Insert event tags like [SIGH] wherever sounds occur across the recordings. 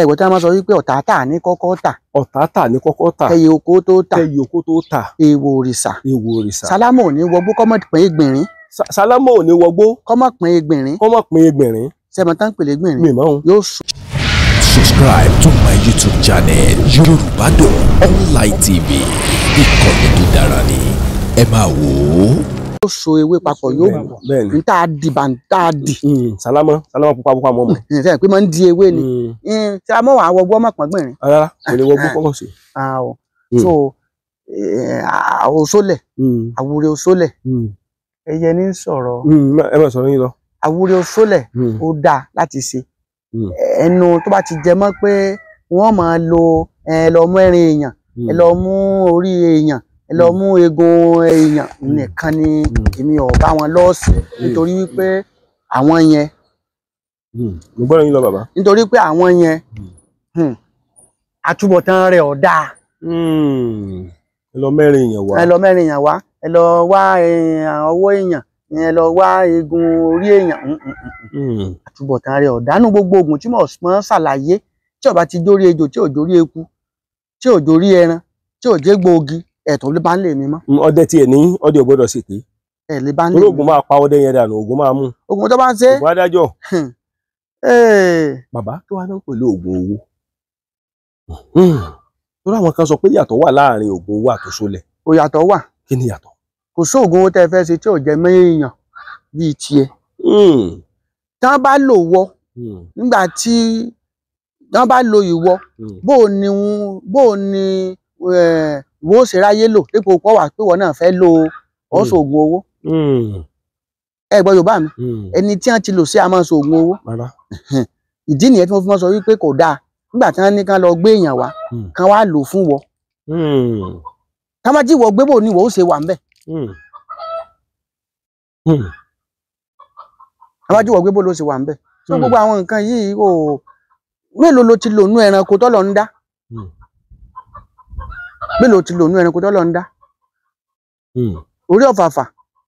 ẹ̀gbọ́n tí wọ́n máa sọ wípé ọ̀tá tà ní kọ́kọ́ tà. ọ̀tá tà ní kọ́kọ́ tà. kẹyì oko tó tà. kẹyì oko tó tà. èèwọ̀ òrìṣà. èèwọ̀ òrìṣà. sálámù ò wọgbó kọ́mọ̀ pín ìgbìnrín. sálámù ò wọgbó. kọ́mọ̀ pín ìgbìnrín. kọ́mọ̀ pín ìgbìnrín. sẹ́mi pèlè ìgbìnrín. mi mọ̀ ọ́n. yóò sùn. subscribe to my youtube channel yorùbá dùn online tv ìkànnì tó dára ni ẹ máa wò ó yóò so ewé papọ̀ yóò wù n tá di bá n tá di. Mm, mm, salama salama pupa pupa mọ mọ. ǹjẹ́ pé máa ń di ewé ni mm. ṣé a mọ̀ wá wọgbọ́ má pọ̀ gbìnrin. rárá kò lè wọgbọ́ kọ́kọ́ ah, sí. Ah, ah, so àwọn òṣòlẹ̀ àwùrẹ̀ òṣòlẹ̀ ẹyẹ ní sọ̀rọ̀. ẹ bá sọ̀rọ̀ yín lọ. àwùrẹ̀ òṣòlẹ̀ ó dáa láti ṣe ẹnu tó bá ti jẹ mọ́ pé wọ́n máa lo ẹ lọ mú ẹrin èèyàn ẹ lọ mú orí èèyàn ẹ lọ hmm. mú eegun èèyàn hmm. nìkan ni hmm. èmi ò bá wọn lọ́ọ̀sì nítorí wípé àwọn yẹn. mo gbọ́dọ̀ yín lọ bàbá. nítorí pé àwọn yẹn àtúbọ̀tán rẹ̀ ò dáa. ẹ lọ mẹ́rin èèyàn wá. ẹ lọ mẹ́rin èèyàn wá ẹ lọ wá eh, ọwọ́ èèyàn ẹ lọ wá eegun orí èèyàn àtúbọ̀tán rẹ̀ ò dáa nínú gbogbo oògùn tí mo ṣàlàyé tí ó bá ti dórí ejò tí ò dórí eku tí ò dórí ẹran tí ò jẹ́ gbòógì ẹ tó lè bá lè mi mọ́. ọdẹ tiẹ̀ ní ọdẹ ò pé. ẹ lè bá lè mi. máa pa ọdẹ yẹn dànù ògùn máa mú. ògùn tó bá ń ṣe. ògùn hmm. eh. bàbá tó wá náà pẹ̀lú ògùn owó. Hmm. kan sọ pé yàtọ̀ wà láàrin ògùn owó àtòṣolẹ̀. ò yàtọ̀ wà. kí ni yàtọ̀. kò owó fẹ́ ṣe tí bíi tiẹ̀. Hmm. tán bá lò wọ nígbà tí tán ni bó wo ṣe ráyé lò dípò pọ́ wa pe náà fe lo ọ̀ṣọ́ hmm. ogun owó hmm. ẹ gbọ́ mi hmm. ẹni tí ti lò sí àmọ́ ọ̀ṣọ́ oògùn owó [LAUGHS] ìdí nìyẹn tí mo fi wípé kò dáa nígbà ní kán lọ gbé kan wá lò fún wọ bẹ́ẹ̀ ló ti lò nú ẹranko tó lọ ń dá hmm. eh, orí ọ̀fàfà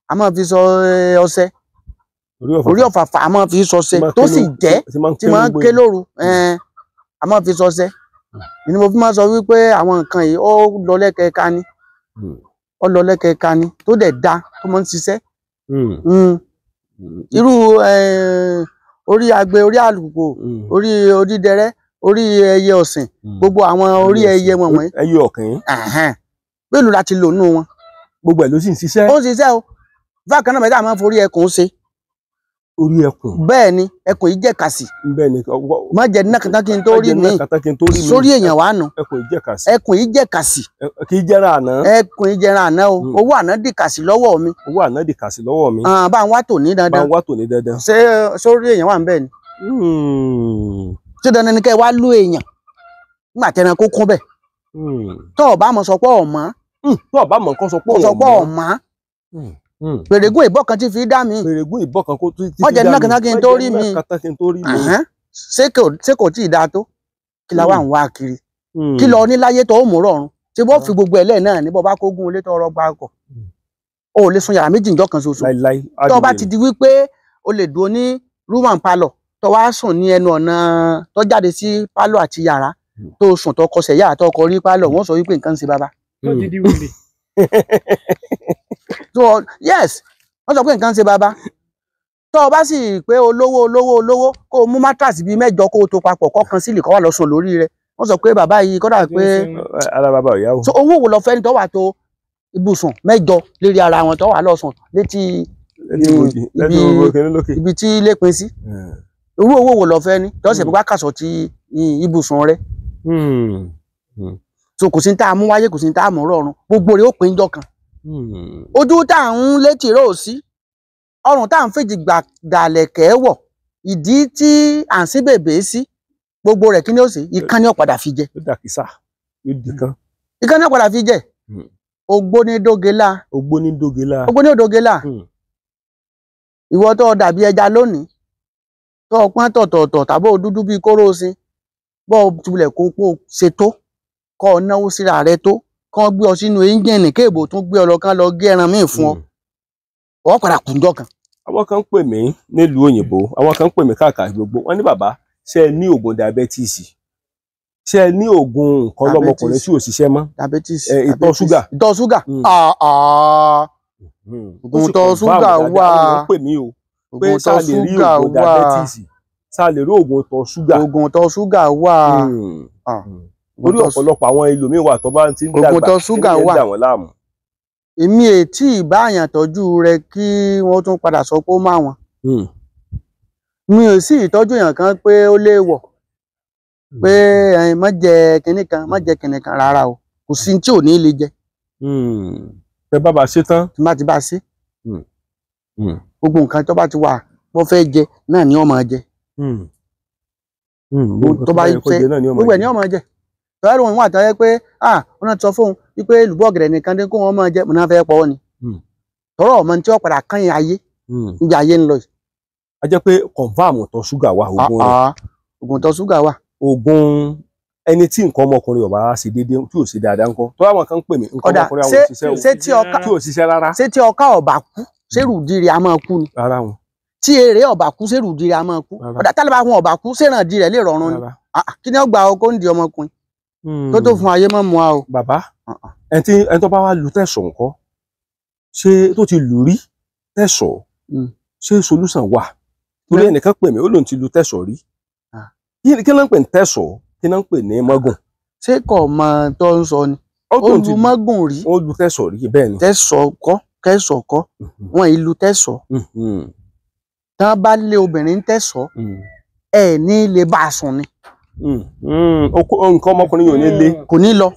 a máa fi sọ ọṣẹ orí ọ̀fàfà eh, a máa fi sọ ọṣẹ tó sì jẹ́ tí máa ń ké lóru a máa fi sọ ọṣẹ ni mo fi máa sọ wípé àwọn nǹkan yìí ó lọ lẹ́kẹ̀ẹ́ka ni hmm. ó lọ lẹ́kẹ̀ẹ́ka ni tó dẹ̀ da tó máa ń ṣiṣẹ́ hmm. irú eh, orí agbe orí àlùkò orí odídẹrẹ́ orí ẹyẹ ọ̀sìn hmm. gbogbo àwọn orí ẹyẹ wọ̀nyí. ẹyẹ ọ̀kìn. bẹ́ẹ̀ la ti lò nù wọn. gbogbo ẹ̀ ló sì ń ṣiṣẹ́. ó o bákan náà mẹ́ta máa ń forí ẹkùn ṣe. orí ẹkùn. bẹ́ẹ̀ ni ẹkùn yìí jẹ́ bẹ́ẹ̀ ni má jẹ kankan kí n rí mi wà nù. ẹkùn yìí kì í àná. ẹkùn o hmm. owó àná kàsì ṣé dandan ni kẹ́ wá lú èèyàn nígbà tẹ́ ẹranko kún bẹ́ẹ̀ hmm. tọ́ ọ̀bá mọ̀ sọ pé ọ̀mọ́ hmm. tọ́ ọ̀bá mọ̀ kan sọ pé ọ̀mọ́ pèrègùn hmm. ìbọn kan ti fi dá mi pèrègùn ìbọn kan kó ti fi dá mi wọ́n jẹ́ nínú kàtàkì kí n tó rí mi ṣé kò tí ì dáa tó kí la wà ń wá kiri kí lọ ní láyé tó mú rọrùn tí wọ́n fi ah. gbogbo ẹ̀lẹ́ náà ní bọ́bá kógún olé tọrọ gba ọkọ̀ o lè sun yàrá méjì ìjọ kan ṣoṣo tó bá ti di wípé o lè dúró ní room and parlour tó wá sùn ní ẹnu ọ̀nà tó jáde sí pálọ̀ àti yàrá hmm. tó sùn tó kọsẹ̀ yàrá tó kọ rí pálọ̀ wọ́n sọ wípé nǹkan ń ṣe bàbá. Hmm. [LAUGHS] so yes wọ́n sọ pé nǹkan ń ṣe bàbá tó o bá sì pé olówó olówó olówó kó o mú matras bíi mẹ́jọ kó o tó papọ̀ kọ́kan sílì kọ́ wà lọ sùn lórí rẹ̀ wọ́n sọ pé bàbá yìí kọ́dà pé ara bàbá ò o. so owó wo lọ fẹ́ ni tó wà tó ibùsùn mẹ́jọ lérí ara wọn tó wà lọ sùn létí ibi tí lépin sí. Hmm irú owó wo lọ fẹ́ ní lọ́sẹ̀ pípa hmm. kàṣọ ti ibùsùn rẹ hmm. Hmm. so kò sí ní tá a mú wáyé kò sí ní tá a mú rọrùn gbogbo rẹ ó pín jọ kan ojú tá à ń létí rò sí ọrùn tá à ń fèjì gbàdàlẹ̀kẹ́ wọ̀ ìdí tí à ń sí bèbè sí gbogbo rẹ̀ kí ni ó sì ìkan ni ó fi jẹ. ó ni ó fi jẹ. ògbónídógelá. ògbónídógelá. ògbónídógelá. ìwọ tó dàbí ẹja lónìí tó o pọ́n tọ̀tọ̀ọ̀tọ̀ tàbí o dúdú bíi kóró sin bọ́ ọ tulẹ̀ kó o ṣe tó kọ́ ọ náwó síra rẹ tó kọ́ ọ gbé ọ sínú ẹ́ńjìnì kéèbò tún gbé ọ lọ kán lọ gé ẹran míì fún ọ hmm. ọ padà kù kan. àwọn kan ń pè mí nílùú òyìnbó àwọn kan ń pè mí káàkiri gbogbo wọn ní bàbá ṣe é ní oògùn diabetes ṣe é ní oògùn nǹkan lọmọkùnrin tí ò ṣiṣẹ mọ eh, ìtọ̀ ṣúgà. ìtọ̀ ṣúgà oògùn hmm. ah, ah. hmm. ìtọ̀ ṣúgà wà. pé ṣáà lè rí oògùn diabetes ṣáà lè rí oògùn ìtọ̀ ṣúgà. oògùn ìtọ̀ ṣúgà wà. Hmm. Ah. orí ọ̀pọ̀lọpọ̀ àwọn ẹlòmíín wà tó bá ti ń dàgbà kí ni ẹ dà wọ́n láàmú. èmi ètí ìbáàyàn tọ́jú rẹ kí wọ́n tún padà sọ pé ó máa wọn. Hmm. mi ò sí ìtọ́jú èèyàn kan pé ó léèwọ̀ hmm. pé ẹ̀yin má jẹ kinní kan má jẹ kinní kan rárá o kò sí tí ò ní lè jẹ. ẹ bá bá ṣe tán. tí má ti bá ṣe gbogbo nǹkan tó bá ti wà bó fẹ́ jẹ náà ni wọ́n máa jẹ. Hmm. Hmm, tó bá yẹ pé gbogbo ẹ̀ ni wọ́n máa jẹ tọ́lá ìwọ̀n wà táyẹ pé ah wọ́n náà sọ fóun wípé lùbọ́ ọ̀gẹ̀dẹ̀ nìkan dé kó wọ́n máa jẹ mọ̀ náà fẹ́ pọ̀ ni hmm. tọ́rọ ọmọ tí wọ́n padà kán ayé níbi ayé ń lọ yìí. a jẹ́ pé confam ọ̀tọ̀ ṣúgà wà ah, oògùn rẹ̀ ah, oògùn ọ̀tọ̀ ṣúgà wà. oògùn ẹni tí nǹkan ọmọkùnrin ọba ṣe déédéé tí ò ṣe dáadáa ńkọ́ tọ́lá àwọn kan ń pè mí nǹkan ọmọkùnrin àwọn òṣìṣẹ́ ò rárá. ṣé tí ọkà ọba kú sérùdìrì a máa kú ni tí èrè ọba kú sérùdìrì a máa kú ọ̀dà tálíbà fún ọba kú séràndì rẹ̀ lè rọrùn ni kí ni ó gba ọkọ ń di ọmọkùnrin hmm. tó tó fún ayé mọ́ mu a o. bàbá ah, ah. ẹni tó bá wá lu tẹ̀sán kọ́ ṣé tó ti lù rí tẹ̀sán hmm. ṣé solúsàn wà torí ẹnìkan pè mí ó lóun ti lu tẹ̀sán rí ah. kí ló ń pè ní tẹ̀sán kí ló ń pè ní mọ́gùn. ṣé kò mọ tó ń sọ ni ó lu mọ́gùn rí ó lu tẹ̀sán rí bẹ́ẹ̀ ni tẹ̀sán kọ́ kẹsọ̀ kọ́ mm-hmm. wọn ìlú tẹsọ mm-hmm. tá bá lé obìnrin tẹsọ mm. ẹ ní lè bá a sùn ni. Mm-hmm. nǹkan ọmọkùnrin yóò ní lé kò ní lọ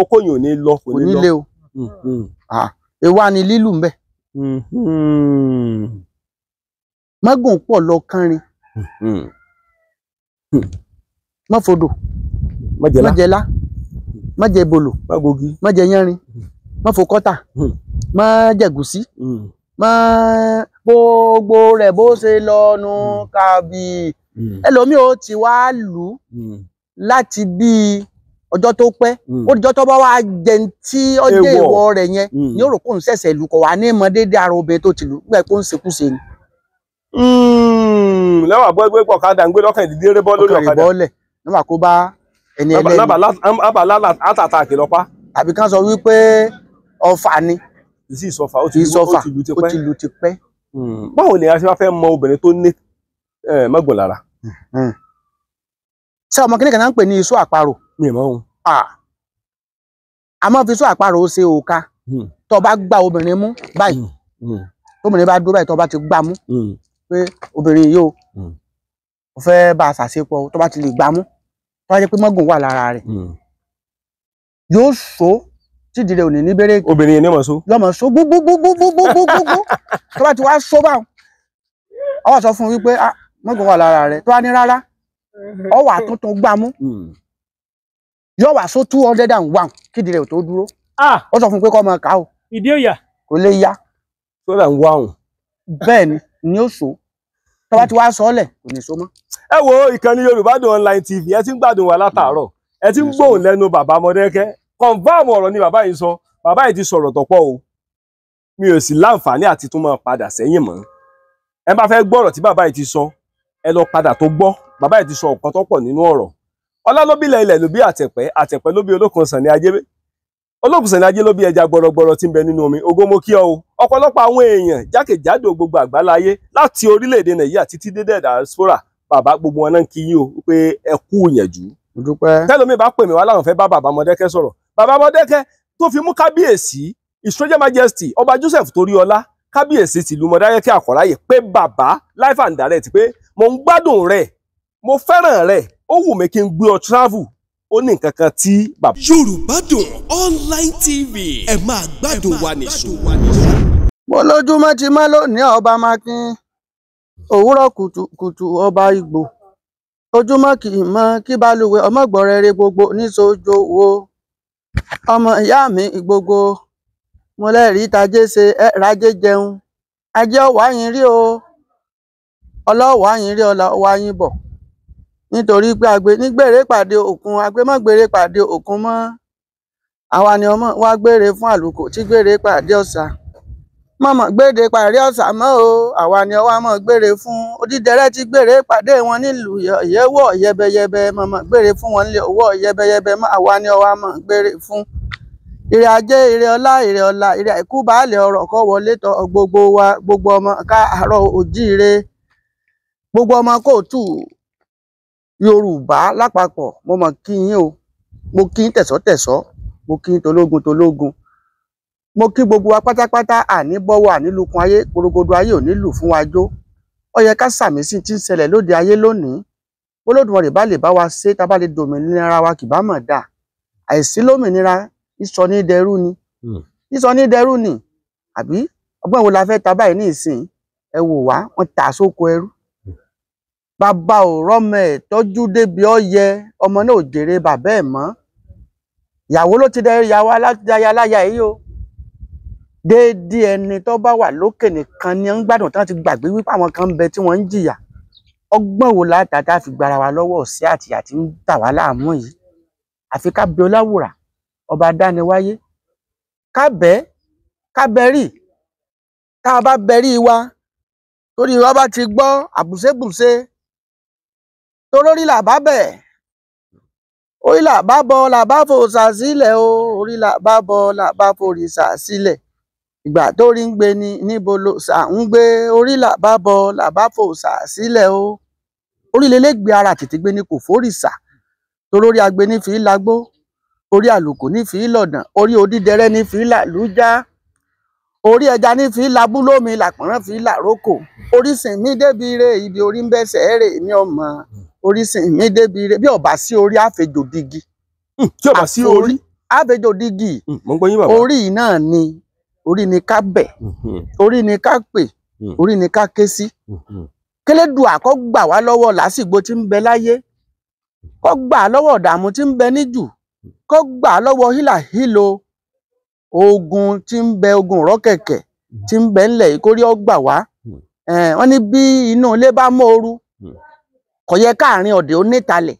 okó yóò ní lọ kò ní lé o Mm ni lílù bẹ mágùn pọ̀ lọ kánrin mọ́fodò mọ́jẹ̀lá mọ́jẹ̀bolo Mm mọ́fokọ́tà. má jẹ̀gúsí má gbogbo rẹ̀ bó ṣe lọ́nu kàbí ẹlòmíì ó ti wá lù ú láti bí ọjọ́ tó pẹ́ ó dijọ́ tó bá wá jẹ tí ọjọ́ ìwọ rẹ̀ yẹn ni ó rò kó ń ṣẹ̀ṣẹ̀ lù kọ̀ wá ní ìmọ̀ déédéé ara obìnrin tó ti lù gbẹ̀ kó ń ṣekúṣe ni. lẹ́wọ̀n àbọ̀ ẹgbẹ́ pọ̀ kádà ń gbé lọ́kàn ìdílé rẹ́bọ́ lórí ọ̀kadà ọ̀kadà ìbọ̀lẹ̀ níwọ̀n ẹni ẹlẹ́ni. àbàlá àtàtà àkìlọ́pá. àbí kan sọ wípé ọfà ni sí ìsọfà ó ti lu ti pẹ́ hmm. báwo ni a ṣe wá fẹ́ mọ obìnrin tó ní mọ́gbọ̀n lára. Hmm. ṣé ọmọ kìnìkan náà ń pè ní iṣu àparò. mi ò mọ ohun. a máa fi iṣu àparò ṣe òka hmm. tó bá gba obìnrin mú báyìí tóbìnrin bá dúró báyìí tó bá ti gbá mú pé obìnrin yìí o ò fẹ́ bá a ṣàṣepọ̀ tó bá ti lè gbá mú tó bá jẹ́ pé mọ́gùn wà lára rẹ̀ yóò so t'idire rẹ ò obìnrin yẹn ní ọmọ so. lọmọ so gbogbogbogbogbogbogbogbo tó bá ti wá so báwọn ọwọ sọ fún un wípé ah, mọgàn wà lára hmm. so and ah! sọ o kò ń ni so ti ẹ wo yoruba Online TV e gbadun wa kọ̀ǹfàmù ọ̀rọ̀ ni bàbá yìí sọ bàbá yìí ti sọ̀rọ̀ tọ̀pọ̀ o mi ò sì láǹfààní àti tún máa padà sẹ́yìn mọ́ ẹ bá fẹ́ gbọ́rọ̀ tí bàbá yìí ti sọ ẹ lọ padà tó gbọ́ bàbá yìí ti sọ nǹkan tó pọ̀ nínú ọ̀rọ̀ ọlá ló bí ilẹ̀ ilẹ̀ ló bí àtẹ̀pẹ́ àtẹ̀pẹ́ ló bí olókun sàn ní ajé olókun sàn ní ajé ló bí ẹja gbọrọgbọrọ tí ń bẹ nínú omi ògo mo kí ọ o ọ̀pọ̀lọpọ̀ àwọn èèyàn jákèjádò gbogbo àgbáláyé láti orílẹ̀-èdè nàìjíríà títí dé diaspora bàbá gbogbo wọn náà kí yín o pé ẹ kú ìyànjú. tẹ́lómi bá pè mí wá láwọn fẹ́ bá bàbá Mọdákẹ́kẹ́ sọ̀rọ̀ Baba Mọdákẹ́ to fi mú kábíyèsí his royal majesty ọba Joseph Toríọlá kábíyèsí tìlú Mọdákẹ́kẹ́ Àkọ̀ráyè pé bàbá life and direct Pe, mo ń gbádùn rẹ mo fẹ́ràn rẹ ó wù mí kí n gbé travel ó ní nǹkan kan tí bàbá. Yorùbá Dùn Online TV ẹ máa gbádùn wa nìṣó. mo lójúmọ́ ti má lónìí ọba makin òwúrọ̀ kùtùkùtù ọba Ìgbò ojúmọ́ kì í mọ kí balùwẹ̀ ọmọgbọ̀n rere gbogbo níṣojú wo. ọmọ ìyá mi gbogbo mo lẹ́rìí tajé ṣe ẹ rajé jẹun ajé ọ̀wá yín rí o ọlọ́wàá yín rí ọlọ́wàá yín bọ̀ nítorí pé agbe nígbèrè pàdé òkun agbe mọ́ gbèrè pàdé òkun mọ́ àwa ni ọmọ wa gbére fún àlùkò tí gbére pàdé ọ̀sà mọ̀mọ́ gbére parí Ọ̀sàmọ́ o àwa ni ọwọ́ mọ̀ gbére fún Odídẹrẹ́ ti gbére pàdé wọn nílùú ìyẹ́wọ̀ yẹbẹyẹbẹ mọ̀mọ́ gbére fún wọn nílé owó yẹbẹyẹbẹ mọ́ àwa ni ọwọ́ mọ̀ gbére fún. ire ajé ire ọlá ire ọlá ire àìkú baálẹ̀ ọ̀rọ̀, kọ́ wọlé tọ gbogbo wa gbogbo ọmọ káàárọ̀ òjíire gbogbo ọmọ kóòtù Yorùbá lápapọ̀ mo mọ̀ kí yín o mo kí yín tẹ̀sọ́tẹ̀sọ́ mo kí tológun tológun mo kí gbogbo wa pátápátá àní bọ́wọ́ àní lukun ayé gbòrògbòdo ayé ò ní lù fún wa jó ó yẹ ká sàmì sí ti ń ṣẹlẹ̀ lóde ayé lónìí bólódùmarè bá lè bá wa ṣe tá a bá lè dòmìnira wa kì bá mọ̀ dà àìsí lómìnira ìsọ ní dẹrú ni hmm. ìsọ ní dẹrú ni àbí ọgbọ́n wo la fẹ́ ta báyìí ní ìsìn ẹ wò wá wọn tà sóko ẹrú hmm. bàbá ò rọmọ ẹ tọ́jú débi ọyẹ ọmọ náà ò jèrè bàbá ẹ mọ́ ìyàwó ló ti dẹ ìyàwó aláya yìí o déédéé ẹni tó bá wà lókè nìkan ni ń gbádùn tán ti gbàgbé wípé àwọn kan ń bẹ tí wọ́n ń jìyà ọgbọ́n wo látàtà fi gbára wa lọ́wọ́ sí àtìyà tí ń dà wá láàmú yìí àfi ká bẹ ọláwùrà ọba dániwáyé ká bẹ ká tá a bá bẹrí wa torí wa ti gbọ́ àbùsébùsé torórí làbá bẹ̀ orí làbá bọ làbá fòòṣà sílẹ̀ o orí làbá bọ làbá fòòṣà sílẹ̀ ìgbà tó rí ń gbe ni níbo ló sà ń gbé orí làbá bọ làbá fò sà sílẹ̀ o orílẹ̀lẹ́gbẹ̀ẹ́ ara tètè gbé ni kò fórìṣà torórí agbe ní fi lagbó orí àlùkò ní fi lọ̀dàn orí odídẹrẹ́ ní fi làlújá orí ẹja ní fi labúlómi làpọ̀nrán fi làrókò orísìn mi débi re ibi orí ń bẹ́sẹ̀ rè mi ọmọ orísìn mi débi re bí ọ̀bà sí orí àfẹjò digi. tí ọ̀bà sí orí àfẹjò digi orí náà ni orí ni ká bẹ̀ mhm. orí ni ká pè mhm. orí ni ká ké sí mhm. kélédù àkọ́ gbà wá lọ́wọ́ làásìgbò tí ń bẹ láyé kó gbà lọ́wọ́ ìdààmú tí ń bẹ níjù kó gbà lọ́wọ́ hílàhílo ogun tí ń bẹ ogun rọ́kẹ̀kẹ̀ tí ń bẹ ńlẹ̀ yìí kórí ọgbà wá wọ́n ní bí inú ilé bá mọ́oru kò yẹ káàrin ọ̀dẹ̀ ó nítalẹ̀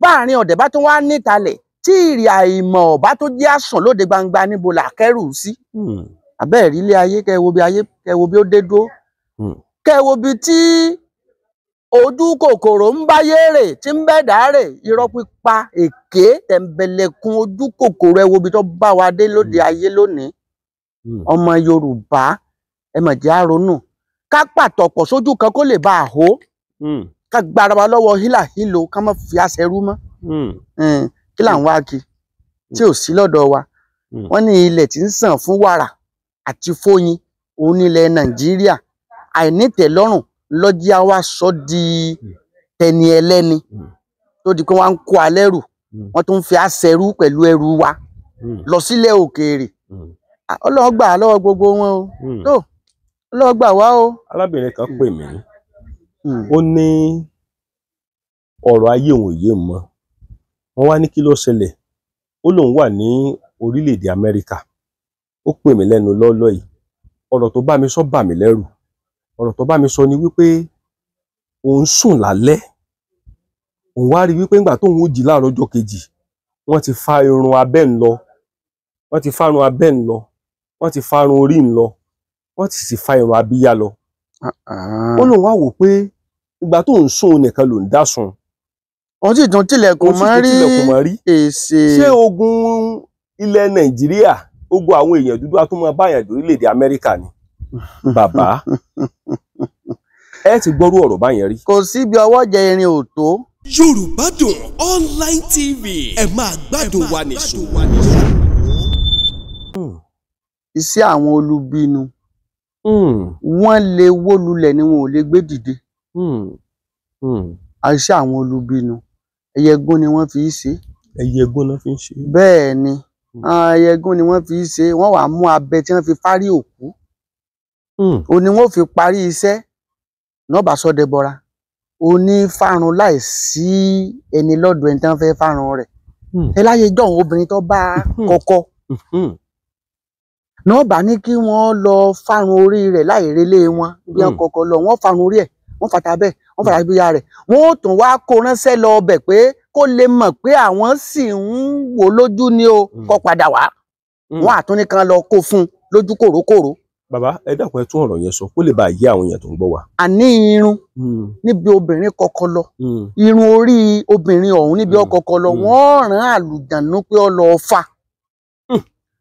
báàrin ọ̀dẹ̀ bá tún wá nítalẹ̀ tí ìrì àìmọ̀ ọ̀bá tó jẹ́ àsàn lóde gbangba níbo là kẹ́rù sí àbẹ́ẹ̀rí hmm. ilé ayé kẹ́ wo bí ayé kẹ́ wo bí ó dé dúró hmm. kẹ́ wo bí tí ojú kòkòrò ń bá yéèrè tí ń bẹ́ẹ̀ dáre irọ́ pípa èké tẹ̀m̀bẹ̀lẹ̀kun ojú kòkòrò ẹ wo bí tó bá wa dé lóde hmm. ayé lónìí ọmọ Yorùbá ẹ mọ̀ jẹ́ àrònú ká pàtọ̀pọ̀ sójú kan kó lè bá a ká gbára wa lọ́wọ́ hílàhílo ká má fi àṣẹ rú mọ́ kí là ń wá kí tí ò sí lọ́dọ̀ wa hmm. Hmm. wọ́n ní ilẹ̀ tí ń sàn fún wàrà àti fóyin òun nílẹ̀ nàìjíríà àìnítẹ̀lọ́rùn lọ́jà wa sọ di tẹni ẹlẹ́ni hmm. tó di pé wọ́n ń kó alẹ́ rù wọ́n tún fi àṣẹrú pẹ̀lú ẹrù wa lọ sílẹ̀ òkèèrè ọlọ́run gbà gbogbo wọn o tó ọlọ́run gbà o. arábìnrin kan pè mí ó ní ọ̀rọ̀ ayé òun yé mọ́ wọ́n wá ní kí ló ṣẹlẹ̀ ó lóun wà ní orílẹ̀-èdè Amẹ́ríkà ó pè mí lẹ́nu lọ́ọ́lọ́ yìí ọ̀rọ̀ tó bá mi sọ bà mí lẹ́rù ọ̀rọ̀ tó bá mi sọ ni wípé òun sùn lálẹ́ òun wá rí i wípé nígbà tóun ó jí láàárọ̀ ọjọ́ kejì wọ́n ti fa irun abẹ́ ń lọ wọ́n ti fárun abẹ́ ń lọ wọ́n ti fárun orí ń lọ wọ́n ti sì fa irun abíyá lọ ah, ah. ó lóun wá wò pé ìgbà tóun sùn nìkan lòun dá sùn wọ́n sì tún tilẹ̀kùn mọ́ rí èsè. ṣé ogun ilẹ̀ nàìjíríà ogun àwọn èèyàn dúdú atúmọ̀ báyàn lórílẹ̀‐èdè ni bàbá ẹ ti gbọ́rú ọ̀rọ̀ báyẹn rí. kò síbi ọwọ́ jẹ irin ò tó. yorùbá dùn online tv ẹ máa gbádùn wa nìṣó. iṣẹ́ àwọn olúbínú hmm. wọ́n lè wó lulẹ̀ ni wọn ò lè gbé dìde àìṣe hmm. hmm. àwọn olúbínú ẹyẹgún ni wọ́n fi í ṣe. ẹyẹgún ni wọ́n fi í ṣe. bẹ́ẹ̀ ni hmm. ẹyẹgún ni wọ́n fi í ṣe wọ́n wàá mú abẹ tí wọ́n fi fárí òkú o hmm. ni wọ́n fi parí iṣẹ́ nọba sọdẹbọra o ní fárun láìsí ẹni lọ́dọ̀ ẹni tí wọ́n fẹ́ fárun rẹ̀ hmm. ẹ láyé jọ̀hún obìnrin tó bá kọ́kọ́ nọba ní kí wọ́n lọ fárun orí rẹ̀ láì relé wọn bí wọ́n kọ́kọ́ lọ wọ́n fárun orí ẹ̀ wọ́n fata bẹ́ẹ̀ wọ́n fata bíyà rẹ̀ wọ́n tún wá kó ránṣẹ́ lọ ọbẹ̀ pé kó lè mọ̀ pé àwọn sì ń wò lójú ni o hmm. kọ́ padà wá hmm. wọ́n àtúnìkan lọ kó fún un lójú kòrókòró. bàbá ẹ dákun ẹ tún ọ̀rọ̀ yẹn sọ kó lè bá yé àwọn èèyàn tó ń gbọ́ wa. àní irun hmm. níbi obìnrin kọkọ lọ irun orí obìnrin ọ̀hún níbi ọkọkọ lọ wọ́n rán àlùjànnú pé ọ lọ fa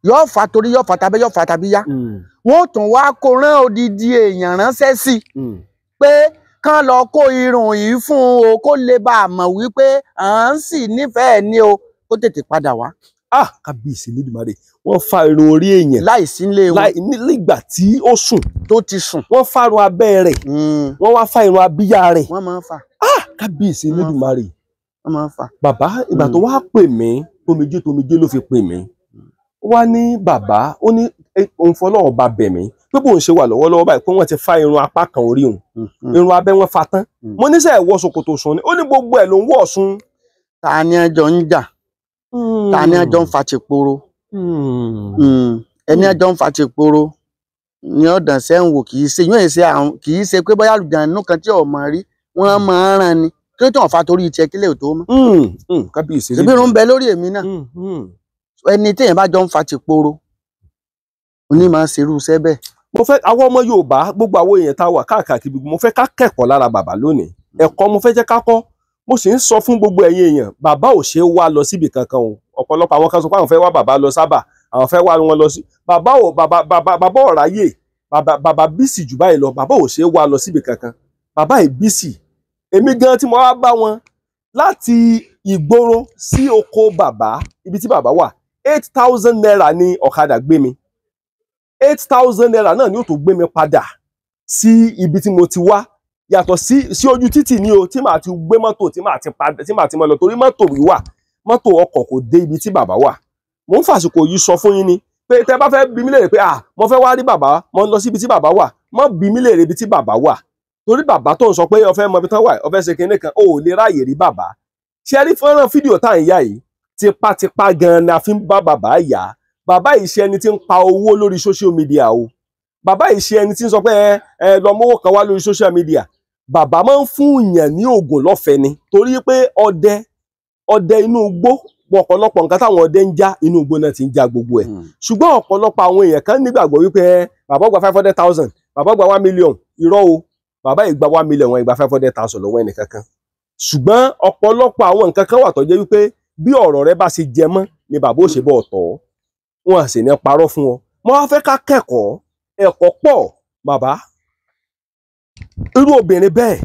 yóò fa torí yóò fa tàbí yóò fa tàbí yá wọn ò tún wá kó rán odidi èèyàn ránṣẹ́ sí i pé kán lọ kó irun yìí fún un o kó lè bá a mọ̀ wípé à ń sì nífẹ̀ẹ́ ni o kó tètè padà wá. ah kábíyèsí lódìmọ̀rẹ́ wọ́n fa irun orí èèyàn láìsí ilé wọn nígbà tí ó sùn tó ti sùn wọ́n fa irun abẹ́ rẹ̀ hmm. wọ́n wá fa irun abíyá rẹ̀ wọ́n máa ń fa ah kábíyèsí lódìmọ̀rẹ́ wọ́n máa ń fa. bàbá ìgbà tó hmm. wá pè mí tomijé tomijé ló fi pè mí wá ní bàbá ó ní òun fọ náà ọba bẹ̀mí pé bóun ṣe wà lọ́wọ́lọ́wọ́ báyìí pé wọ́n ti fa irun apá kan orí òun mm-hmm. irun abẹ́ wọn fa tán mm-hmm. mo ní sẹ́ ẹ̀ wọ ṣòkòtò sùn ni ó ní gbogbo ẹ̀ ló ń wọ̀ sun. ta ni ẹjọ ń jà mm. ta ni ẹjọ ń fa tìporo mm. Mm. ẹni ẹjọ ń fa tìporo ni ọ̀dàn ṣe ń wò kì í ṣe yóò ṣe àrùn kì í ṣe pé bóyá àlùjánu kan tí ọmọ rí wọ́n máa ń ran ni kí ló tàn fa torí tiẹ̀ kílẹ̀ tó mọ́. kábíyèsí rí bí irun bẹ lórí èmi náà ẹni téèyàn bá jọ ń fa tìporo oní máa ń ṣerú iṣẹ́ bẹ́ẹ̀. mo fẹ́ àwọn ọmọ Yorùbá gbogbo àwọn èèyàn tá a wà káàkiri gbogbo mo fẹ́ ká kẹ́kọ̀ọ́ lára bàbá lónìí hmm. ẹ̀kọ́ mo fẹ́ jẹ́ ká kọ́ mo sì ń sọ fún gbogbo ẹ̀yin èèyàn bàbá ò ṣe wá lọ síbi kankan o ọ̀pọ̀lọpọ̀ àwọn kan sọ pé àwọn fẹ́ wá bàbá lọ sábà àwọn fẹ́ wá wọn lọ sí bàbá ò bàbá bàbá ò bàbá bísì jù báyìí lọ bàbá ò ṣe wá lọ síbi kankan mo wá bá wọn láti oko bàbá ibi tí bàbá eight thousand naira ni ọ̀kadà gbé mi eight thousand naira náà ni ó tó gbé mi padà sí ibi tí mo ti wá yàtọ̀ sí sí ojú títì ni o tí màá ti gbé mọ́tò tí màá ti padà tí màá ti mọ lọ torí mọ́tò wíwà mọ́tò ọkọ̀ kò dé ibi tí bàbá wà mò ń fàsìkò yìí sọ fún yín ni pé tẹ bá fẹ́ bi mí léèrè pé ah mo fẹ́ wá rí bàbá mo ń lọ sí ibi tí bàbá wà mo bi mí léèrè ibi tí bàbá wà torí bàbá tó ń sọ pé ó mọ ibi tán wà ó ṣe kinní kan o ò lè ráàyè rí bàbá ṣe rí fọ́nrán fídíò tá à ń yá yìí tipátipá gan-an la fi ń bá bàbá yà á bàbá yìí ṣe ẹni tí ń pa owó lórí social media o bàbá yìí ṣe ẹni tí ń sọ pé ẹ lọ mówó kan wá lórí social media bàbá máa ń fún yàn ní oògùn lọ́fẹ̀ẹ́ ni torí pé ọdẹ ọdẹ inú igbó ọ̀pọ̀lọpọ̀ nǹkan táwọn ọdẹ ń já inú igbó náà ti ń já gbogbo ẹ̀ hmm. ṣùgbọ́n ọ̀pọ̀lọpọ̀ àwọn èèyàn kan nígbàgbọ́ wípé bàbá gba five hundred thousand bàbá gba one million irọ́ o bàbá yìí gba one million wọn gba five hundred thousand lọ́wọ́ ẹnìkankan ṣùgbọ́n ọ̀pọ̀lọpọ̀ àwọn nǹkan kan wà tó jẹ́ wípé bí ọ̀rọ̀ rẹ bá ṣe jẹ ni bàbá ò ṣe bọ́ ọ̀tọ̀ wọn à sì ní parọ́ fún ọ mo wá fẹ́ ká kẹ́kọ̀ọ́ ẹ̀kọ́ pọ̀ bàbá irú obìnrin bẹ́ẹ̀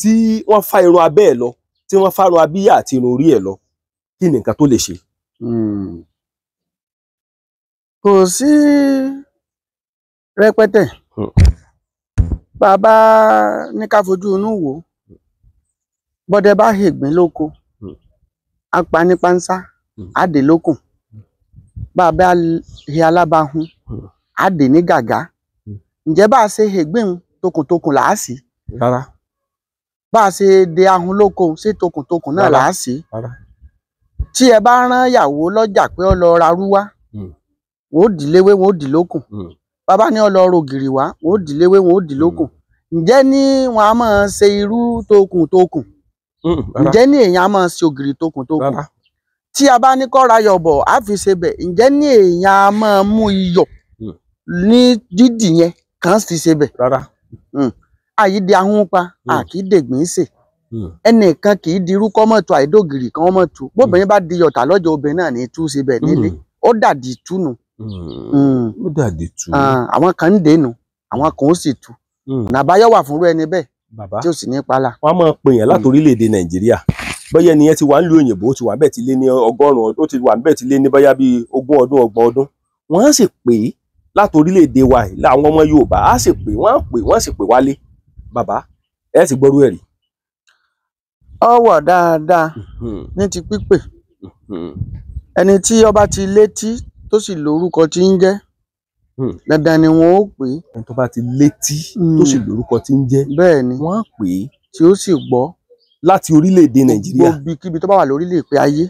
tí wọ́n fa irun abẹ́ ẹ̀ lọ tí wọ́n fárun abíyá àti irun orí ẹ̀ lọ kí ni nǹkan tó lè ṣe. Hmm. kò sí rẹpẹtẹ hmm. bàbá ní ká fojú inú wò bọ́dẹ bá hègbín lóko hmm. apanipansa àdè lókùn. Hmm bá hmm. a bá he alábàáhùn á dè ní gàgá hmm. ǹjẹ́ bá a ṣe hègbìn tokuntokun là á sí. Hmm. rárá. bá a ṣe de ahun lóko ṣé tokuntokun náà là á sí. rárá. tí ẹ bá rán yàwó lọ́jà pé ó lọ ra rúwá wọn ó dì léwé wọn ó dì lókùn bàbá ní ó lọ rògìrì wá wọn ó dì léwé wọn ó dì lókùn ǹjẹ́ ní wọn a máa ṣe irú tokuntokun ǹjẹ́ ní èèyàn a máa ṣe ògìrì tokuntokun. rárá tí a bá ní kọ́ ra yọ̀bọ̀ á fi ṣe bẹ̀ ǹjẹ́ ní èèyàn a máa mú iyọ̀ hmm. ní dídì yẹn kàn fi ṣe bẹ̀. rárá. Hmm. àyíde ahun pa hmm. àkídègbín sè ẹnìkan kì í dirú kọ́ mọ̀ tu àìdógìrì kan mọ̀ tu bóbìnrin bá di yọ̀tà lọ́jọ́ obìnrin náà ní tú ṣe bẹ̀ nílé ó dàdí túnu. ó dàdí tú. àwọn kan ń dènù àwọn kan ó sì tu ọ̀nà àbáyọ wà fúnrú ẹni bẹ́ẹ̀ tí ó sì ní pálá. wọ́n á máa pèèyàn láti nàìjíríà. bóyá ẹnìyẹn ti wà nílùú òyìnbó ti wà ń bẹ̀ ti lé ní ọgọ́rùn-ún ọdún ó ti wà ń bẹ̀ ti lé ní bóyá bíi ogún ọdún ọgbọ̀n ọdún wọ́n á sì pè é láti orílẹ̀-èdè wa yìí láwọn ọmọ Yorùbá á sì pè wọ́n á pè wọ́n á sì pè wálé bàbá ẹ ti gbọ́rú ẹ̀rí. ọwọ́ dáadáa ní ti pípè ẹni tí ọba ti létí tó sì lórúkọ tí ń jẹ́ dandan ni wọn ó pè é. ẹni tó bá ti létí tó sì lórúkọ tí ń jẹ́ bẹ́ẹ̀ ni á pè é tí ó sì gbọ́ láti orílẹ̀-èdè nàìjíríà. gbogbo ibikíbi tó bá wà lórílẹ̀ èpè ayé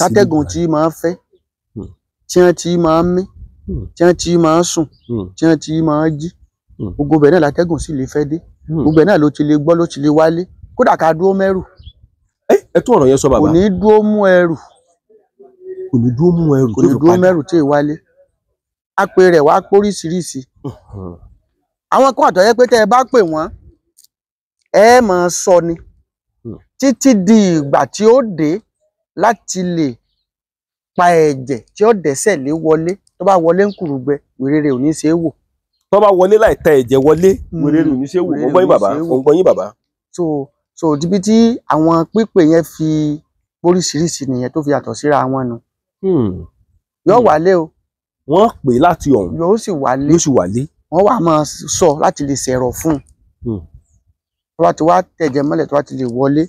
tátẹ́gùn tí máa ń fẹ́ hmm. tí wọ́n ti máa ń mí hmm. tí wọ́n ti máa ń sùn hmm. tí wọ́n ti máa ń jí gbogbo bẹ̀ náà látẹ́gùn sì lè fẹ́ dé gbogbo bẹ̀ náà ló ti lè gbọ́ ló ti lè wálé kódà ká dúró mẹ́rù. ẹ tún ọ̀rọ̀ yẹn sọ bàbá. kò ní dúró mú ẹrù. kò ní dúró mú ẹrù tó fi padà. kò ní dúró mẹ́rù tí ì wálé. apè rẹ̀ wá póríṣiríṣi. àwọn kan àtọ̀yẹ́ pé tẹ́ ẹ bá pè wọ́n ẹ máa sọ ni títí di ìgbà tí ó dé láti lè pa ẹ̀jẹ̀ tí ó dẹ́sẹ̀ lé wọlé tó bá wọlé ń kùrùgbẹ wèrèrè ò ní ṣe é wò. tó bá wọlé láì ta ẹ̀jẹ̀ wọlé hmm, wèrèrè ò ní ṣe é wò ọgbọ́n yín bàbá ọgbọ́n yín bàbá. so so ibi tí àwọn pípè yẹn fi oríṣiríṣi nìyẹn tó fi yàtọ̀ síra wọn nu. Hmm. yóò hmm. wálé o. wọ́n pè láti ọ̀hún. yóò sì wálé. yóò sì wálé. wọ́n wà máa sọ láti lè ṣẹ̀rọ̀ fún un. tó bá ti wá tẹ̀jẹ̀ mọ́lẹ̀ tó bá ti lè wọlé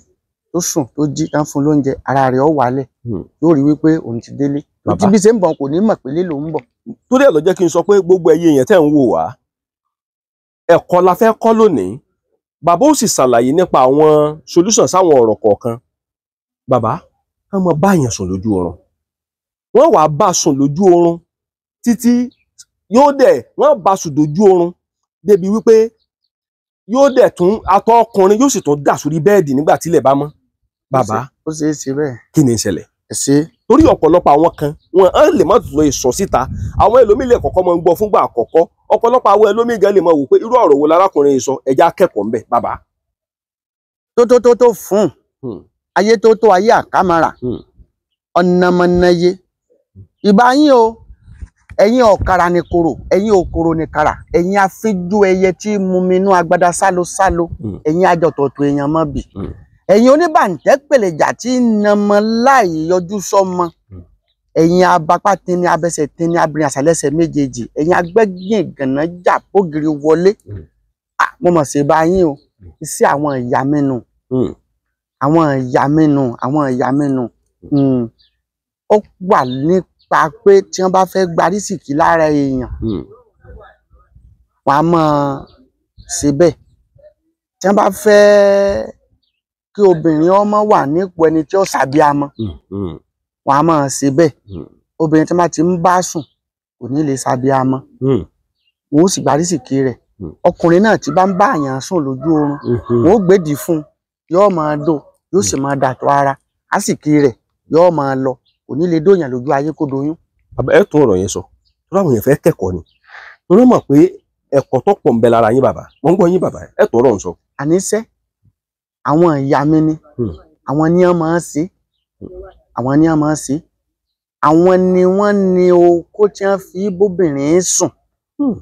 tó sùn tó jí tán fún lóúnjẹ ara rẹ̀ ó wálẹ̀ hmm. yóò rí wípé òun ti délé ó ti bí ṣe ń bọ̀ kò ní mọ̀ pé lé lòún bọ̀. tó dẹ̀ lọ jẹ́ kí n sọ pé gbogbo ẹyẹ èèyàn tẹ́ ń wò wá ẹ̀kọ́ la fẹ́ kọ́ lónìí bàbá ó sì ṣàlàyé nípa àwọn solution sáwọn ọ̀rọ̀ kọ̀ọ̀kan bàbá ká mọ báyàn sùn lójú oorun wọ́n wàá bá sùn lójú oorun títí yóò dẹ̀ wọ́n bá sùn lójú oorun débi wípé yóò dẹ̀ tún atọ́ ọkùnrin yóò sì tún dà sórí bẹ́ẹ̀dì nígbà tílẹ̀ bá mọ́ bàbá ó ṣe é ṣe bẹ́ẹ̀ kí ni ìṣẹ̀lẹ̀ ṣe torí ọ̀pọ̀lọpọ̀ àwọn kan wọn á lè má lọ ìsọ síta àwọn ẹlòmíì lè kọ́kọ́ mọ ń gbọ́ fúngbà àkọ́kọ́ ọ̀pọ̀lọpọ̀ àwọn ẹlòmíì gan lè mọ wò pé irú ọ̀rọ̀ wo lárákùnrin ìsọ ẹja akẹ́kọ̀ọ́ ńbẹ bàbá. tó tó tó tó fún hmm. ayé tó tó ayé àkámara hmm. ọ̀nàmọ̀nàyé ìbá yín o ẹ̀yin ọ̀kàrà ni koro ẹ̀yin òkoro ni kàrà ẹ̀yin afínjú ẹyẹ tí muminú agbada sálo sálo hmm. ẹ̀yin àjọtọ̀tọ̀ èèyàn mọ́ bì ẹ̀yin oníbàǹtẹ́ pèlèjà tí ń namọ láì yọjú sọ́mọ hmm. ẹ̀yin abapá tinni abẹsẹ̀ tinni abirin àsálẹ́sẹ̀ méjèèjì ẹ̀yin agbẹ́gbìn ìgànnà jà bógiri wọlé hmm. mo mọ̀ sí bá yín o hmm. iṣẹ́ àwọn ìyá mẹ́nu àwọn ìyá mẹ́nu àwọn ìyá mẹ́nu ó wà nípa pé tí wọ́n bá fẹ́ gba rísìkì lára èèyàn wọ́n á mọ̀ síbẹ̀ tí wọ́n bá fẹ́ kí obìnrin ọmọ wà nípò ẹni tí ó ṣàbíamọ hmm, hmm. wọn a máa ṣe bẹ́ẹ̀ hmm. obìnrin tí wọn ti ń bá sùn kò ní lè ṣàbíamọ wọn ó sì gba rísìkí rẹ̀ ọkùnrin náà ti bá ń bá àyàn sùn lójú oorun wọn ó gbèdì fún un yóò máa dò yóò sì máa dàtọ̀ ara àsìkí rẹ̀ yóò máa lọ kò ní lè dóyàn lójú ayé kó doyún. ẹ tún ọ̀rọ̀ yẹn sọ tó láwọn èèyàn fẹ́ kẹ́kọ̀ọ́ ni torí mọ̀ pé ẹ̀kọ́ tó pọ̀ ń bẹ lára yín bàbá wọ́n ń gbọ́ yín bàbá ẹ tún ọ̀rọ̀ ń sọ. àníṣẹ́ àwọn ìyá mi ni hmm. àwọn ni wọn máa ń ṣe àwọn ni wọn máa ń ṣe àwọn ni wọn ni okó tí wọn fi bóbìnrin sùn hmm.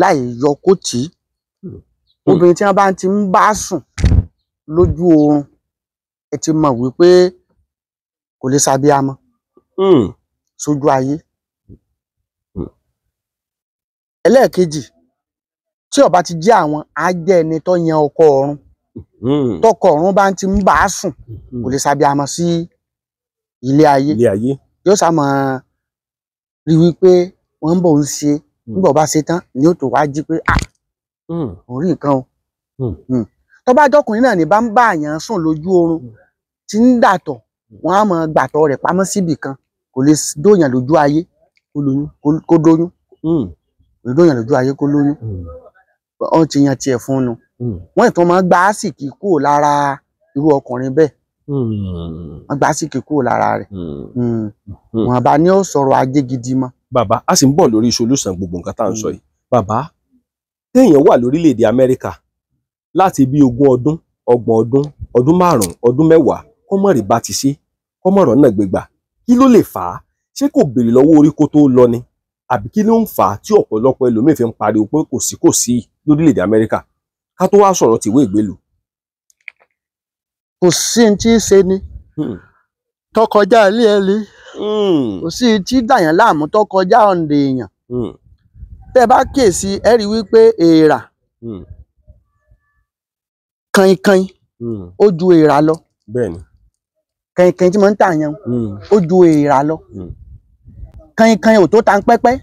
láì yọ kó hmm. obìnrin tí wọn bá ti ń bá sùn lójú oorun ẹ ti mọ̀ wípé kò lè ṣàbíamọ sójú ayé ẹlẹ́ẹ̀kejì tí ó ti jẹ́ àwọn á jẹ́ ẹni tó yan ọkọ ọ̀run Hmm. tọkọ ọ̀run bá ń ti ń bá a sùn hmm. kò lè ṣàbíamọ sí ilé ayé yóò sàmọ rí wípé wọn ń bọ ń ṣe hmm. nígbà bá ṣe tán ni yóò tó wá jí pé à òun rí nǹkan o tó bá jọkùnrin náà ní bá ń bá àyàn sùn lójú oorun tí ń dàtọ̀ wọn á mọ gbàtọ̀ rẹ̀ pamọ́ síbì kan kò lè dóyàn lójú ayé kó lóyún kò lè dóyàn lójú ayé kó lóyún ọ ti yan tiẹ̀ fún un nu wọ́n ìtàn máa gba àsìkí kúrò lára irú ọkùnrin bẹ́ẹ̀ hmm. wọ́n gba àsìkí kúrò lára rẹ̀ wọ́n bá ní ó sọ̀rọ̀ ajé gidi mọ́. bàbá a sì ń bọ̀ lórí solution gbogbo nǹkan tá à ń sọ hmm. yìí bàbá téèyàn wà lórílẹ̀‐èdè amẹ́ríkà láti bí ogún ọdún ọgbọ̀n ọdún ọdún márùn-ún ọdún mẹ́wàá kọ́mọ̀rì bá ti ṣe kọ́mọ̀rọ̀ náà gbégbà kí ló lè fà á ṣé kò béèrè lọ́wọ́ orí kó tó lọ ni àbí kí ló ń fà á tí ọ̀pọ̀lọpọ̀ ẹlòmíín fi ń pariwo pé kò sí kò sí lórílẹ̀‐èdè amẹ́ríkà ká tó wá sọ̀rọ̀ tìwé ìgbélú. kò sí ní tí í ṣe ni hmm. tọkọjá ilé ẹ lé hmm. kò sí tí dàyàn láàmú tọkọjá ọ̀ǹdè èèyàn hmm. tẹ bá kíyèsí ẹ rí wípé èèrà kankan ó ju èèrà lọ kankan tí mo ń tà yẹn ó ju èèrà lọ kankan ò tó ta pẹ́pẹ́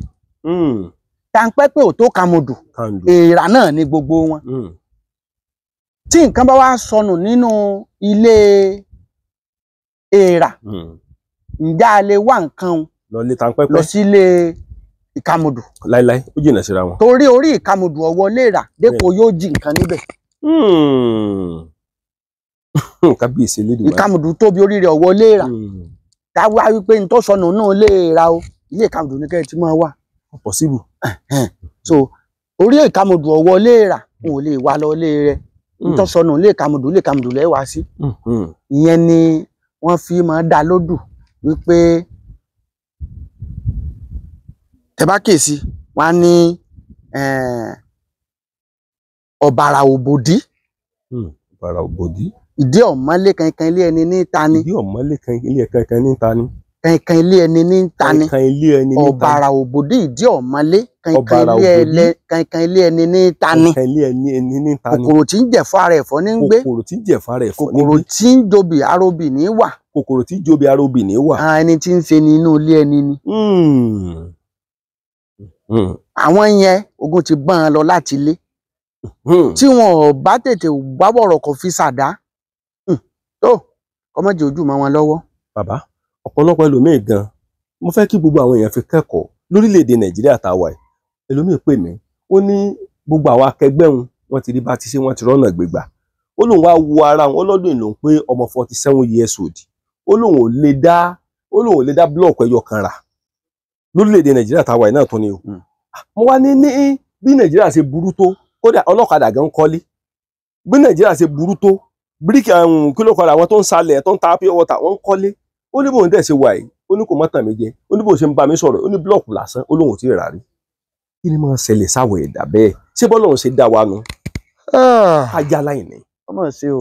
ta pẹ́pẹ́ ò tó kàmọ̀dù èèrà náà ni gbogbo wọn. Mm. tí nǹkan bá wá sọnù nínú ilé èèrà hmm. ǹjẹ́ a lè wá nǹkan lọ sí ilé ìkàmùdù. láíláí ó jìnnà síra wọn. torí orí ìkàmùdù ọwọ́ léèrà dépò hmm. yóò jí nǹkan níbẹ̀. Hmm. [LAUGHS] ìkàmùdù tóbi orí rẹ̀ ọwọ́ wípé tó sọnù náà o ilé ìkàmùdù ní kẹ́hìn tí wà. so orí ìkàmùdù ọwọ́ léèrà n ò lè lọ lé rẹ̀ nítorí hmm. sọnù lè kàmùdù lè kàmùdù lẹ́ wá sí hmm. Hmm. ìyẹn ni wọ́n fi máa dá lódù wípé tẹ́bá kèsì wọ́n á ní eh, ọ̀bàrà òbòdí ìdí ọ̀mọ́lé kankan ilé ẹni ní ni. ìdí ọ̀mọ́lé kankan ilé kankan ní ni kankan ilé ẹni ní ń ta ni ọ̀bàrà òbòdì ìdí ọ̀mọ́lé kankan ilé ẹni ní ń ta ni kòkòrò tí ń jẹ̀fọ́ ara ẹ̀fọ́ ní ń gbé kòkòrò tí ń jobi arobi ní wà kòkòrò tí ń jobi arobi ní wà ah, ẹni tí ń ṣe ni inú ilé ẹni ni. Hmm. Hmm. àwọn yẹn ogun ti bọ́n ọ lọ láti ilé hmm. tí wọn ò bá tètè wá bọ̀rọ̀ kò fi ṣàdá tó kọ́mọ́jì ojú mọ́ wọn lọ́wọ́. bàbá ọ̀pọ̀lọpọ̀ ẹlòmíì gan mo fẹ́ kí gbogbo àwọn èèyàn fi kẹ́kọ̀ọ́ lórílẹ̀‐èdè nàìjíríà tá a wà yìí ẹlòmíì pè mí ó ní gbogbo àwọn akẹgbẹ́ òun wọ́n ti rí bá ti ṣe wọ́n ti rọ́nà gbégbà ó lóun wá wo ara òun ọlọ́dún ìlòun pé ọmọ forty seven years old ó lóun ò lè dá ó lóun ò lè dá blọọkù ẹyọ kan rà lórílẹ̀‐èdè nàìjíríà tá a wà yìí náà tó ni o hmm. ah, mo wá ní ní bí nàìjíríà ṣe burú tó kódà ọlọ́kadà gan kọ́lé bí nàìjíríà ṣe burú tó bíríkì àwọn kí ló àwọn tó ń salẹ̀ tó ń ta pure water wọ́n ń kọ́lé ó ní bóun dẹ̀ ṣe wà yìí ó ní kò mọ́tàn mi jẹ ó ní bóun ṣe ń bá mi sọ̀rọ̀ ó ní blọọkù lásán ó lóun ti rà rí kí ni máa ṣẹlẹ̀ sáwọ̀ ẹ̀dá bẹ́ẹ̀ ṣé bọ́ lòun ṣe dá wa nu ah! ajá láìní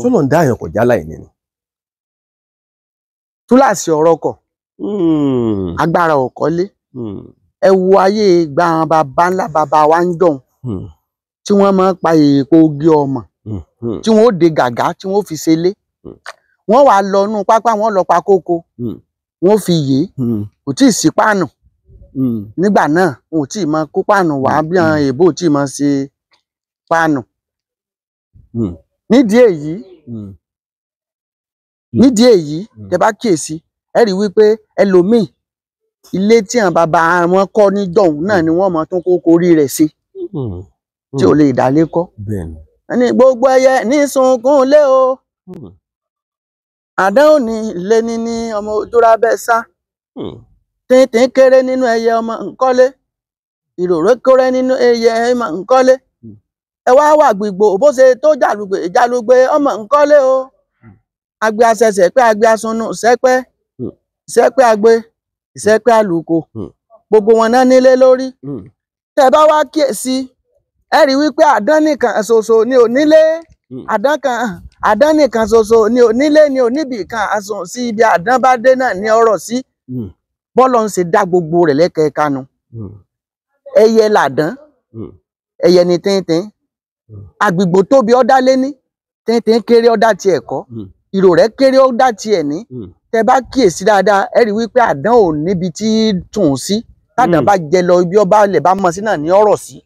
sọlọ ń dá àyàn kọjá láìní ni. túláàsì ọ̀rọ̀ kọ̀ hmm. agbára ọ̀kọ́lé hmm. ẹ wo ayé gbàǹ bàbá ńlá bàbá wa ń dọ̀hún hmm. tí wọ́n máa ń pa èèpo ogi ọmọ tí wọ́n ó de gàgá tí wọ́n ó fi ṣe lé wọ́n wàá lọ inú pápá wọ́n lọ pa kókó hmm. wọ́n fi yé hmm. kò tí ì sí páànù hmm. nígbà náà wọn ò tí ì mọ kó páànù wàá bí àwọn èèbó ò tí ì mọ ṣe páànù nídìí èyí nídìí èyí tẹ bá kíyèsí ẹ rí i wípé ẹlòmíì ilé tí àwọn bàbá wọn kọ́ ní dọ̀hún náà ni wọ́n mọ tún kó korí rẹ̀ sí tí ò lè dálé kọ́ ní gbogbo ẹyẹ ní sunkún lé o àdáhùnì lẹni ní ọmọ ojúrábẹ́sá hmm. tíntín kéré nínú ẹyẹ ọmọ nkọ́lé ìròró kéré nínú ẹyẹ ọmọ nkọ́lé hmm. ẹ wá wà gbìgbò bó ṣe tó jàlùgbè jàlùgbè ọmọ nkọ́lé o hmm. agbe asẹsẹ pé agbe asunu sẹpẹ sẹpẹ agbe sẹpẹ aluko. gbogbo wọn náà nílé lórí tẹ bá wá kíyèsí ẹ rí wípé àdán nìkan ṣoṣo ni ò nílé àdán kan àdán nìkan ṣoṣo nílé ni ò níbì kan àsùn sí ibi àdán bá dé náà ní ọ̀rọ̀ sí hmm. bọ́lọ̀ ń ṣe dá gbogbo rẹ̀ lẹ́kẹ̀ẹ́kanu hmm. ẹyẹ làdán hmm. ẹyẹ ni tíntín agbègbò tóbi ọ̀dá léní tíntín kéré ọ̀dá ti ẹ̀kọ́ ìrò rẹ̀ kéré ọ̀dá ti ẹ̀ní tẹ bá kíyèsí dáadáa ẹ rí wípé àdán ò níbi tí tùn sí tàdán bá jẹ lọ ibi ọba ilẹ̀ bá mọ sí náà ní ọ̀rọ̀ sí.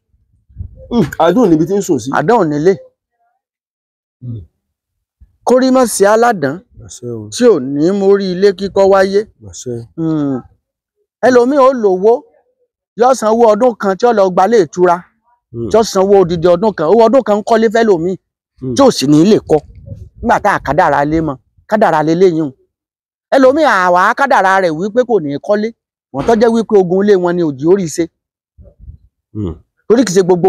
àdán ò níbi tí ń sùn sí. àdán ò nílé. kórí má sí tí ò ní mórí ilé kíkọ́ wáyé hmm. ẹlòmíì ó yóò sanwó ọdún kan tí ó lọ gbalé ìtura hmm. tí ó sanwó odidi ọdún kan owó lé lé léyìn o ẹlòmíì àwa kò ní kọ́lé wípé ogun lé wọn ni òjì hmm. orí ṣe gbogbo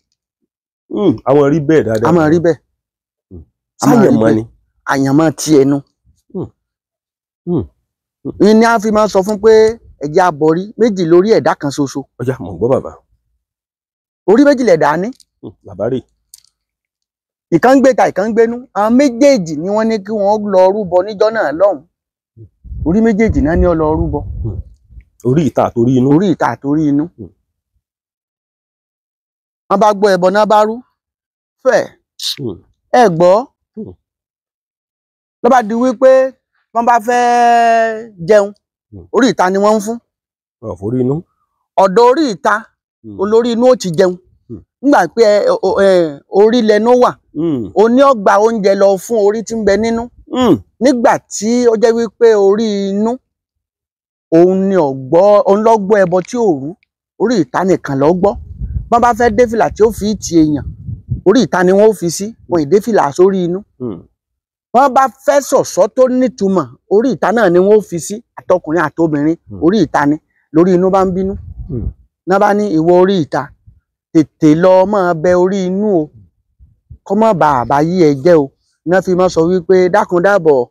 àwọn hmm, rí bẹ́ẹ̀ dáadáa a máa rí hmm. ni ti ẹnu hmm. ni a fi máa sọ fún pé ẹ̀jẹ̀ abọ̀rí méjì lórí ẹ̀dá kan ṣoṣo. ọjà mọ̀ gbọ́ bàbá. orí méjì ìkan ń gbé ta ìkan ń gbénú àwọn méjèèjì ni wọ́n ní kí wọ́n lọ rúbọ níjọ́ náà lọ́hùn ni ó lọ rúbọ. orí ìta àtorí inú. orí wọn bá gbọ́ ẹbọ náà bá rú fẹ̀ hmm. ẹ gbọ́ hmm. ló bá di wípé wọn bá fẹ́ jẹun hmm. orí ìta ni wọ́n ń fún ọ̀dọ̀ orí ìta olórí inú ò ti jẹun nígbà pé orí lẹnu wà ó ní ọgbà oúnjẹ lọ fún orí tí ń bẹ nínú nígbà tí ó jẹ́ wípé orí inú òun ni ọgbọ òun lọ ẹbọ tí ò rú orí ìta nìkan lọ gbọ́. bọ́n bá fẹ́ dé fìlà tí ó fi ti èèyàn orí ìta ni wọ́n ó fi sí wọn ì dé fìlà sórí inú hmm. bọ́n bá fẹ́ sọ̀sọ́ tó nítumọ̀ orí ìta náà ni wọ́n ó fi sí àtọkùnrin àtobìnrin hmm. orí ìta ni lórí inú bá ń bínú hmm. náà bá ní ìwọ orí ìta tètè lọ máa bẹ orí inú o kọ́ mọ́ bàbá yí ẹ jẹ́ o náà fi mọ́ sọ wípé dákun dábọ̀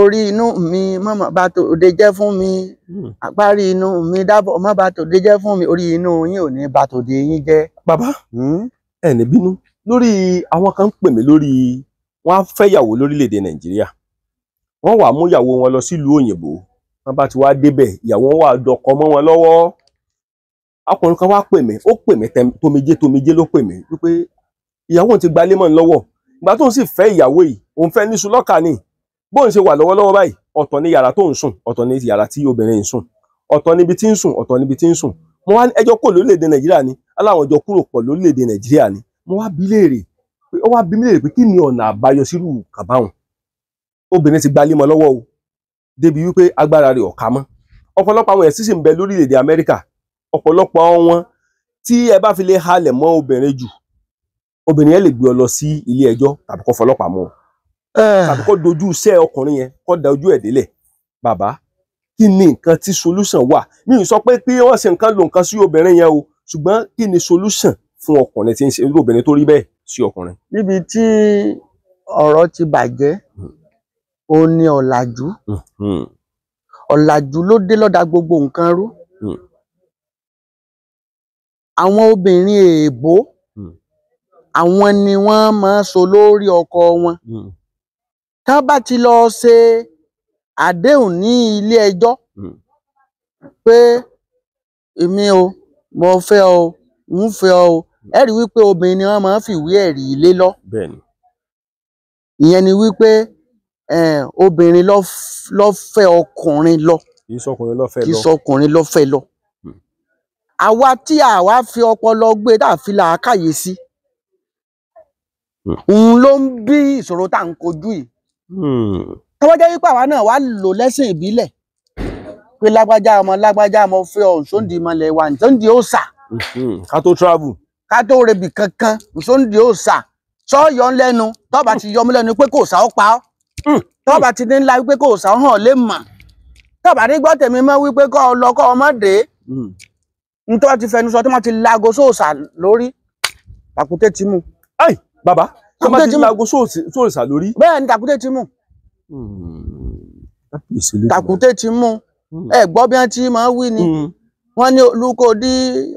orí inú mi mọ́mọ́ bá tòde jẹ́ fún mi hmm. àparí inú mi dábọ̀ mọ́ bá tòde jẹ́ fún mi orí inú yín ò ní bá tòde yín jẹ́. bàbá hmm? ẹ ní bínú lórí àwọn kan ń pè mí lórí wọn á fẹ́ yàwó lórílẹ̀‐èdè nàìjíríà wọ́n wàá mú ìyàwó wọn lọ sílùú òyìnbó wọ́n bá ti wá débẹ̀ ìyàwó wọn wàá dọkọ mọ́ wọn lọ́wọ́ ọkùnrin kan wá pè mí ó pè mí tómijé tómijé ló pè mí wípé ìyàwó ti gba lé mọ́ ń lọ́wọ́ ìgbà tóun sì fẹ́ ìyàwó yìí òun fẹ́ níṣu lọ́kà ni bóun ṣe wà lọ́wọ́lọ́wọ́ báyìí ọ̀tọ̀ ni yàrá tó ń sùn ọ̀tọ̀ ni yàrá tí obìnrin ń sùn ọ̀tọ̀ níbi tí ń sùn ọ̀tọ̀ níbi tí ń sùn mo wá ẹjọ́ kò lórílẹ̀‐èdè nàìjíríà ni aláwọn ẹjọ́ kúrò pọ̀ lórílẹ̀‐èdè nàìjíríà ni mo wá bi léèrè pé ó wá bi mí léèrè pé kí ni ọ̀nà àbáyọ sírú kàbáhùn obìnrin ti gbalé mọ lọ́wọ́ o débi wípé agbára rẹ̀ ọ̀ka mọ́ ọ̀pọ̀lọpọ̀ àwọn ẹ̀sìn sì ń bẹ lórílẹ̀‐èdè amẹ́ríkà ọ̀pọ̀lọpọ̀ wọn tí ẹ bá fi lè halẹ̀ mọ́ obìnrin jù obìnrin yẹn lè gbé ọ lọ sí ilé ẹjọ́ tàbí kó fọlọ́pàá mọ́ ọ Eh. tàbí kó dojú iṣẹ́ ọkùnrin yẹn kó da ojú ẹ̀ délẹ̀ bàbá kí ni nǹkan tí solution wà mi ò sọ pé pé wọ́n ṣe nǹkan lo nǹkan sí obìnrin yẹn o ṣùgbọ́n kí ni solution fún ọkùnrin tí ń ṣe irú obìnrin tó rí bẹ́ẹ̀ sí ọkùnrin. níbi tí ọ̀rọ̀ ti bàjẹ́ hmm. ó ní ọ̀làjú hmm, hmm. ọ̀làjú ló dé lọ́dà gbogbo nǹkan rú àwọn obìnrin èèbó àwọn ni wọ́n máa ń so lórí ọkọ wọn. Mm tán bá ti lọ ṣe àdéhùn ní ilé ẹjọ́ hmm. pé èmi o mo fẹ́ ọ ń fẹ́ ọ hmm. ẹ rí wípé obìnrin ni wọ́n máa ń fìwé ẹ̀rí lé lọ ìyẹn ni wípé obìnrin ló fẹ́ ọkùnrin lọ kì í sọkùnrin lọ kì lọ hmm. àwa tí a wá fi ọpọlọ gbé tá a fi làákàyè sí òun ló ń bí ìṣòro tá à ń kojú yìí tọ́wọ́ jẹ́ wípé àwa náà wá lò lẹ́sìn ìbílẹ̀ pé lágbájá ọmọ lágbájá ọmọ fẹ́ ọ nsóńdì ìmọ̀lẹ̀ wa nsóńdì ó sà. ká tó travel. ká tó rebì kankan nsóńdì ó sà sọ yọ lẹ́nu pé kò sá pa ọ́ tọ́ba ti ní ńlá wípé kò sá hàn lé mà ní wípé kọ́ ọ lọ kọ́ ọ takùté ti mú. ọmọ ti lago sóòrè sà lórí. bẹ́ẹ̀ ni takùté ti mú. takùté ti mú. ẹ gbọ́ bí wọ́n ti máa wí ni. Hmm. wọ́n ní olúkodí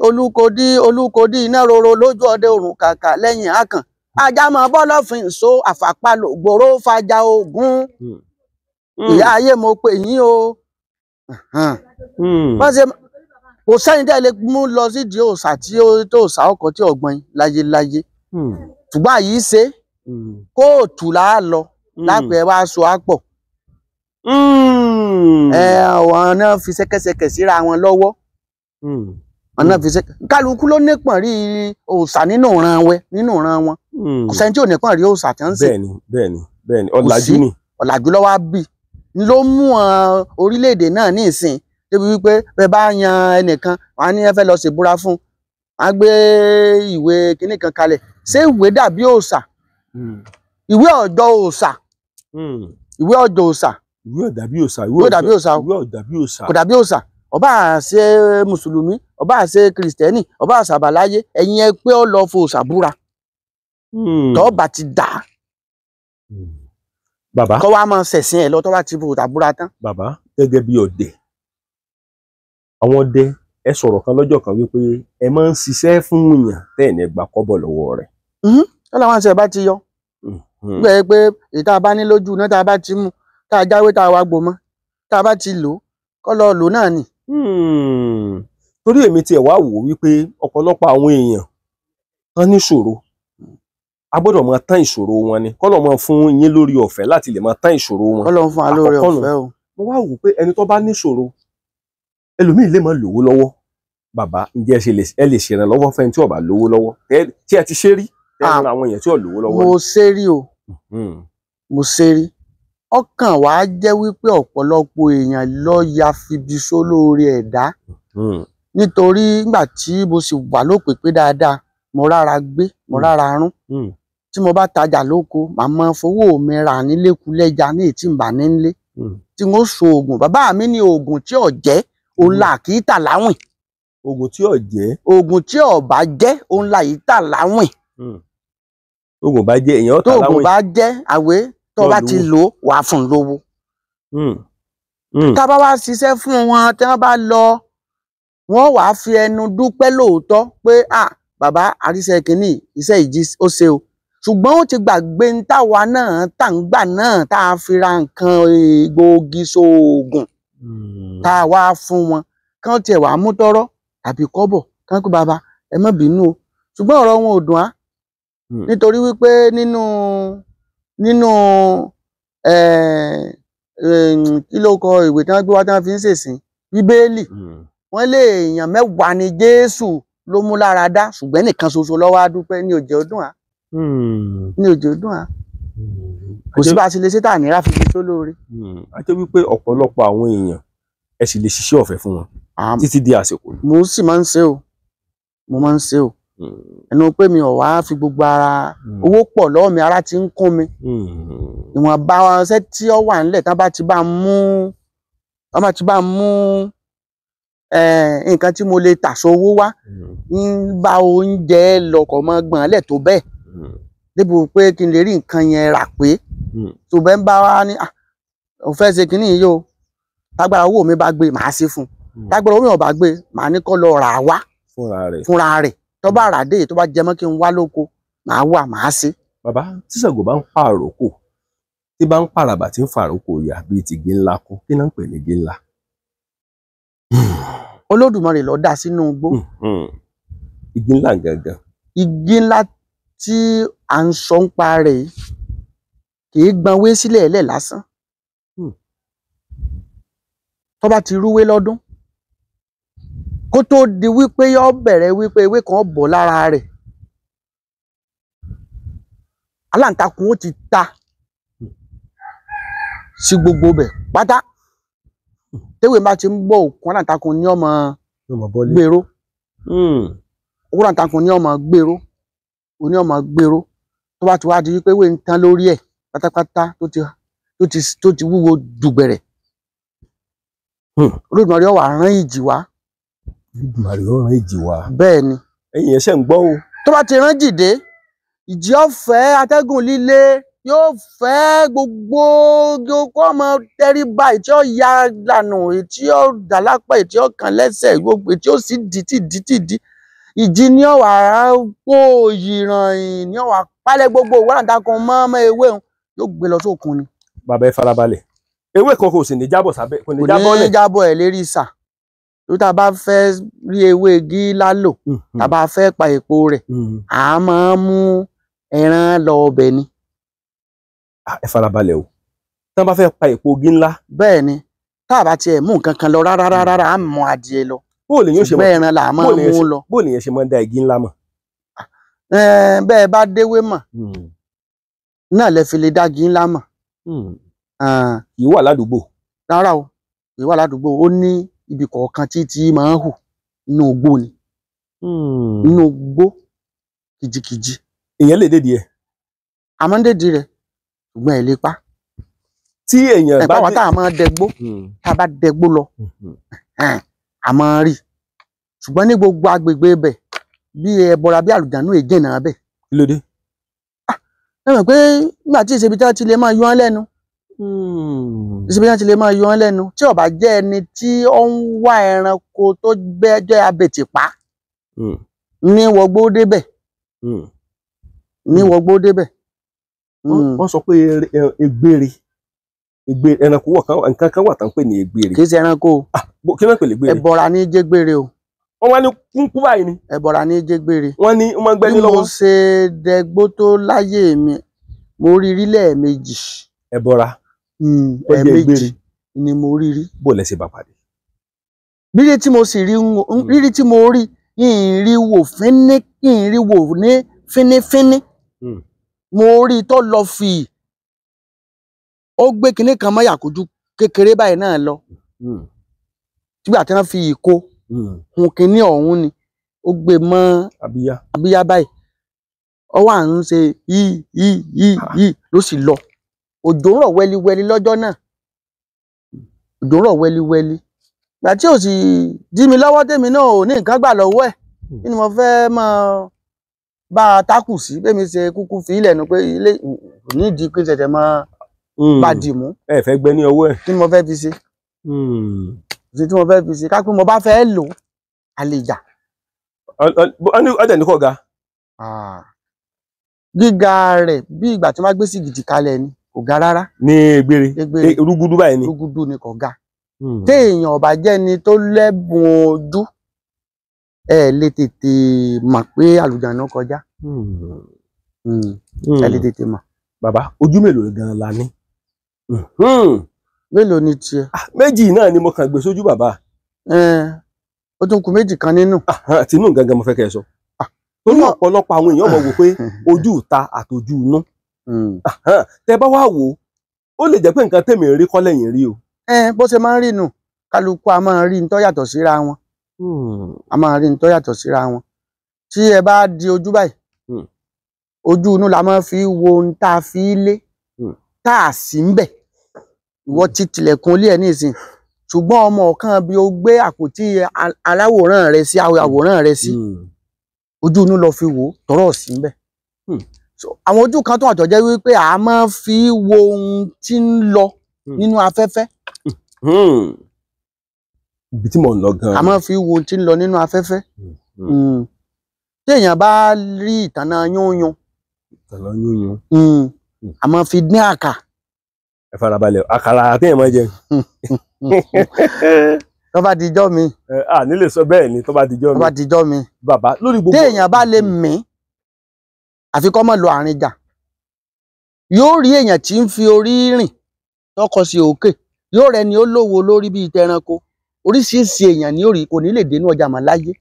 olúkodí olúkodí iná roro lójú ọdẹ òrùn kàkà lẹ́yìn akàn. Hmm. ajá máa bọ́ lọ́fìn so àfàpalò gbòòrò fajà ogun. Hmm. ìyá ayé mo pè yín o. wọ́n ṣe kò sẹ́ni dẹ́ lè mú lọ sídìí òòṣà tí ó tó ọkọ̀ tí ọ̀gbọ́n láyéláyé ṣùgbọ́n àyí ṣe kóòtù là lọ hmm. lápẹ̀ẹ́ wá aṣọ àpọ̀ hmm. àwọn náà fi ṣẹ́kẹ́ṣẹkẹ̀ síra wọn lọ́wọ́ hmm. kálukú ló nípọ̀n rí òòṣà nínú ìran wẹ nínú ìran wọn kò tí ò nípọ̀n rí òòṣà tí wọ́n ń sè. bẹ́ẹ̀ni bẹ́ẹ̀ni bẹ́ẹ̀ni ọ̀làjú ni. ọ̀làjú lọ́wọ́ bí ló mú orílẹ̀-èdè náà ní ìsìn débi wípé bẹ bá yan ẹnìkan wọn á ẹ fẹ́ lọ ṣèbúra fún wọn gbé ìwé kinní kan kalẹ̀ ṣé ìwé dàbí òòṣà Hmm. ìwé ọjọ́ hmm. òòṣà ìwé ọjọ́ òòṣà ìwé ọ̀dà bí òòṣà ìwé ọ̀dà bí òòṣà ìwé ọ̀dà bí òòṣà kò dà bí òòṣà ọba àṣẹ mùsùlùmí ọba àṣẹ kìrìsìtẹ́nì ọba àṣàbàláyé ẹ̀yin ẹ pé ó lọ fòòṣà búra hmm. tọ́ọ̀bà ti dà á bàbá kọ́ wa máa ṣẹ̀sìn ẹ̀ lọ tọ́ bá ti fòòṣà búra tán. bàbá gẹ́gẹ́ bí ọdẹ àwọn ọdẹ ẹ sọ̀rọ̀ kan lọ́jọ́ kan wípé ẹ máa ń ṣiṣẹ́ fún èèyàn tẹ́ ẹ̀ ní gbà kọ́bọ̀ lọ́wọ́ rẹ̀ tọ́lá wọn ṣe bá ti yọ gbẹ hmm. pé ìta bá ní lójú iná tá a bá ti mú tá a jáwé tá a wá gbòmọ tá a bá ti lò kọ́ lọ lò náà nì. Hmm. torí èmi tiẹ̀ wá wò wípé ọ̀pọ̀lọpọ̀ àwọn èèyàn tán níṣòro a gbọ́dọ̀ máa tán ìṣòro wọn ni kọ́lọ̀ máa fún yín lórí ọ̀fẹ́ láti lè máa tán ìṣòro wọn. kọ́lọ̀ ń fún wa lórí ọ̀fẹ́ o. mo wá wò pé ẹni tó bá níṣòro ẹlòmíì lè máa lówó lọ́wọ́ bàbá ǹjẹ́ ẹ ẹran ah, àwọn èèyàn tí ò lówó lọ́wọ́. mo ṣe rí o hmm. mo ṣe rí ọkàn wa jẹ́ wípé ọ̀pọ̀lọpọ̀ èèyàn lọ ya fibi sólóore ẹ̀dá hmm. nítorí nígbà tí mo sì wà lópèpé dáadáa mo rárá gbé mo hmm. rárá rún tí mo bá tajà lóko màmá fowó mi rà nílékulẹjà ní ètí ìbà nílé tí n ó so oògùn bàbá mi ní oògùn tí ò jẹ òun là kì í láwìn. oògùn tí ò jẹ. oògùn tí ò bá jẹ òun là yìí tà láwìn oògùn bá jẹ́ èèyàn ọ̀tá láwọn tóògùn bá jẹ́ àwé tó bá ti lò wà fún lówó hmm. Hmm. tá a bá wá ṣiṣẹ́ fún wọn tí wọ́n bá lọ wọ́n wà á fi ẹnu dúpẹ́ lóòótọ́ pé ah bàbá àríṣe kìíní iṣẹ́ ìjì ó ṣe o ṣùgbọ́n ó ti gbàgbé ń táwa náà tá ń gbà náà tá a fi ra nǹkan egbòogi sóògùn hmm. tá a wá fún wọn kán tiẹ̀ wàá mú tọ́rọ́ tàbí kọ́bọ̀ kán pé bàbá ẹ má bínú o ṣùgbọ́n ọ̀rọ̀ wọn ò dùn á Hmm. nítorí wípé nínú nínú eh, kí ló kọ ìwé tí wọ́n gbé wá tí wọ́n fi ń ṣèsìn bíbélì hmm. wọ́n lé èèyàn mẹ́wàá ni jésù ló mú lára dá ṣùgbọ́n nìkan ṣoṣo lọ́wọ́ adúpẹ́ ní òjò ọdún à hmm. ní òjò ọdún à kò sí bá a ṣe lè ṣe tà nírà fi tó lóore. a jẹ́ wípé ọ̀pọ̀lọpọ̀ àwọn èèyàn ẹ sì lè ṣiṣẹ́ ọ̀fẹ́ fún wọn títí di àsìkò. mo sì máa ń ṣe o mo máa ń ṣe o Hmm. ẹnu pé mi ò wá fi gbogbo ara hmm. owó pọ̀ lọ́wọ́ mi ara ti ń kún mi hmm. ìwọ̀nba ọṣẹ́ tí ó wà nílẹ̀ tán bá ti bá mú wọ́n bá ti bá mú nǹkan tí mo lè tàṣọ owó wá ń bá oúnjẹ lọkọ̀ mọ́ gbọ̀n lẹ̀ tó bẹ́ẹ̀ débò pé kí n lè rí nǹkan yẹn rà pé tó bẹ́ẹ̀ ń bá wa ní ò fẹ́ ṣe kínní yìí o tágbára owó mi bá gbé màá ṣe fún tágbára owó mi ò bá gbé màá ní kó lọ rà á wá fúnra rẹ̀ tó bá ràdé tó bá jẹmọ́ kí n wá lóko màá wà màá sí. bàbá tí Ṣàngó bá ń pa àròkò tí bá ń pàràbà tí ń fa àròkò yà bíi ti gé ńlá kó kí náà ń pè ní gé ńlá. [SIGHS] Olódùmarè ló dá sínú igbó. Hmm, hmm. igi ńlá gangan. igi ńlá tí à ń sọ ń pa rẹ̀ kì í gbanwé sílẹ̀ ẹlẹ́ lásán. Hmm. tó bá ti rúwé lọ́dún kó tó di wípé yọ bẹ̀rẹ̀ wípé ewé kan bọ̀ lára rẹ̀ aláǹtakùn ó ti ta sí gbogbo bẹ̀ pátá téwé bá ti ń bọ̀ òkun aláǹtakùn ní ọmọ gbèrò hmm. òkun aláǹtakùn ní ọmọ gbèrò òní ọmọ gbèrò tó bá ti wá di wípé ewé ń tán lórí ẹ̀ pátápátá tó ti tó ti tó ti wúwo dùgbẹ̀rẹ̀ hmm. olódùmarè ọwà rán ìjì wá Èdùmàrè ó rán ìjì wá. bẹ́ẹ̀ ni. ẹ̀yin ẹ̀ṣẹ̀ ń gbọ́ o. tó bá ti rán jìdé ìjì ọ̀fẹ́ atẹ́gùn líle yóò fẹ́ gbogbo kó ọmọ tẹríba ètí ó ya lànà ètí ó dà lápá ètí ó kàn lẹ́sẹ̀ gbogbo ètí ó sì dì tì dì tì dì ìjì ní ọ̀wà pò yìrànyìn ní ọ̀wà pálẹ̀ gbogbo wàrà dákun mọ́ ọmọ ewé òun yóò gbé lọ sókun ni. bàbá ẹ farabalẹ̀ ewé kan kò sì ní jábọ̀ sábẹ́ kò ní jábọ̀ ẹ̀ lérí sà tó tá a bá fẹ́ rí ewé gílálò tá a bá fẹ́ pa èpo rẹ̀ à máa mú ẹran lọ ọbẹ̀ ni. Ah, ẹ farabalẹ̀ o tí wọ́n bá fẹ́ pa èpo ogi ńlá. bẹ́ẹ̀ ni tá a bá tiẹ̀ mú nǹkan kan lọ rárá rárá à ń mú adìẹ lọ ṣùgbọ́n ẹran là á máa mú lọ. bó lèyàn ṣe máa da igi ńlá mọ̀. Ah, eh, bẹ́ẹ̀ bá déwé mọ̀ hmm. náà lẹ fi lè dá igi ńlá mọ̀. Hmm. Ah. ìwà ládùúgbò. rárá o ìwà ládùúgbò ó ní ibi kọ̀ọ̀kan tí tí máa ń hù inú igbó ni inú hmm. igbó kìjikìji. èèyàn lè dèdí ẹ. a máa ń dèdí rẹ ṣùgbọ́n ẹ lè pa. tí èèyàn bá dé ẹ báwa tá a máa dẹgbó hmm. tá a bá dẹgbó lọ hmm. a máa rí ṣùgbọ́n ní gbogbo agbègbè bẹ̀ bí ẹ bọra bí àlùjànnú èjìnà bẹ̀. kí ló dé. Ah, ẹ mọ̀ pé nígbà tí ìṣebi tí wọ́n ti lè máa yọ ọ́ lẹ́nu síbi hmm. tí ti lè máa yọ ọ́ lẹ́nu tí ọba jẹ́ ẹni tí ó ń wá ẹranko tó jẹ́ abètìpá hmm. ní wọgbó débẹ̀ hmm. ní wọgbó débẹ̀. wọ́n sọ pé e, egbére ẹranko wọ̀ nǹkan kan wà tá ní ẹranko ah, o kí ló ń pè légbére. ẹbọra o. wọ́n wá ní báyìí ni. ẹbọra ní wọ́n ní wọ́n lọ́wọ́. bí mo ṣe dẹgbó tó láyé mi mo rí ẹbọra. Hmm, ẹ̀ẹ̀mejì ni mo rí rí. bó lẹ ṣe bá pàdé. rírí tí mo sì rí rírí hmm. tí mo rí ìrìn wò fíní ìrìn wò ní fínífíní hmm. mo rí i tó lọ fi ó gbé kinní kan mọ́ yàkójú kékeré báyìí náà lọ tígbà tí wọ́n fi ìko hun kinní ọ̀hún ni ó gbé mọ́ abíyá báyìí ọwọ́ àrùn ṣe yí yí yí ah. ló sì lọ òjò rọ̀ wẹ́líwẹ́lí lọ́jọ́ náà òjò rọ̀ wẹ́líwẹ́lí ìgbà tí ò sì dí mi lọ́wọ́ tèmi náà ò ní nǹkan gbà lọ́wọ́ ẹ̀ kí ni mo fẹ́ máa bá a tákù sí bẹ́mi ṣe kúkú fi ilẹ̀ nu pé ilé kò ní ìdí pé tẹ̀tẹ̀ máa hmm. bá dì ẹ fẹ́ gbẹ ní ọwọ́ ẹ. kí ni mo fẹ́ fi ṣe. ṣe hmm. tí mo fẹ́ fi ṣe ká pé mo bá fẹ́ lò á lè jà. ọ̀dẹ̀ ní kò ga. gíga rẹ̀ bí ìgbà tí wọ́n bá gbé sí gidi kalẹ̀ ni. kò ga rárá. ní egbere rúgúdú báyìí ni rúgúdú ni kò ga. Hmm. téèyàn ọba jẹ́ni tó lẹ́bùn ojú ẹ lè tètè mọ̀ pé àlùjànnú kọjá hmm. Hmm. ẹ lè tètè mọ̀. bàbá ojú mélòó gan-an la ní. mélòó ni tiẹ̀. Ah, méjì náà ni mo kàn gbé sójú bàbá. ó tún kù méjì kan nínú. Ah, ah, tinú gangan mo fẹ́ kẹ́ ẹ sọ. torí ọ̀pọ̀lọpọ̀ àwọn èèyàn mọ̀ wò pé [LAUGHS] ojú ìta àtòjú inú. Mm. tẹ bá wá wò ó lè jẹ́ pé nǹkan tèmi rí kọ́ lẹ́yìn rí o. bó ṣe máa ń rí nù kálukú a máa rí nítọ́ yàtọ̀ síra wọn hmm. a máa rí nítọ́ yàtọ̀ síra wọn tí ẹ bá di ojú báyìí hmm. ojú inú la máa fi wo ohun tá a fi lé tá a sì ń bẹ̀ ìwọ hmm. ti tilẹ̀kùn ilé ẹ̀ nísìn ṣùgbọ́n ọmọ kan bí o gbé àpótí aláwòrán rẹ sí àwòrán rẹ sí ojú inú lọ fi wò tọrọ sí ń bẹ̀ àwọn ojú kan tó wà tó jẹ́ wípé a máa hmm. hmm. fi wo ohun tí ń lọ nínú afẹ́fẹ́. ibi tí mo ń lọ gan-an. a máa fi wo ohun tí ń lọ nínú afẹ́fẹ́. tí èèyàn bá rí ìtànà yúnyún. ìtànà yúnyún. Hmm. a máa fi dín àkà. ẹ farabalẹ̀ àkàrà àti ẹ̀ máa jẹ. [LAUGHS] tó bá dijọ́ mi. a nílè sọ bẹ́ẹ̀ ni tó bá dijọ́ mi. tó bá dijọ́ mi. bàbá lórí gbogbo. tí èèyàn bá lè mí àfi kọ́ mọ̀ lọ àárín jà yóò rí èèyàn tí ń fi orí rìn tọkọ sí òkè yóò rẹni ó lówó lórí bíi tẹranko oríṣiríṣi èèyàn ni yóò rí kò ní lè dénú ọjà mọ́ láyé.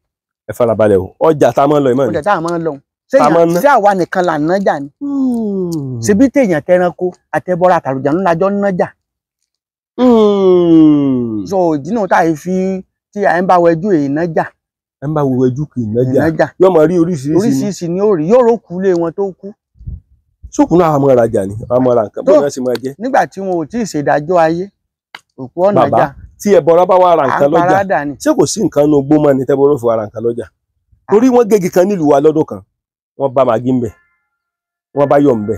ẹ farabalẹ̀ o ọjà tá a máa ń lọ ìmọ̀ ni ọjà tá a máa ń lọ sẹ́yìn sí àwa nìkan là ń nájà ni hmm. ṣebí téèyàn tẹranko àtẹbọra àtàròjà ńlá jọ ń nájà. Hmm. so ìdí náà tá a fi tí à ń bá wẹjú èèyàn nájà ẹ ń bá wo ojú kì í nájà yóò máa rí oríṣiríṣi oríṣiríṣi ni ó rí yóò ró kú lé wọn tó kú. sókùnà àwọn ọmọ ìrajà ni àwọn ọmọ ìrajà bó náà sì máa jẹ. nígbà tí wọn ò tí ì ṣèdájọ́ ayé òkú ọ̀nà jà tí ẹ bọra bá wà ra nǹkan lọ́jà ṣé kò sí nǹkan nu gbómọ ni tẹbọrọ fi wà ra nǹkan lọ́jà torí wọn gègé kan nílùú wa lọ́dún kan wọn bá màgí ńbẹ wọn bá yọ ńbẹ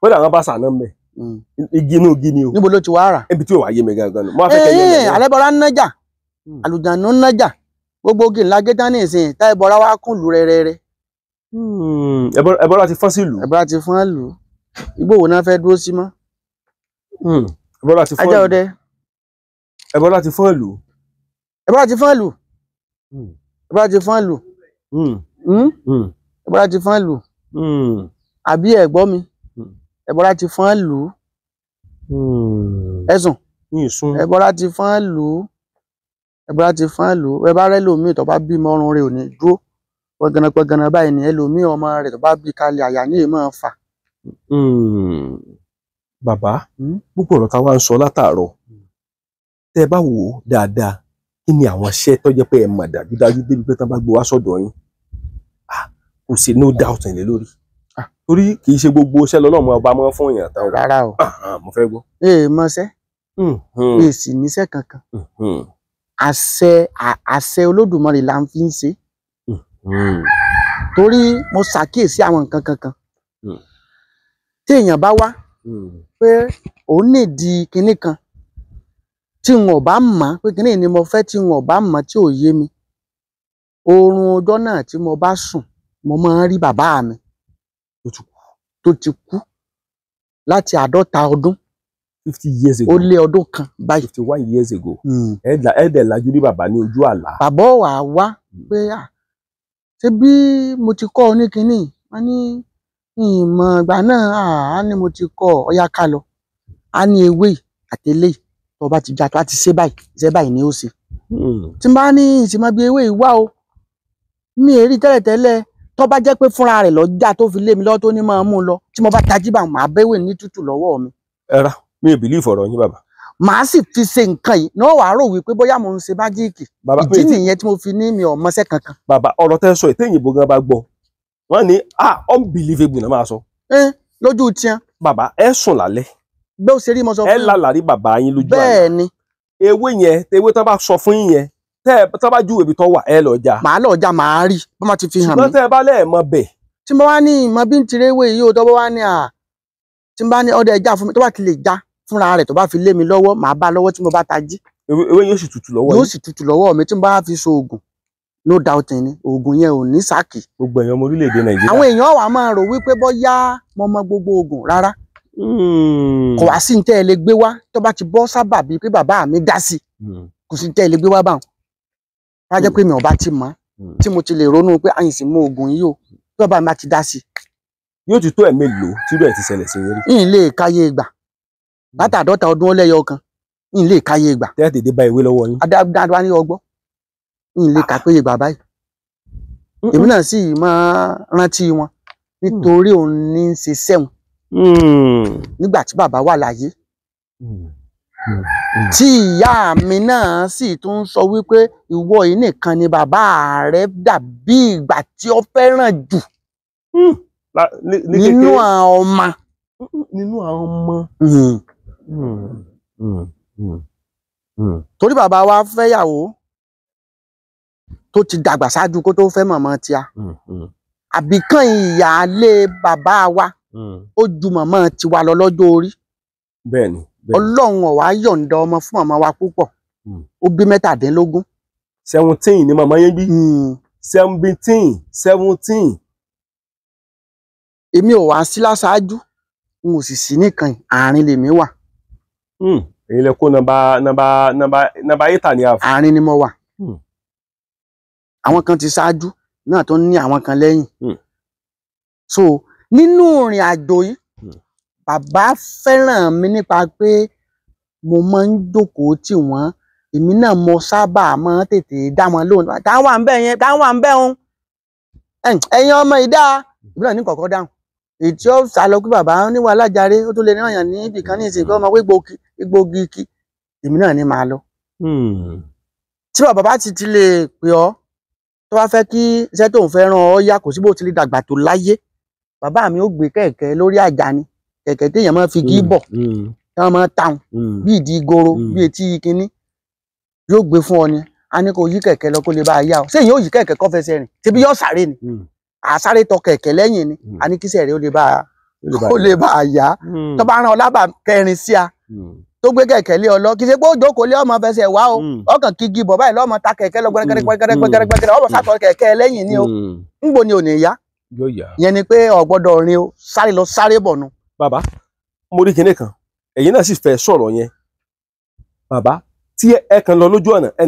kódà wọn bá sànà ńbẹ hmm. igi inú igi ni o níbo ló ti wá rà ibi tí ò wá yé mi gangan nù. alẹ́ bọ̀rọ̀ ń nájà hmm. àlùjánu ń nájà gbogbo igi ńlá gé tán ní ìsìn tá ẹbọra wá kùn lù rẹrẹrẹ. Hmm, ẹbọra ti fọ́n sí ìlú. ẹbọra ti fọ́n lù igbó wo náà fẹ́ dúró sí mọ́. Hmm, ẹbọra ti fọ́n ìlú ajá ọdẹ. ẹbọra ti fọ́n ìlú. ẹbọra ti fọ́n ìlú. Hmm. ẹbọra ti fọ́n ìlú. ẹbọra ti fọ́n ìlú. àbí ẹ̀gbọ́ mi ẹbọra ti fọ́n ìlú. ẹ̀sùn ẹbọra ti fọ́n ìlú ẹgbẹ́ láti fán lò ó ẹ bá rẹ́ lòmíì tó bá bímọ ọrùn rẹ̀ ò ní dúró pọ̀gànàpọ̀gànà báyìí ni ẹlòmíì ọmọ rẹ̀ tó bá bí kalẹ̀ àyà ní ìmọ̀ fà. Hmm. bàbá hmm? púpọ̀ ọ̀rọ̀ táwa ń sọ látàárọ̀ tẹ́ ẹ bá wò ó dáadáa kí ni àwọn iṣẹ́ tó jẹ́ pé ẹ mọ̀ dájúdájú débi pé tán bá gbé wá sọ́dọ̀ yín kò sí no doubt ẹ̀ lé lórí torí kì í ṣe gbogbo iṣẹ́ lọ́lọ́mọ ọba máa ń fún àṣẹ àṣẹ olódùmarè là ń fi ń ṣe hmm. torí mo ṣàkíyèsí àwọn nǹkan kankan hmm. tí èèyàn bá wá hmm. pé òun lè di kinní kan tí n ò bá mọ̀ pé kinní ni mo fẹ́ tí n ò bá mọ̀ tí ò yé mi oorun ọjọ́ náà tí mo bá sùn mo máa ń rí bàbá mi tó ti kú láti àádọ́ta ọdún fifty years ago. ó lé ọdún kan báyìí. fifty one years ago. Hmm. ẹ dẹ̀ lajú ní bàbá ní ojú àlá. bàbá wà á wá pé à ṣé bí mo ti kọ́ ọ ní kinní wọn ní ìmọ̀ ìgbà náà á ní mo ti kọ́ ọ ọyá ká lọ á ní ewé àtẹlé tó bá ti já tó ṣe báyìí ṣe báyìí ni ó ṣe. Hmm. tí n bá ní ìsìnmọ́ bí ewé ìwá o mi èrí tẹ́lẹ̀tẹ́lẹ̀ tó bá jẹ́ pé fúnra rẹ̀ lọ́jà tó fi lé mi lọ́wọ́ tó ní máa mú un lọ tí mo bá tají mi. ẹ mi ò bìlífù ọ̀rọ̀ yín bàbá. màá sì fi ṣe nǹkan yìí náà wàá rò wípé bóyá mo ń ṣe májíìkì ìdí nìyẹn tí mo fi ní mi ò mọṣẹ́ kankan. bàbá ọ̀rọ̀ tẹ́ sọ ètè gan bá gbọ́ wọ́n ní ah unbelievable náà máa sọ. ẹ lójú tiẹn. bàbá ẹ sùn lálẹ́. gbé òṣèré mo sọ fún mi. ẹ lálàrí bàbá yín lójú àná. bẹ́ẹ̀ ni. ewé yẹn ewé tó bá sọ fún yín yẹn tẹ tó bá ju èbi tó wà ẹ lọ já. màá lọ já màá rí bó má ti fi hàn mí. ṣùgbọ́n tẹ tí mo bá ní ọdẹ ẹja fún mi tó bá ti lè já fúnra rẹ̀ tó bá fi lé mi lọ́wọ́ màá bá lọ́wọ́ tí mo bá tají. ewé yóò sì tutù lọ́wọ́ yóò sì tutù lọ́wọ́ mi tí mo bá fi so oògùn no doubt ni oògùn yẹn ò ní sáàkì. gbogbo èèyàn ọmọ orílẹ̀-èdè nàìjíríà. àwọn èèyàn wa máa rò wípé bọ́yá mo mọ gbogbo oògùn rárá. Hmm. kò wá sí ntẹ́ ẹ lè gbé wá tó bá ti bọ́ sábà bíi pé bàbá mi dá sí i hmm. kò sí ntẹ́ ẹ lè gbé wá báwọn. wá jẹ́ pé mi ò bá ti mọ̀ hmm. tí mo ti lè ronú pé àyìn sì mọ oògùn yìí o tó bá mi bá ti dá sí yóò ti tó ẹ̀ mélòó tí irú ti ṣẹlẹ̀ sí i rí. ìyìn káyé ìgbà látàdọ́ta ọdún ó lẹ́yọ kan n lè káyé ìgbà. tẹ́lẹ̀ tètè bá ìwé lọ́wọ́ yín. adájọ́ ní ọgbọ́n n lè kà ah. pé ìgbà báyìí èmi náà sì máa rántí wọn nítorí mm. òun ní í ṣe sẹ́wọ̀n mm. nígbà tí bàbá wà láyé mm. tí ìyá mi náà sì tún sọ wípé ìwọ yìí nìkan ni bàbá rẹ dàbí ìgbà tí ó fẹ́ràn jù nínú àwọn ọmọ. nínú àwọn ọmọ. Hmm, hmm, hmm, torí bàbá wa fẹ́yàwó tó ti dàgbà ṣáájú kó tó fẹ́ mọ̀mọ́ tíá àbíkàn ìyáálé bàbá wa ó ju mọ̀mọ́ tiwa lọ lọ́jọ́ orí ọlọ́run ọ̀wá yọ̀ǹda ọmọ fún mọ̀mọ́ wa púpọ̀ ó bí mẹ́tàdínlógún. seventeen ni màmá yẹn bí seventeen seventeen. èmi ò wá sí láṣáájú n ò sì sí nìkan àárín lèmi wà èyí hmm. lẹ kó nọ́mbà nọ́mbà nọ́mbà nọ́mbà éta ní àfọ. àárín ni mo wà hmm. àwọn kan ti ṣáájú náà tó ń ní àwọn kan lẹ́yìn hmm. so nínú ìrìn àjò yìí bàbá fẹ́ràn mi nípa pé mo máa ń jókòó tì wọ́n èmi náà mo sábà máa ń tètè dá wọn lóhùn táwọn à ń bẹ̀ yẹn táwọn à ń bẹ̀ òun ẹ̀yin ọmọ ìdá ìbílẹ̀ ní kọ̀ọ̀kan dáhùn èyí tí ó sálọ pé bàbá níwà lájàre ó tún lè ní ọ̀yàn ní ibìkan ní ìsìnkú ọmọ wégbòkì igbógi kí èmi náà ní máa lọ. Hmm. tí bàbá bá ti ti lè pè ọ tó bá fẹ́ kí iṣẹ́ tóun fẹ́ ràn ọ yá kò sí bó ti lè dàgbà tó láyé bàbá mi ó gbé kẹ̀kẹ́ lórí àjà ni kẹ̀kẹ́ téèyàn máa fi gí hmm. bọ̀ hmm. tí máa tàun bí ìdí goro bí etí kínní yóò gbé fún ọ ni a ní kó yí kẹ̀kẹ́ lọ kó lè bá a yá ọ ṣé ó yí kẹ̀kẹ́ kọ́ fẹsẹ̀ rìn ṣebí yóò sáré ni àsáré tọ kẹ̀kẹ́ lẹ́yìn ni a ní kíṣẹ́ rẹ̀ ó lè bá a yá tó bá rán ọ lábàá kẹrin sí a tó gbé kẹ̀kẹ́ lé ọ lọ kì í ṣe pé ó jókòó lé ọmọ fẹsẹ̀ wá o mm. ọkàn kí gibọ̀ báyìí lọ́mọ ta kẹ̀kẹ́ lọ gbẹrẹgbẹrẹgbẹrẹgbẹrẹ mm. mm. ọmọ sàtọ̀ ni o ni ni rin o lọ sare bọ̀ Baba mo kan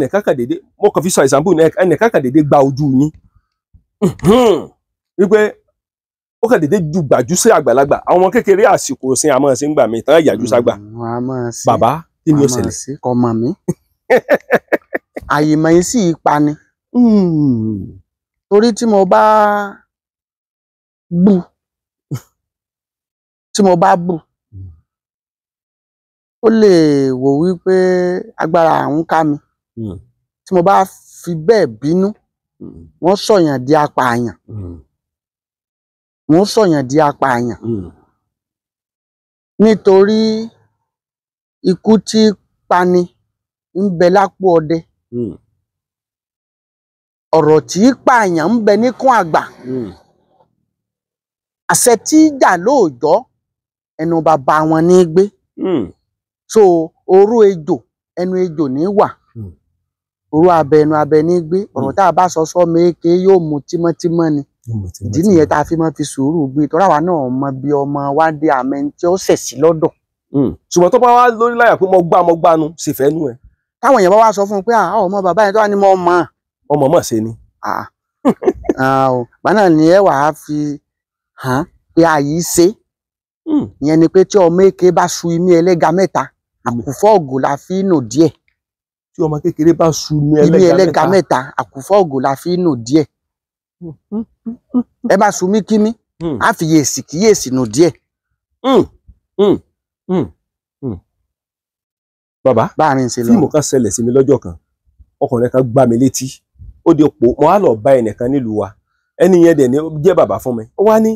lọ kan dede mo fi ó kàn déédéé ju gbàjú sí àgbàlagbà àwọn ọmọ kékeré àsìkò sin àmọ́ sí ń gbà mí tán ìyàjú ságbà mm, bàbá kí ni ó ṣẹlẹ̀. ọmọ mi [LAUGHS] àyèmọ̀ yìí sì pa ni hmm. torí tí mo bá bù tí mo bá bù ó lè wò wípé agbára àwọn ká mi hmm. tí mo bá fi bẹ́ẹ̀ bínú hmm. wọ́n sọ̀yàn di apààyàn. Mm. wọ́n sọ̀yàn di apààyàn hmm. nítorí ikú tí pani ń bẹ lápò ọdẹ hmm. ọrọ tí pààyàn ń bẹ níkùn àgbà Ase ti jà ẹnu baba wọn ni hmm. so oró ejò ẹnu ejò ní í wà oró abẹ abẹ ní gbé bá sọ sọ ni. ìdí nìyẹn tá a fi máa fi sùúrù gbé e, tọ́ra wa náà mọ bí ọmọ wa dé àmẹ́ tí ó ṣẹ̀ sí lọ́dọ̀. Hmm. ṣùgbọ́n tó bá wá lórí láyà pé mo gbá mo gbá nu sì fẹ́ nú ẹ. táwọn èèyàn bá wá sọ fún un pé ọmọ bàbá yẹn tó wà ní mo mọ̀. ọmọ mọ̀ ṣe ni. bánà ni ẹ wàá fi hàn pé àyè ṣe hmm. ìyẹn ni pé tí ọmọ èké bá su imí ẹlẹ́ga mẹ́ta àkùfọ́ ògò la fi nù díẹ̀. tí ọmọ kékeré bá su imí ẹlẹ́ga mẹ́ta àkùfọ́ ògò la fi nù díẹ̀ ẹ bá sun mí kí mi á hmm. fi yèsì kí yèsì nù díẹ̀. Hmm. Hmm. bàbá báàrin ṣe lọ fíìmù kan ṣẹlẹ̀ sí mi lọ́jọ́ kan ọkùnrin kan gbá mi létí ó di pò mo á lọ bá ẹnìkan nílùú wa ẹni yẹn dẹ̀ ni ó jẹ́ bàbá fún mi ó wá ní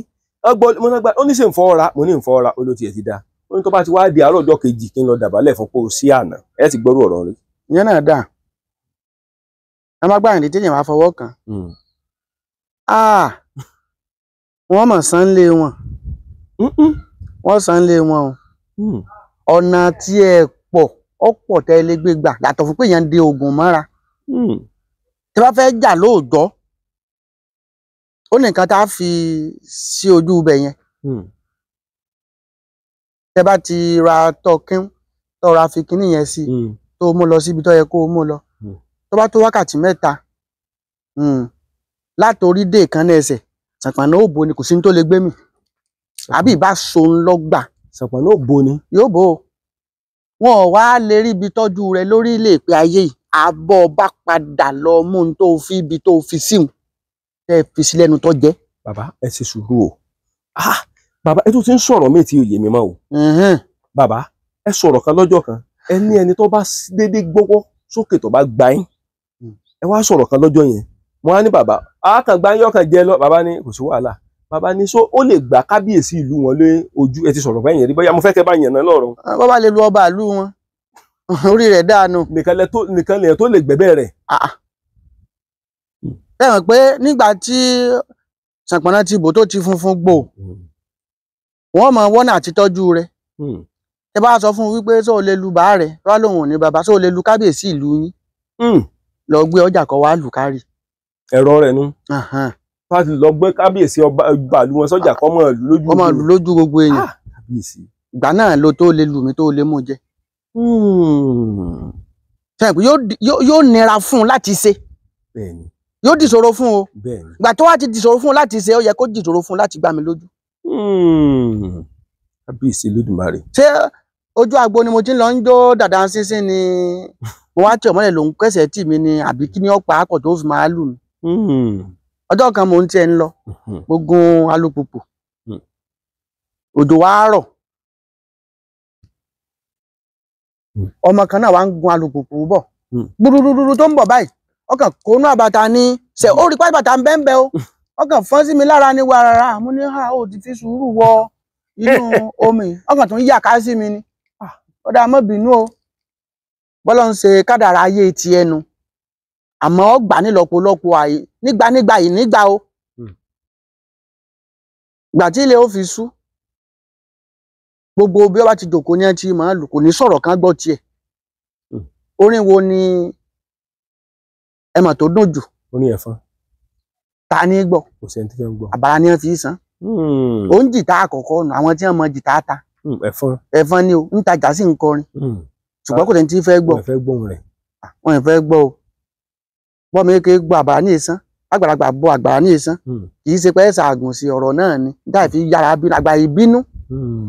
ó ní ṣe ń fọwọ́ra mo ní ń fọwọ́ra ó ló tiẹ̀ ti dáa ó ní tó bá ti wá di àárọ̀ ọjọ́ kejì kí n lọ dàbálẹ̀ fún pé o sí àná ẹ ti gbọ́rú ọ̀rọ̀ rẹ. ìyẹn náà dáa ẹ má gbàyàn létí máa fọwọ́ kàn ah wọ́n mà san lé wọn wọ́n san lé wọn o hmm. ọ̀nà tí ẹ pọ̀ ọ̀pọ̀ tẹ́ ilé gbé gbà yàtọ̀ fún pé èèyàn de oògùn mọ́ra hmm. tí wọ́n fẹ́ jà lóòjọ́ ó nìkan tá a fi sí ojú ibẹ̀ yẹn hmm. tẹ́ bá ti ra tọkín tọrọ àfikín nìyẹn sí tó mú lọ síbi tó yẹ kó mú lọ tó bá tó wákàtí mẹ́ta. látòrí dé ìkànnì ẹsẹ̀ ṣàpàná ò bo ni kò sí ní tó lè gbé mi àbí ìbá so ń lọ gbà. ṣàpàná ò bo ni. yóò bo wọn ò wá lè rí ibi tọ́jú rẹ lórí ilé ìpè ayé yìí àbọ̀ bá padà lọ mú un tó fi ibi tó fi síhùn tẹ́ ẹ fi sí lẹ́nu tó jẹ́. bàbá ẹ ṣe sùúrù o ah bàbá ẹ tún ti ń sọ̀rọ̀ mí tí òye mi máa wò. bàbá ẹ sọ̀rọ̀ kan lọ́jọ́ kan ẹ ní ẹni tó bá dédé gbọ́wọ́ sókè tó bá gbá yín hmm. ẹ wá sọ̀rọ̀ kan lọ́jọ́ yẹn mo wá ní bàbá àákàn gbáyọkàn jẹ lọ bàbá ní kò sí wàhálà bàbá ní so ó lè gbà kábíyèsí ìlú wọn lé ojú ẹ ti sọ̀rọ̀ báyìí rí bóyá mo fẹ́ kẹ́ bá yàn náà lọ́rọ̀. Ah, bàbá lè lu ọba ìlú wọn [LAUGHS] orí rẹ̀ dáanu. nìkan lè tó lè gbẹ̀bẹ̀ rẹ̀. Ah, ah. ẹ mọ̀ pé nígbà tí Ṣànpọ̀nná ti bò tó ti funfun gbò wọ́n mọ wọ́nà àti tọ́jú rẹ̀ hmm. ẹ bá sọ fún un wípé sóò lè lu bàá rẹ̀ wá lóhùn ní bàbá sóò lè lu kábíyèsí ìlú yín hmm. lọ gbé ọjà kan wá lù kárì ẹ̀rọ rẹ̀ nu láti lọ gbé kábíyèsí ọba ìgbàlú wọn sọ́jà kọ́ mọ̀ lójú ọmọ ìlú lójú gbogbo èèyàn ah, ìgbà náà lo tó lè lù mí tó lè mú jẹ. Hmm. yóò nira fún un láti ṣe yóò dìṣòro fún o ìgbà tó wá ti dìṣòro fún un láti ṣe ó yẹ kó dìṣòro fún un láti gbá mi lójú. Hmm. kábíyèsí lódùmarè. ṣé ojú agbo ni mo ti ń lọ ń jó dàda sínsín ni [LAUGHS] mo wá tí ọmọlẹ lòún kẹsẹ tì mí ni àbí kí ni ọ̀pá akọ tó fi máa lù mí. Hmm. ọjọ́ kan mò ń ẹ ń lọ gbogun hmm. gun hmm. òjò rọ̀ ọmọ kan náà wá ń gun alùpùpù bọ̀ gbúdúdúdú tó ń bọ̀ báyìí ọkàn kónú àbàtà ni ṣe ó rí ń bẹ́ẹ̀ ọkàn fọ́n sí mi lára ni wàràrà mo ní ha ah, ó ti fi sùúrù wọ inú [LAUGHS] omi ọkàn tó ń yà ká sí mi ni ah, o bọ́lá ń ṣe kádàrá ayé ti àmọ́ gbà nílọ́pọ̀lọpọ̀ àyè nígbà nígbà yìí nígbà o hmm. gbà tí ilé ó fi sú gbogbo bí ó bá ti jòkó ní ẹ ti lù kò ní kan hmm. orin wo ni ẹ tó dùn jù ta ní ni wọ́n fi sàn hmm. ó ń jìtá àkọ́kọ́ nù àwọn tí wọ́n mọ jìtá ta ẹ̀fọn ni o ń tajà sí ń kọrin kò bọ́mọ eke gbàgbà ní ìsán àgbàlagbà bọ àgbàrá ní ìsán hmm. kì í ṣe pé ẹ̀sà àgùn sí ọ̀rọ̀ náà ni dáì fi yára bínú àgbà ìbínú. Hmm.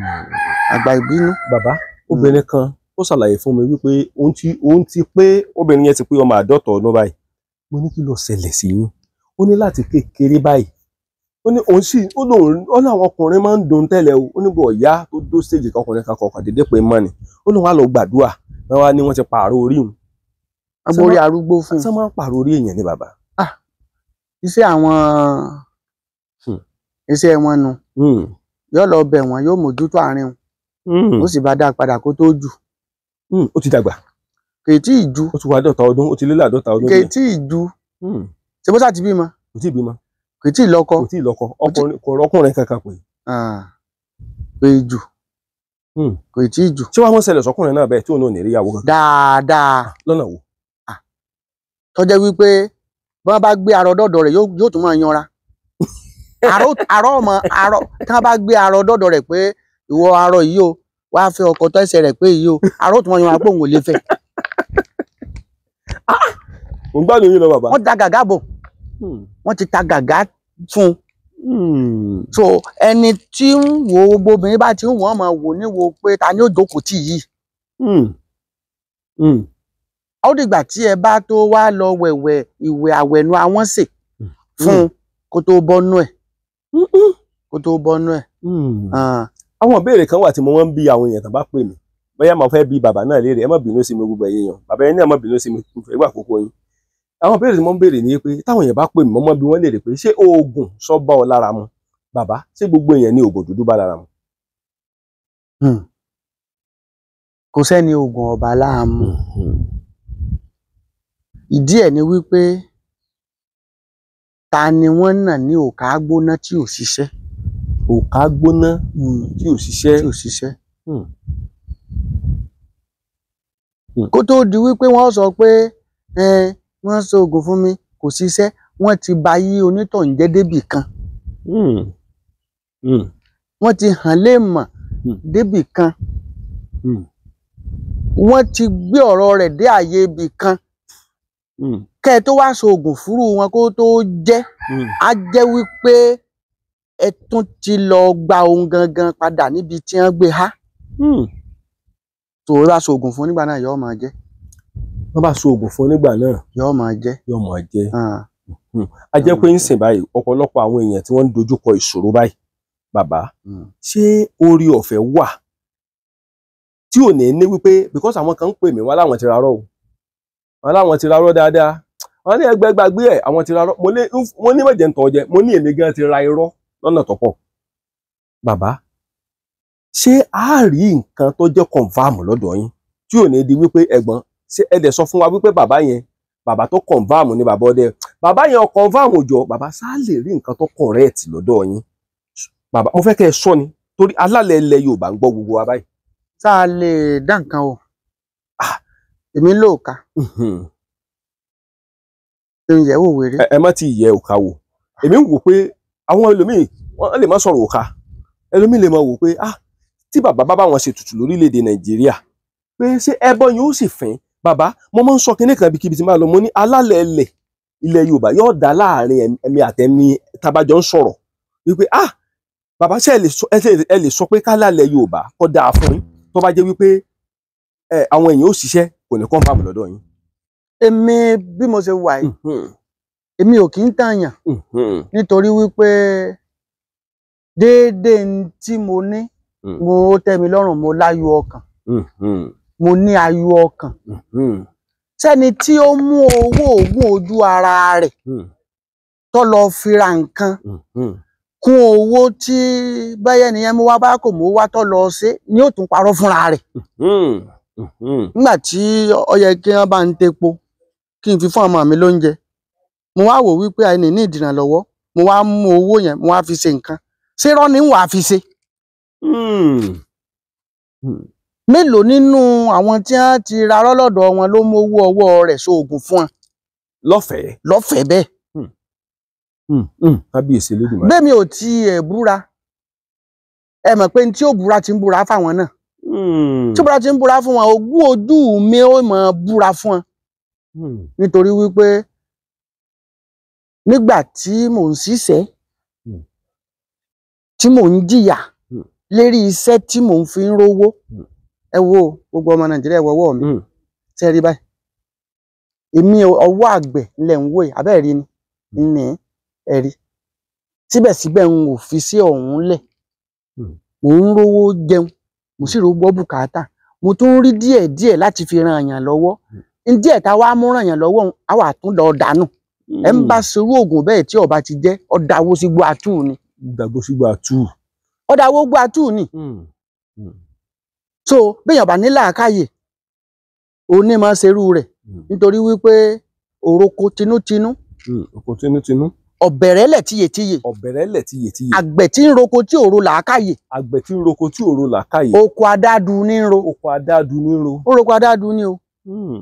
àgbà ìbínú. bàbá hmm. obìnrin kan ó ṣàlàyé fún mi wípé òun ti òun ti pé obìnrin yẹn ti pé ọmọ àádọ́tọ̀ ọdún báyìí mo ní kí ló ṣẹlẹ̀ sí yín ó ní láti kékeré báyìí ó ní òun sì ó lóun ó láwọn ọkùnrin máa ń dun tẹ́lẹ̀ o ó ní bọ̀ ọ̀yá tó dó stage kan ọkùnrin kan kọ̀ọ̀kan dédé pé mọ́ni ó lóun á lọ gbàdúrà wọn wá ní wọ́n ti pààrọ̀ orí òun agbórí arúgbó fún. sọ máa ń pààrọ̀ orí ni bàbá. ah iṣẹ́ àwọn hmm. iṣẹ́ wọn nu hmm. yóò lọ bẹ̀ wọ́n yóò mójútó àárín wọn hmm. ó sì bá dáa padà kó tó jù. ó ti dàgbà. kì í tí ì ju. ó ti wà àádọ́ta ọdún ó ti lé láàdọ́ta ọdún. kì í tí ì ju. ṣé bó sá ti bímọ. kò tí ì bímọ. kì í tí ì lọ́kọ. kò tí ì lọ́kọ kò rọ́kùnrin kankan pè. pé jù kò tí ì jù. ṣé wàá mọ̀ ṣẹlẹ̀ sọkùnrin náà bẹ́ẹ̀ tí òun náà ò ní rí ìyàwó kankan. dáadáa. lọ́nà wo. tó jẹ́ wípé bí wọ́n bá gbé arọ dọ́dọ̀ rẹ yóò tún máa yanra [LAUGHS] arọ ọmọ arọ tí bá gbé arọ dọ́dọ̀ rẹ pé ìwọ arọ yìí o wàá fẹ́ ọkọ tó ẹsẹ̀ pé yìí o arọ tún máa yanra pé òun ò lè mo ń gbádùn yín ta gàgá bò hmm. ti ta gàgá fún hmm. so ẹni tí ń bá ti ń wọ́n wò ta ni ó jókòó tì hmm. ó dìgbà tí ẹ bá tó wá lọ wẹ̀wẹ̀ ìwẹ̀ àwẹ̀nu àwọn sè hmm. fún hmm. kó tó bọ́nú ẹ̀ kó tó bọ́nú ẹ̀. Hmm. Ah. àwọn ìbéèrè kan wà tí mo máa ń bi àwọn èèyàn tán bá pè mí bóyá mo fẹ́ bi bàbá náà léèrè ẹ má bínú sí mi gbogbo ẹ̀yin yàn bàbá yẹn náà má bínú sí mi ìgbà àkókò yín àwọn ìbéèrè tí mo ń béèrè ni pé táwọn èèyàn bá pè mí mo máa bi wọ́n léèrè pé ṣé oògùn sọ bá ọ lára mu bàbá ṣé gbogbo èèyàn ní oògùn dúdú bá lára mu. kò sẹ́ni oògùn ọ̀bà láàmú ìdí ẹ̀ ni wí ta ni wọ́n nà ní òkà gbóná tí ò ṣiṣẹ́. òkà gbóná hmm. tí ò ṣiṣẹ́. tí ò ṣiṣẹ́. Hmm. Hmm. kó tóó di wí pé wọ́n sọ pé wọ́n ṣoògùn fún mi kò ṣiṣẹ́ wọ́n ti ba yí onítọ̀hún jẹ́ débì kan. wọ́n ti hàn léèmọ̀ débì kan. wọ́n ti gbé ọ̀rọ̀ rẹ̀ dé àyè ibì kan. Hmm. kẹ́ ẹ tó wá so oògùn fúrú wọn kó tó jẹ́ hmm. á jẹ́ wípé ẹ tún ti lọ gba ohun gangan padà níbi tí wọ́n gbé há tòun hmm. bá so oògùn fún nígbà náà yóò máa jẹ́. wọ́n bá so oògùn fún nígbà náà. yóò máa jẹ́. yóò máa jẹ́. Ah. a jẹ́ pé ń sìn báyìí ọ̀pọ̀lọpọ̀ àwọn èèyàn tí wọ́n ń dojúkọ ìṣòro báyìí bàbá ṣé orí ọ̀fẹ́ wà tí ò ní ní wípé because àwọn kan ń pè mí wá láwọn ti rárọ̀ o wọn láwọn ti rárọ dáadáa wọn ní ẹgbẹ gbàgbé ẹ àwọn ti rárọ mo ní mẹjẹ ń tọ jẹ mo ní èmi gan ti ra irọ́ lọ́nà tó pọ̀ bàbá ṣé a rí nǹkan tó jẹ́ kọnfàmù lọ́dọ̀ yín tí ò ní di wípé ẹ̀gbọ́n ṣé ẹ dẹ̀ sọ fún wa wípé bàbá yẹn bàbá tó kọnfàmù ni bàbá ọdẹ bàbá yẹn kọnfàmù jọ bàbá ṣá lè rí nǹkan tó kọrẹẹtì lọ́dọ̀ yín bàbá mo fẹ́ kẹ́ ẹ sọ ni torí alálẹ̀ ilẹ̀ Yorùbá ń gbọ́ gbogbo wa báyìí. tá a lè dá nǹkan o èmi ló kà èmi yẹ̀ wò wèrè. ẹ má ti yẹ òkà wò èmi ń wò pé àwọn ẹlòmíì wọn lè má sọ̀rọ̀ òkà ẹlòmíì lè má wò pé ah tí bàbá bá bá wọn ṣe tutù lórílẹ̀‐èdè nàìjíríà pé ṣé ẹbọ yẹn ó sì fín bàbá mo máa ń sọ kinní kan ibikíbi tí máa lọ mo ní alálẹ̀ ilẹ̀ yorùbá yóò dá láàrin ẹ̀mí àtẹ̀mí tabajọ́ ń sọ̀rọ̀ wípé ah bàbá ṣe ẹ lè sọ pé kálálẹ̀ yorùbá kọ́ dáa fún yín tó bá jẹ́ wípé àwọn èèyàn ó ṣiṣẹ́ kò ní confam lọ́dọ̀ yín. èmi bí mo ṣe wà yìí mm-hmm. èmi ò kì í tààyàn mm-hmm. nítorí wípé déédéé tí mo ní mm. mo tẹ́ mi lọ́rùn mo láyọ̀ ọkàn mm-hmm. mo ní ayọ̀ ọkàn sẹ́ni tí ó mú owó oògùn ojú ara rẹ̀ mm. tó lọ fi ra nǹkan kún owó tí báyẹn nìyẹn mú wá bá kò mú wá tó lọ ṣe ni ó tún parọ́ fúnra rẹ̀. Hmm. nígbà tí ó yẹ kí wọ́n bá ń tepo kí n fi fún ọmọ mi lóúnjẹ mo wá wò wípé àìní ní ìdìrànlọ́wọ́ mo wá mú owó yẹn mo wá fi ṣe nǹkan ṣé rọ́ ni ń wàá fi ṣe. Hmm. Hmm. mélòó nínú àwọn tí wọ́n ti ra lọ́lọ́dọ̀ wọn ló mú owó ọwọ́ rẹ̀ sóògùn fún wọn. lọ́fẹ̀ẹ́. lọ́fẹ̀ẹ́ bẹ́ẹ̀. kábíyèsí lódùmarè. bẹ́ẹ̀ mi ò tiẹ̀ búra ẹ mọ̀ pé tí ó búra ti ń búra fáwọn náà. Hmm. tí búra ti ń búra fún wọn ogún ojú mi ó mọ̀ búra fún wọn hmm. nítorí wípé nígbà tí mò ń ṣiṣẹ́ hmm. tí mò ń jìyà lérí iṣẹ́ tí mò ń fi ń rówó ẹ wo gbogbo ọmọ nàìjíríà ẹ wọ ọwọ́ mi ṣe rí báyìí èmi ọwọ́ àgbẹ̀ ńlẹ̀ ń wò yìí abẹ́ẹ̀ rí ni ní ẹ̀rí síbẹ̀síbẹ̀ n ò fi sí ọ̀hún lẹ̀ mò ń rówó jẹun mo sì rò gbọ́ bùkátà mo tún rí díẹ̀ díẹ̀ láti fi ran èèyàn lọwọ díẹ̀ tá a wá mú ràn èèyàn lọ́wọ́ a wà tún lọ dànù hmm. ẹ ń bá serú oògùn bẹ́ẹ̀ tí ọba ti jẹ́ ọ̀dàwó sí gbọ́ àtú ni. ọ̀dàwó sí gbọ́ àtú. ọ̀dàwó gbọ́ àtú ni. Hmm. Hmm. so béèyàn bá ní làákàyè òní máa serú rẹ̀ nítorí wípé òroko tinútinú. òroko tinútinú. ọ̀bẹ̀rẹ̀lẹ̀ tíyetíye. ọ̀bẹ̀rẹ̀lẹ̀ tíyetíye. àgbẹ̀ tí ń roko tí òro làákàyè. àgbẹ̀ tí ń roko tí òro làákàyè. oko adádu ní ro. oko adádu ní ro. ó roko adádu ní o. Hmm.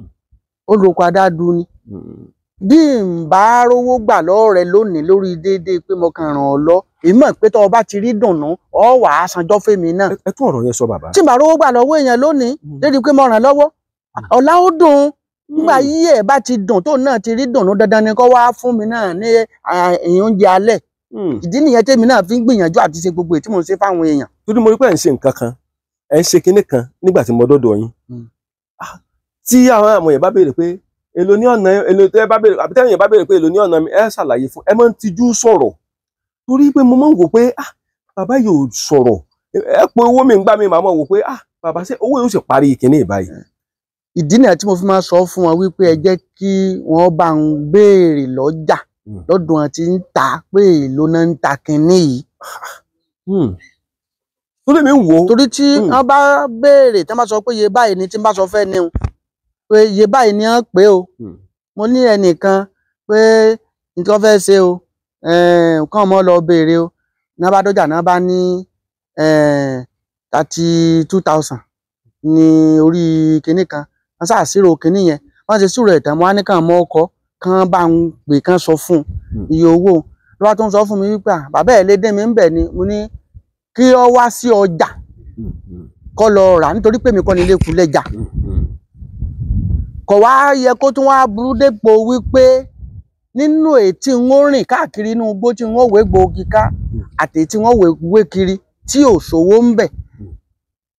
ó roko adádu ní. Hmm. bí n bá rówó gbà lọ́rẹ̀ lónìí lórí déédéé pé mo kàn ràn ọ́ lọ èmi mọ̀ pé tó o bá ti rí dùnnú ọ wà á sanjọ́ fèmí náà. ẹ tún ọ̀rọ̀ yẹn sọ bàbá. tí n bá rówó gbà lọ́wọ́ èèyàn lónìí hmm. déédéé pé mo ràn lọ́wọ́ ọ̀la nígbà yíyẹ hmm. bá ti dùn tóun náà ti rí dùnú dandan ni kó wá fún mi náà ní ẹ̀yìn oúnjẹ alẹ́ hmm. ìdí nìyẹn tèmi náà fi ń gbìyànjú àti ṣe gbogbo ètí mò ń ṣe fáwọn èèyàn. torí mo rí pé ẹ̀ ń ṣe nǹkan kan ẹ̀ ń ṣe kinní kan nígbà tí mo dọ́dọ̀ yín hmm. tí àwọn àmọ̀yẹ̀ bá béèrè pé èlò ní ọ̀nà èlò tẹ́ bá béèrè àbí tẹ́yìn bá béèrè pé èlò ní ọ̀nà mi ẹ ṣàlàyé fún ẹ máa ń tijú sọ̀rọ̀ torí pé mo máa wò pé bàbá yóò sọ̀rọ̀ ẹ pé owó mi ń gbá mi màá máa wò pé bàbá ṣé owó yóò ṣe parí kinní báyìí ìdí náà tí mo fi máa sọ fún wọn wípé ẹ hmm. jẹ́ kí wọ́n bá ń béèrè lọ́jà hmm. lọ́dún wọn ti ń ta pé èèlò náà ń ta kinní yìí. Hmm. tó lè mi wò torí tí wọ́n bá béèrè tí wọ́n bá sọ pé iye báyìí ni tí wọ́n bá sọ fẹ́ ni o pé iye báyìí ni wọ́n pè o mo ní ẹnìkan pé nǹkan fẹ́ ṣe o nǹkan eh, ọmọ lọ béèrè o náà bá dọ́jà náà bá ní eh, thirty two thousand ní orí kinní kan wọ́n sá sírò kínní yẹn wọ́n ti sírò ìtàn wọn á ní kàn mọ́ ọkọ kàn bá ń pè kàn sọ fún hmm. iye owó lọ́wọ́ tó ń sọ fún mi wípé bàbá ẹ̀ lé dé mi ń bẹ̀ ni mo ní kí ọ wá sí ọjà kọ́ lọ rà nítorí pé mi kọ́ ni lẹ́kùn lẹ́jà kọ̀ wá yẹ kó tún wá burú dépò wípé nínú ètí ń rìn káàkiri inú igbó tí wọ́n wé gbòógì ká àtẹ̀tí wọ́n wé kiri tí ò ń bẹ̀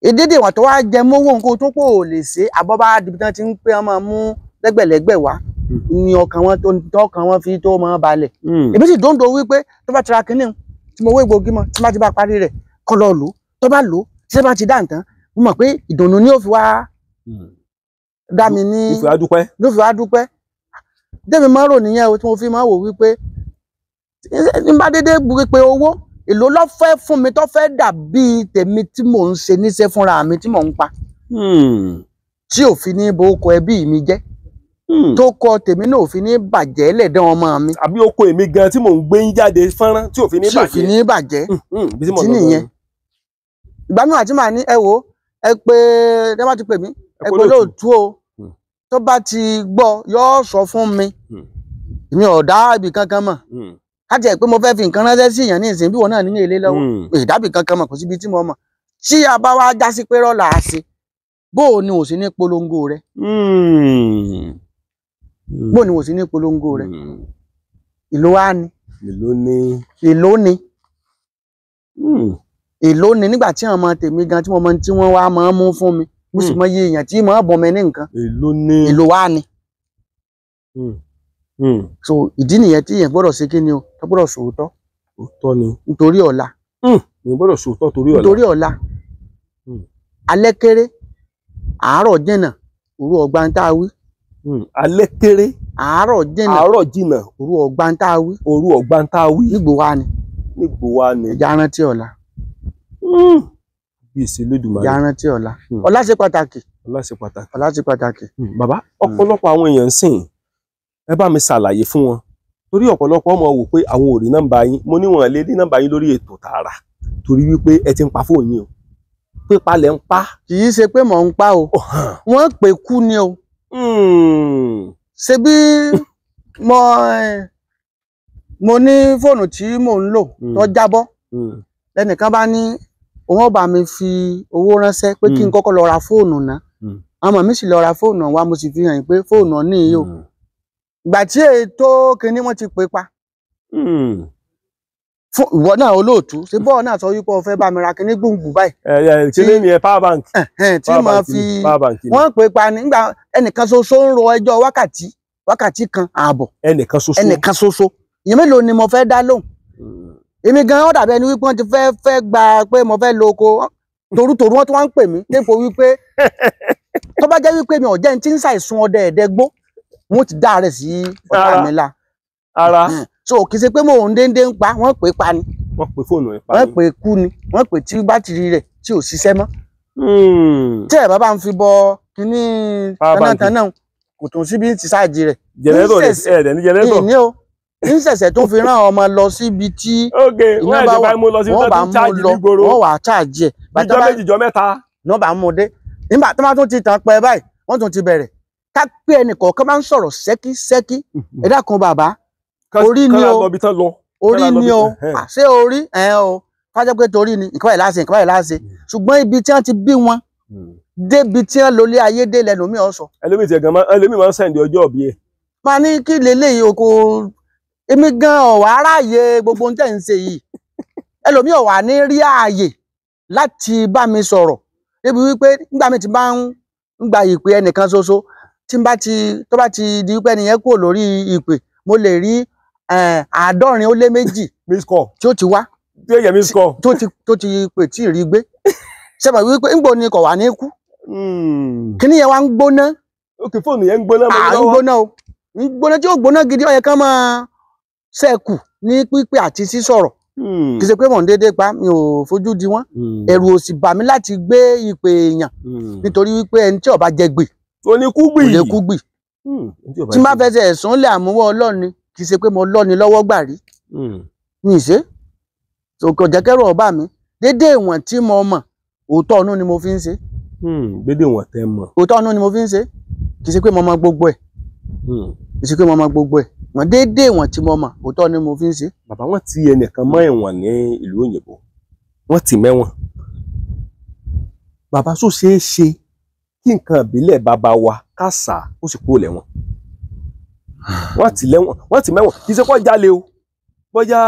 ìdídì ìwọ̀n tó wá jẹ mówó nǹkan tó pò lè ṣe àbọ́bá dìbí tán ti ń pé ọmọ mú lẹ́gbẹ̀lẹ́gbẹ̀ wá hmm. ni ọkàn wọn tó tọkàn wọn fi tó mọ́ balẹ̀ hmm. èmi sì dóńdó wípé tó bá tira kínní tí mo wé gbòógì mọ tí má ti bá parí rẹ̀ kọ́ lọ lò tó bá lò ṣé bá ti dá nǹkan mo mọ̀ pé ìdùnnú ni ó fi wá hmm. dá mi ní ló fi wá dúpẹ́ débi mọ́rò nìyẹn tí mo fi máa wò wípé n bá dédé bu pé owó èló ló fẹ́ fún mi tó fẹ́ dàbí tèmi tí mò ń ṣe níṣẹ́ fúnra mi tí mò ń pa hmm. tí ò fi ní bo oko ẹbí mi jẹ́ hmm. tó kọ tèmi náà ò fi ní bàjẹ́ lẹ̀dán ọmọ mi. àbí oko èmi gan tí mò ń gbé yín jáde fọ́nrán tí ò fi ní bàjẹ́ tí ò fi ní bàjẹ́ hmm, tí nìyẹn ìgbà mìíràn àti màá ní ẹ wo ẹ pé ẹ bá ti pè mí ẹ pé lóòtú o tó bá ti gbọ́ yóò sọ fún mi èmi ò dá ibì kankan mọ̀ láti ẹ̀ pé mo fẹ́ fi nǹkan ránṣẹ́ sí èèyàn ní ìsìn bí wọn náà nílé ilé lọ́wọ́ hmm. ìdábì kankan mọ̀ kò síbi tí mo mọ̀ tí a bá wá já sí pé rọ́là á ṣe bó o ni ò sí ní polongo rẹ hmm. bó o ni ò sí ní polongo rẹ hmm. ìlú wa ni ìlú ni ìlú ni èló ni nígbà tí àwọn ọmọ tèmi gan tí wọn mọ tí wọn wá máa mú fún mi mo sì mọ iye èèyàn tí mọ bọ mi ní nǹkan èló ni èló wá ni. Hmm. so ìdí nìyẹn tí èèyàn gbọ́dọ̀ ṣe kí ni o tó gbọ́dọ̀ sòótọ́ òótọ́ ni nítorí ọ̀la hmm. èèyàn gbọ́dọ̀ sòótọ́ torí ọ̀la nítorí ọ̀la hmm. alẹ́ kéré àárọ̀ jẹnà òru ọgbà ń tá a wí. alẹ́ kéré àárọ̀ jẹnà àárọ̀ jìnà òru ọgbà ń tá a wí. òru ọgbà ń tá a wí. nígbò wa ni. nígbò wa ni. ẹja rántí ọ̀la. bí èsì lódùmarè. ẹja rántí ọ̀la. ọ̀la ṣe pàtàkì. ọ̀la ṣe pàtàkì. ọ̀la ṣe pàtàkì. bàbá ọ̀pọ̀lọpọ̀ àwọn èèyàn sìn ẹ bá mi ṣàlàyé fún wọn torí ọ̀pọ̀lọpọ̀ ọmọ wò pé àwọn ò rí nọ́mbà yín mo níwọ̀n lé ní nọ́mbà yín lórí ètò tààrà torí wípé ẹ ti ń pa fóònù yín o pé palẹ̀ ń pa. kì í ṣe pé mò ń pa o wọ́n pè kú ni o hmm. ṣe bí [LAUGHS] mo eh, mo ní fóònù tí mò ń lò hmm. tó jábọ́ lẹ́nìkan hmm. bá ní òun ọba mi fi owó ránṣẹ́ pé kí n kọ́kọ́ lọ ra fóònù náà ọmọ mi sì lọ ra fóònù wa mo sì fi hàn yín pé fóònù ọ̀nì yìí o ìgbà tí ètò kinní wọn ti pè pa hmm. fún ìwọ náà olóòtú ṣe bọ́ọ̀ náà sọ wípé o fẹ́ bá mi ra kinní gbùngbùn báyìí. ṣe lè ní ẹ power bank. tí mo fi wọ́n pè pa nígbà ẹnìkan ṣoṣo ń ro ẹjọ́ wákàtí wákàtí kan ààbọ̀. ẹnìkan ṣoṣo ẹnìkan ṣoṣo ìyẹn mélòó ni mo fẹ́ dá lóhùn. Hmm. èmi gan ó dàbí ẹni wípé wọ́n ti fẹ́ fẹ́ gba pé mo fẹ́ lo oko torútorú wọ́n tún wá ń pè mí dépò wípé tó bá jẹ́ wípé mi ò jẹ́ ní tí ń ṣàìsùn ọdẹ ẹ̀dẹ́gbó wọn ti dá rẹ sí ọ̀tá mi la. ara so kì í ṣe pé mò ń déndé ń pa wọ́n pè é pa ni. wọ́n pè fóònù ẹ̀ pa ni. wọ́n pè é kú ni wọ́n pè tí bátìrì rẹ̀ tí ò ṣiṣẹ́ mọ́. Hmm. tẹ́ bàbá ń fi bọ kínní tanátaná kò tún síbi ti ṣáàjì rẹ̀. jẹnẹtọ̀ ẹ̀ dẹ̀ ní jẹnẹtọ̀. ìní o ń ṣẹ̀ṣẹ̀ tó fi rán ọmọ lọ síbi tí iná bá wà wọ́n bá mú lọ wọ́n wà á ṣáàjì ẹ̀. ìjọ méjì ìjọ mẹ́ta. ní wọ́n dé nígbà tó má tún ti tàn pẹ́ báyìí wọ́n tún ti bẹ̀rẹ̀ ká pé ẹnìkọ̀ọ̀kan máa ń sọ̀rọ̀ ṣẹ́kíṣẹ́kí mm-hmm. ẹ dákun bàbá orí ni o orí ni o àṣé orí ẹ o fájọ pé torí ni nǹkan báyìí láṣẹ nǹkan báyìí láṣẹ mm. ṣùgbọ́n ibi tí wọ́n ti bí wọn mm. débi tí wọ́n lólé ayé dé lẹ́nu mi ọ̀sọ̀. ẹlòmíì tiẹ̀ gan ẹlòmíì máa ń sẹ́ǹdì ọjọ́ òbí ẹ̀. máa ní kí leléyìí oko èmi gan ọ̀wá ráàyè gbogbo ohun tẹ̀ ń ṣe yìí ẹlòmíì ọ̀wá ní rí ààyè láti bá mi sọ̀rọ̀ débi wípé nígbà mi ti bá ń gba ìpè ẹnìkan ṣoṣo tí n bá ti tó bá ti di pé ẹni yẹn kúrò lórí ìpè mo lè rí àádọ́rin ó lé méjì tí ó ti wá tó ti pè tí ì rí gbé ṣe mọ̀ wípé ńgbò ni kò wà ní kú hmm. kíní yẹn wá ń gbóná òkè fóònù yẹn ń gbóná mọ́ lọ́wọ́ à ń gbóná o ń gbóná tí ó gbóná gidi ó yẹ kán máa ṣẹ́kù ní pípé àti sísọ̀rọ̀ hmm. kì í ṣe pé mò ń déédéé pa mi ò fojú di wọ́n hmm. ẹ̀rù ò sì bà mí láti gbé ìpè èèyàn nítorí wípé ẹni tí ó jẹ gbè oníkúgbì oníkúgbì hmm, tí má fẹsẹ̀ ẹ̀sùn lè àmúwọ́ ọlọ́ni kì í ṣe pé mo lọ́ni lọ́wọ́ gbà rí hmm. mi ì ṣe kò jẹ́ kẹ́rù ọba mi dédé ìwọ̀n tí mo mọ̀ òótọ́ ọ̀nù ni mo fi ń ṣe. Hmm, dédé ìwọ̀n tẹ́ mọ̀. òótọ́ ọ̀nù ni mo fi ń ṣe kì í ṣe pé mo mọ gbogbo ẹ̀ kì í ṣe pé mo mọ gbogbo ẹ̀ wọ́n dédé ìwọ̀n tí mo mọ̀ òótọ́ ni mo fi ń ṣe. bàbá wọn ti ẹnìkan mọ ẹ̀wọ̀n ní ìlú òyìnbó wọn ti mẹ́wọ̀n bàbá sọ ṣeé ṣe kí nǹkan ìbílẹ̀ bàbá wa ká sà á ó sì kúrò lẹ́wọ̀n wọ́n ti lẹ́wọ̀n wọ́n ti mẹ́wọ̀n kì í ṣe kọ́ jálè o bóyá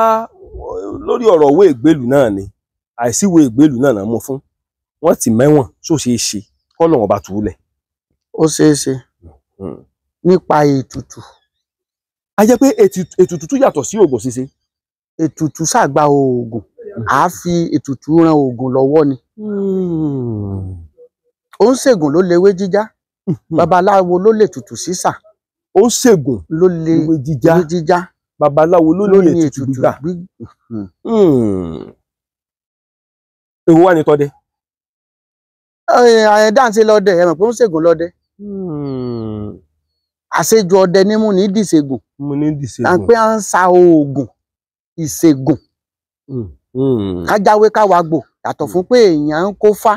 lórí ọ̀rọ̀ owó ìgbélù náà ni àìsí owó ìgbélù náà náà mú fún wọ́n ti mẹ́wọ̀n tó ṣeé ṣe kọ́ lọ́wọ́n bá tù ú lẹ̀. ó ṣeé ṣe hmm. nípa ètùtù. a jẹ́ pé ètùtù tún yàtọ̀ sí oògùn ṣíṣe. ètùtù ṣàgbà oògùn à á fi ètùtù ran oògùn lọ́wọ́ ni. Hmm ó ń ṣègùn ló lewé jíjá hmm, hmm. babaláwo ló lè tutù sísà ó ń ṣègùn ló lewé jíjá babaláwo ló lè tutù gbígbà hmm. èwo wà ní tọdẹ. Eh, dáǹtí lọdẹ ẹ mọ̀ pé ó ń ṣègùn lọdẹ àṣejù ọdẹ ní mú ní dìṣègùn mú ní dìṣègùn à ń pé à ń sa oògùn ìṣègùn kájáwé káwa gbò yàtọ̀ fún pé èèyàn ń kó fá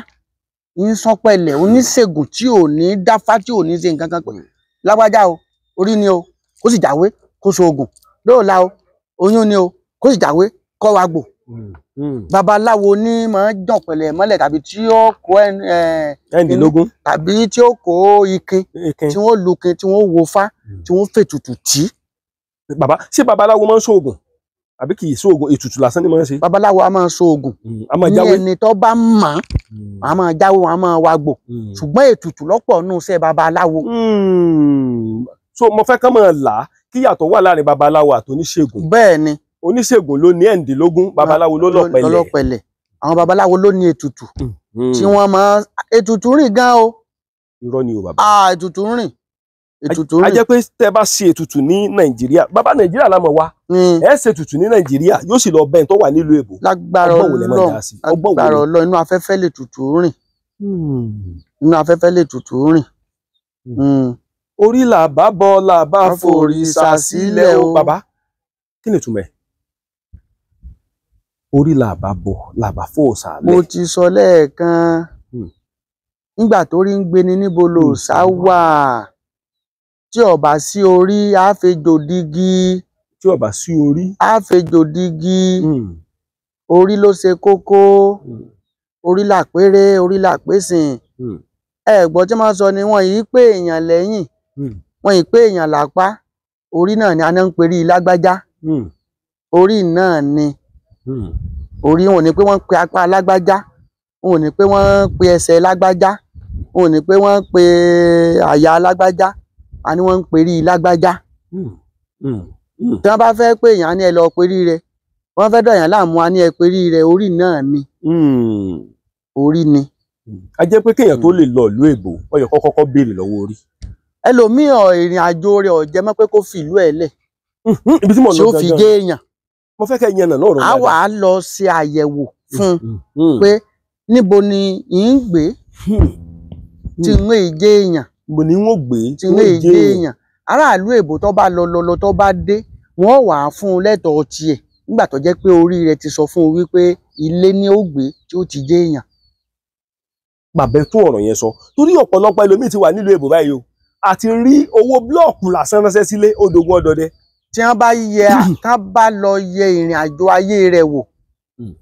ń sọpẹ́lẹ̀ oníṣègùn tí ò ní dáfá tí ò ní ṣe nǹkan kan pé lágbájá o orí ni o kó sì jáwé kó so oògùn lóòlà o oyún ni o kó sì jáwé kó wa gbò mm-hmm. babaláwo ní máa ń jàn pẹ̀lẹ́ mọ́lẹ̀ tàbí tí ó kó ẹnìdínlógún tàbí tí ó kó ikin tí wọ́n lukin tí wọ́n wo fá mm. tí wọ́n fètùtù tì. bàbá ṣé babaláwo máa ń so oògùn àbí kì í sóògùn ètùtù lásán ni mo ń ṣe. babaláwo a máa sóògùn hmm, ní ẹni tó bá mọ̀ hmm. a máa jáwé wọn a máa wágbò hmm. ṣùgbọ́n ètùtù lọ́pọ̀ nù sẹ́ babaláwo. so mo fẹ́ kán máa là á kí yàtọ̀ wà láàrin babaláwo àti oníṣègùn. bẹ́ẹ̀ ni. oníṣègùn ló ní ẹ̀ǹdínlógún babaláwo ló lọ́pẹ̀lẹ̀. lọ́pẹ̀lẹ̀ àwọn babaláwo ló ní ètùtù tí wọ́n máa ètùtù rìn gan o. irọ́ ni o bàbá. ètùtù rìn ètùtù rè a jẹ́ pé tẹ́ bá ṣe ètùtù ní nàìjíríà bàbá nàìjíríà la mọ̀ wá hmm. ẹ ṣe ètùtù ní nàìjíríà yóò sì lọ bẹ ẹni tó wà nílùú èbó lágbára Ọlọ́run inú afẹ́fẹ́ lè tutù rìn hmm. inú afẹ́fẹ́ lè tutù rìn. Hmm. orí làbá bọ làbá forí sá sílẹ̀ o bàbá kí ni ìtumọ̀ ẹ̀ orí làbá bọ làbá fò sálẹ̀. mo ti sọ lẹ́ẹ̀kan nígbà tó rí ń gbéni níbo lòòṣà wà. Hmm tí ò bá sí orí á fejò digi. tí ò bá sí orí. á fejò digi. Hmm. orí ló ṣe kókó hmm. orí làpérè orí làpésìn. Hmm. ẹ gbọ́ tí wọ́n sọ ni wọ́n yìí pé èèyàn lẹ́yìn wọ́n yìí pé èèyàn lápá orí náà ni aná ń perí lágbájá orí náà ni orí wọn ò ní pé wọ́n pe apá lágbájá wọn ò ní pé wọ́n pe ẹsẹ̀ lágbájá wọn ò ní pé wọ́n pe àyà lágbájá a ní wọ́n ń perí lágbájá hmm, hmm, hmm. tí wọ́n bá fẹ́ pé èèyàn á ní ẹ lọ perí rẹ wọ́n fẹ́ dọ̀yàn láàmú á ní ẹ perí rẹ orí náà ni orí ni. a jẹ́ pé kéèyàn tó lè lọ ìlú èbó ó yẹ kó béèrè lọ́wọ́ orí. ẹlòmíràn ìrìn àjò rẹ̀ ó mọ́ pé kó fi ìlú ẹ̀ lẹ̀ ṣé ó fi jẹ́ èèyàn mo fẹ́ kẹ́ yẹn nà lọ́rọ̀ a wà á lọ ṣe àyẹ̀wò fún un pé níbo ni ì ń gbé tí ń èjé èèyàn mo ní wọn gbé tí wọn jẹ e. èèyàn aráàlú èbó tó bá lọ lọ tó bá dé wọn wà á fún un lẹ́tọ̀ọ́ tiẹ̀ nígbà tó jẹ́ pé orí rẹ̀ ti sọ fún un wípé ilé ni ó gbé tí ó ti jẹ èèyàn. bàbá tó ọ̀rọ̀ yẹn sọ torí ọ̀pọ̀lọpọ̀ ẹlòmíì ti wà nílùú èbó báyìí o àti rí owó búlọ̀kù lásán ránṣẹ́ sílé odògùn ọdọdẹ. tí wọn bá yẹ ká [COUGHS] bá lọ yẹ ìrìn àjò ayé rẹ̀ wò hmm.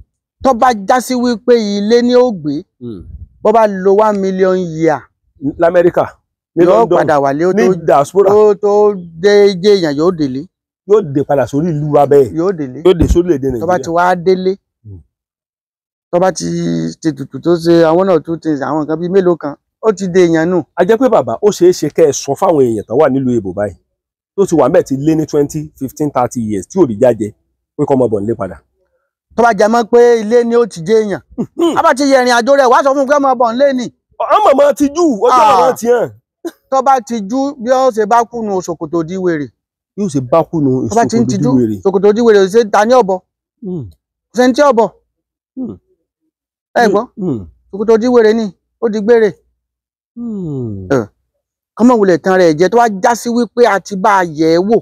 tó bá já sí wípé ilé ni ó gbé hmm. bó bá lo one million year. l'Amẹ́ríkà ní London yóò padà wálé ó tó dé jéèyàn yóò délé. yóò dé padà sórí ìlú wa bẹ́ẹ̀ yóò délé yóò dé sórí èdè Nàìjíríà tó bá ti wá délé hmm. tó bá ti tètùtù tó ṣe àwọn náà tó ti àwọn nǹkan bíi mélòó kan ó ti dé èèyàn nù. a jẹ́ pé bàbá ó ṣeé ṣe kẹ́ ẹ sọ fáwọn èèyàn tó wà nílùú èbò báyìí tó ti wà mẹ́ẹ̀ ti lé ní twenty fifteen thirty years tí ò rí jáde pé kọ́ ọmọ bọ̀ nílé padà tó bá jẹ mọ́ pé ilé ni ó ti jẹ èèyàn hmm, hmm. a bá ti yẹ ìrìn àjò rẹ̀ wá sọ fún un pé ọmọ ọbọ ńlẹ ni. ọmọ ọmọ ti jù ọjọ́ ọmọ ti hàn tó bá ti jú bí ó ṣe bá kùnú ṣòkòtò di wèrè. yóò ṣe bá kùnú ṣòkòtò di wèrè. ṣòkòtò di wèrè ṣe ta ní ọ̀bọ. Hmm. ṣe ń tí ọ̀bọ. Hmm. ẹ gbọ́ hmm. ṣòkòtò di wèrè ni ó di gbére. kọ́mọ̀ wulẹ̀ tán rẹ̀ jẹ́ tó wá já sí wípé a ti bá a yẹ̀ ẹ́ wò.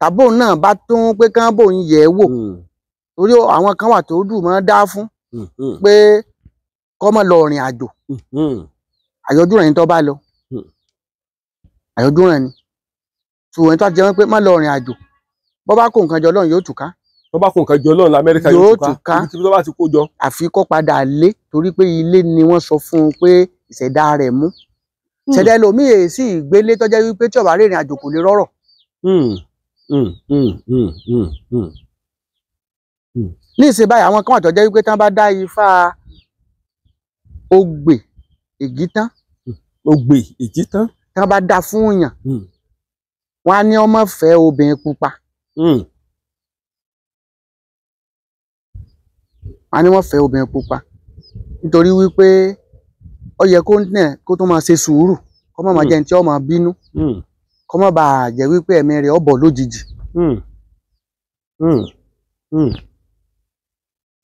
tàbó náà bá tún pé kán bò ń yẹ̀ ẹ́ wò. torí àwọn kan wà tó dùn mọ́ dá fún. pé kọ́mọ lọ rìn àjò. àyọjú rẹ̀ ń tọ́ bá lọ àyọjú ràn ni ṣùgbọ́n tó ti jẹ́ wọ́n pé má lọ rìn àjò bọ́ bá kó nǹkan jọ lọ́run yóò túká. bọ́ bá kó nǹkan jọ lọ́run lamẹ́ríkà yóò túká ibi tí wọ́n bá ti kó jọ. àfi kó padà lé torí pé ilé ni wọ́n sọ fún un pé ìṣẹ̀dá rẹ̀ mú hmm. ṣẹ̀dá ẹlòmíì èyí sì gbélé tọ́jẹ́ wípé tí ó bá rìnrìn àjò kò lè rọ́rọ̀. Hmm. Hmm. ní ìsìn báyìí àwọn kan àtọ́jẹ́ wípé tán bá dá ifá ogbè ègítán. ogbè ègítán. tí wọ́n bá dá fún èèyàn hmm. wọ́n á ní ọmọ fẹ́ obìnrin pupa hmm. wọ́n á ní wọ́n fẹ́ obìnrin pupa nítorí wípé ó yẹ kó nẹ kó tó máa ṣe sùúrù kó má máa hmm. jẹ́ ní tí ó máa bínú kó má bàa jẹ́ wípé ẹ̀mí rẹ̀ ó bọ́ lójijì.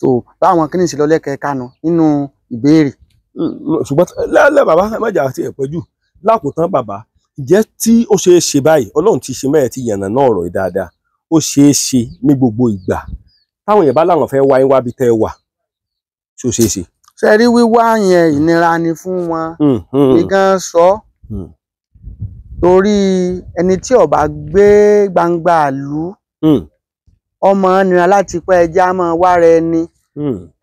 so báwọn kí ni ìṣèlú ọlẹ́kẹ̀ẹ́ kanu nínú ìbéèrè. ṣùgbọ́n lẹ́lẹ́ bàbá ẹ má jà àti ẹ̀pẹ́jù lákòótán bàbá ǹjẹ́ tí ó ṣeé ṣe báyìí ọlọ́run ti ṣe mẹ́rẹ̀ ti yànnà náà ọ̀rọ̀ yìí dáadáa ó ṣeé ṣe ní gbogbo ìgbà táwọn èèyàn bá láwọn fẹ́ wá yín wá bí tẹ́ ẹ wà ṣé ó ṣeé ṣe. ṣe rí wíwá yẹn hmm. ìnira ni fún wọn hmm, hmm. nìkan sọ torí ẹni tí ó gbé gbangba ìlú ọmọ nira láti pẹ́ ẹja máa wá rẹ ni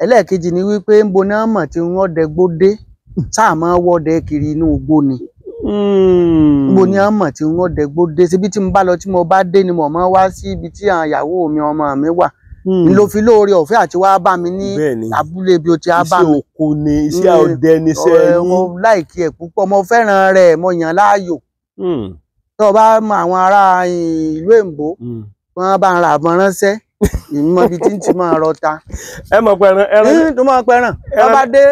ẹlẹ́ẹ̀kejì ni wípé ń bo náà mọ̀ tí wọ́n dẹ gbó dé sáà máa wọ́dẹ kiri inú igbó ni. Hmm. mo ní àmọ̀ tí wọ́n dẹ̀gbó dé síbi tí mo bá lọ tí mo bá dé ni mo máa wá sí ibi tí àwọn ìyàwó mi ọmọ mi wà hmm. n fi lóore ọ̀fẹ́ àti wá bá mi ní abúlé bí o ti á bá mi. iṣẹ́ oko ni iṣẹ́ hmm. ọdẹ ni iṣẹ́ yín. mo láìkí ẹ̀ púpọ̀ mo fẹ́ràn rẹ̀ mo yàn láàyò. tó o bá mọ àwọn ará ìlú èǹbó wọn bá ń ra àbọn ránṣẹ́ ìmọ̀ ibi tí ń ti máa rọta. [LAUGHS] ẹ mọ̀ pẹ̀ràn ẹran. tó máa pẹ̀ràn tó bá dé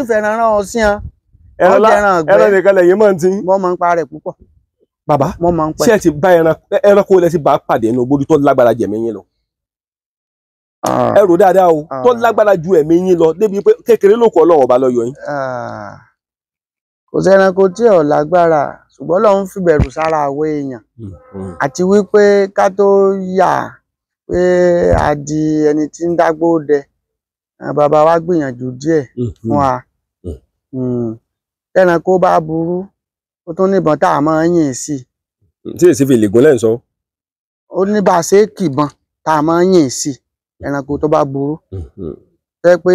ìfẹ̀ràn rán ọ ẹran ẹran nìkan lẹ́yìn mọ́ ti ń. wọ́n máa ń pa rẹ̀ púpọ̀. bàbá ṣé ẹ ti bá ẹran ẹranko lẹ ti bá pàdé inú gbódú tó lágbára jẹ̀mí yín lọ. Ah. ẹ rò dáadáa o tó ah. lágbára ju ẹ̀mí yín lọ débi pé kékeré ló kọ́ ọlọ́wọ́ ọba lọ yọ yín. Ah. kò sẹ́ranko tí ò lágbára ṣùgbọ́n lọ́n fìbẹ̀rù sára àwọ èèyàn hmm, hmm. àti wípé ká tó yà pé a di ẹni tí ń dágbó dẹ bàbá wa gbìyànjú díẹ̀ hmm, fún wa. Mm-hmm tẹ́ranko bá burú ó tún níbọn tá a máa ń yìn sí i. tí èsì fi lè gún lẹ́yìn sọ. ó ní bá a ṣe é kìbọn tá a máa ń yìn sí i ẹranko tó bá burú. Mm-hmm. tẹ́ pé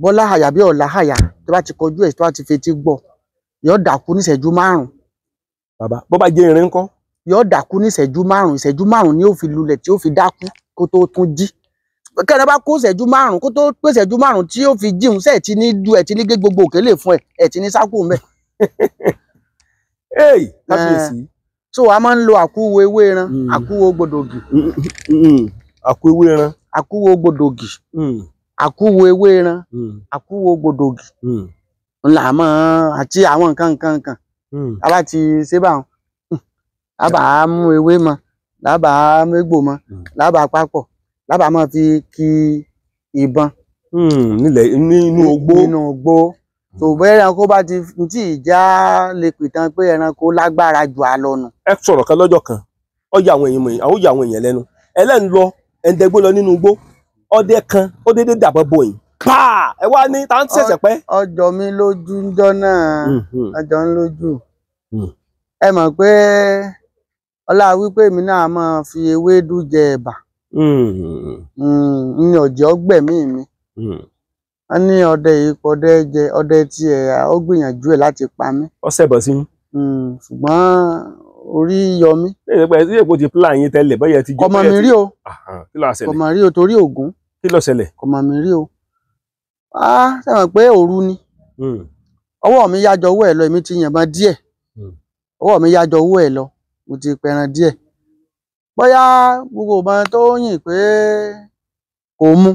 bọ́lá àyà bí ọ̀la àyà tó bá ti kọjú ẹ̀ tó bá ti fetí gbọ́ yóò dákú ní ìṣẹ́jú márùn-ún. bàbá bó bá jẹ́ irin ńkọ́. yóò dákú ní ìṣẹ́jú márùn-ún ìṣẹ́jú márùn-ún ni yóò fi lulẹ̀ tí yóò fi dákú kó tó tún jí kẹrin bá kó ìṣẹ́jú márùn kó tó pé ìṣẹ́jú márùn tí ó fi jíun sẹ́ẹ̀ tí ní du ẹ̀ tí ní gé gbogbo òkèlè fún ẹ̀ ẹ̀ tí ní sákò mẹ́. ee kábíyèsí. Eh, so a máa ń lo àkúwo ewé ẹran hmm. àkúwo gbòdògì. Hmm. àkúwo ewé ẹran. àkúwo gbòdògì. Hmm. àkúwo ewé ẹran. àkúwo gbòdògì. ńlá mọ́ àti àwọn nǹkan nǹkan nǹkan. a bá ti ṣe báwọn. a bá mú ewé mọ́ lábàá mégbò mọ́ lábàá pápọ̀ lábàámọ̀ ti kí ìbọn. Hmm, nílẹ̀ nínú ogbó nínú ogbó tó bẹ́ẹ̀ ẹranko bá ti tí ìjà lè pìtàn pé ẹranko lágbára ju àlọ́nu. ẹ sọ̀rọ̀ kan lọ́jọ́ kan ó yà àwọn èèyàn ó yà àwọn èèyàn lẹ́nu ẹlẹ́nu lọ ẹ̀ǹdẹ́gbó lọ nínú igbó ọdẹ kan ó déédéé dàbọ̀ bòyìn pàà ẹ wá ní tá à ń ṣẹ̀ṣẹ̀ pẹ́. ọjọ́ mi lójú ńjọ́ náà hmm, hmm. ọjọ́ ń lójú ẹ mọ̀ pé ọlá wípé èmi náà máa fi ewédú jẹ ẹ̀bà. ní ọjọ́ gbẹ̀mí mi wọ́n mm. ní ọdẹ ipò ọdẹ jẹ ọdẹ ó gbìyànjú ẹ láti o rí o torí ogun. kí ah, mm. mi rí o ni Ọwọ mi yájọ owó lọ èmi ti mm. Ọwọ mi yájọ owó lọ mo ti pẹran bóyá gbogbo ìbọn tó yìn pé kò mu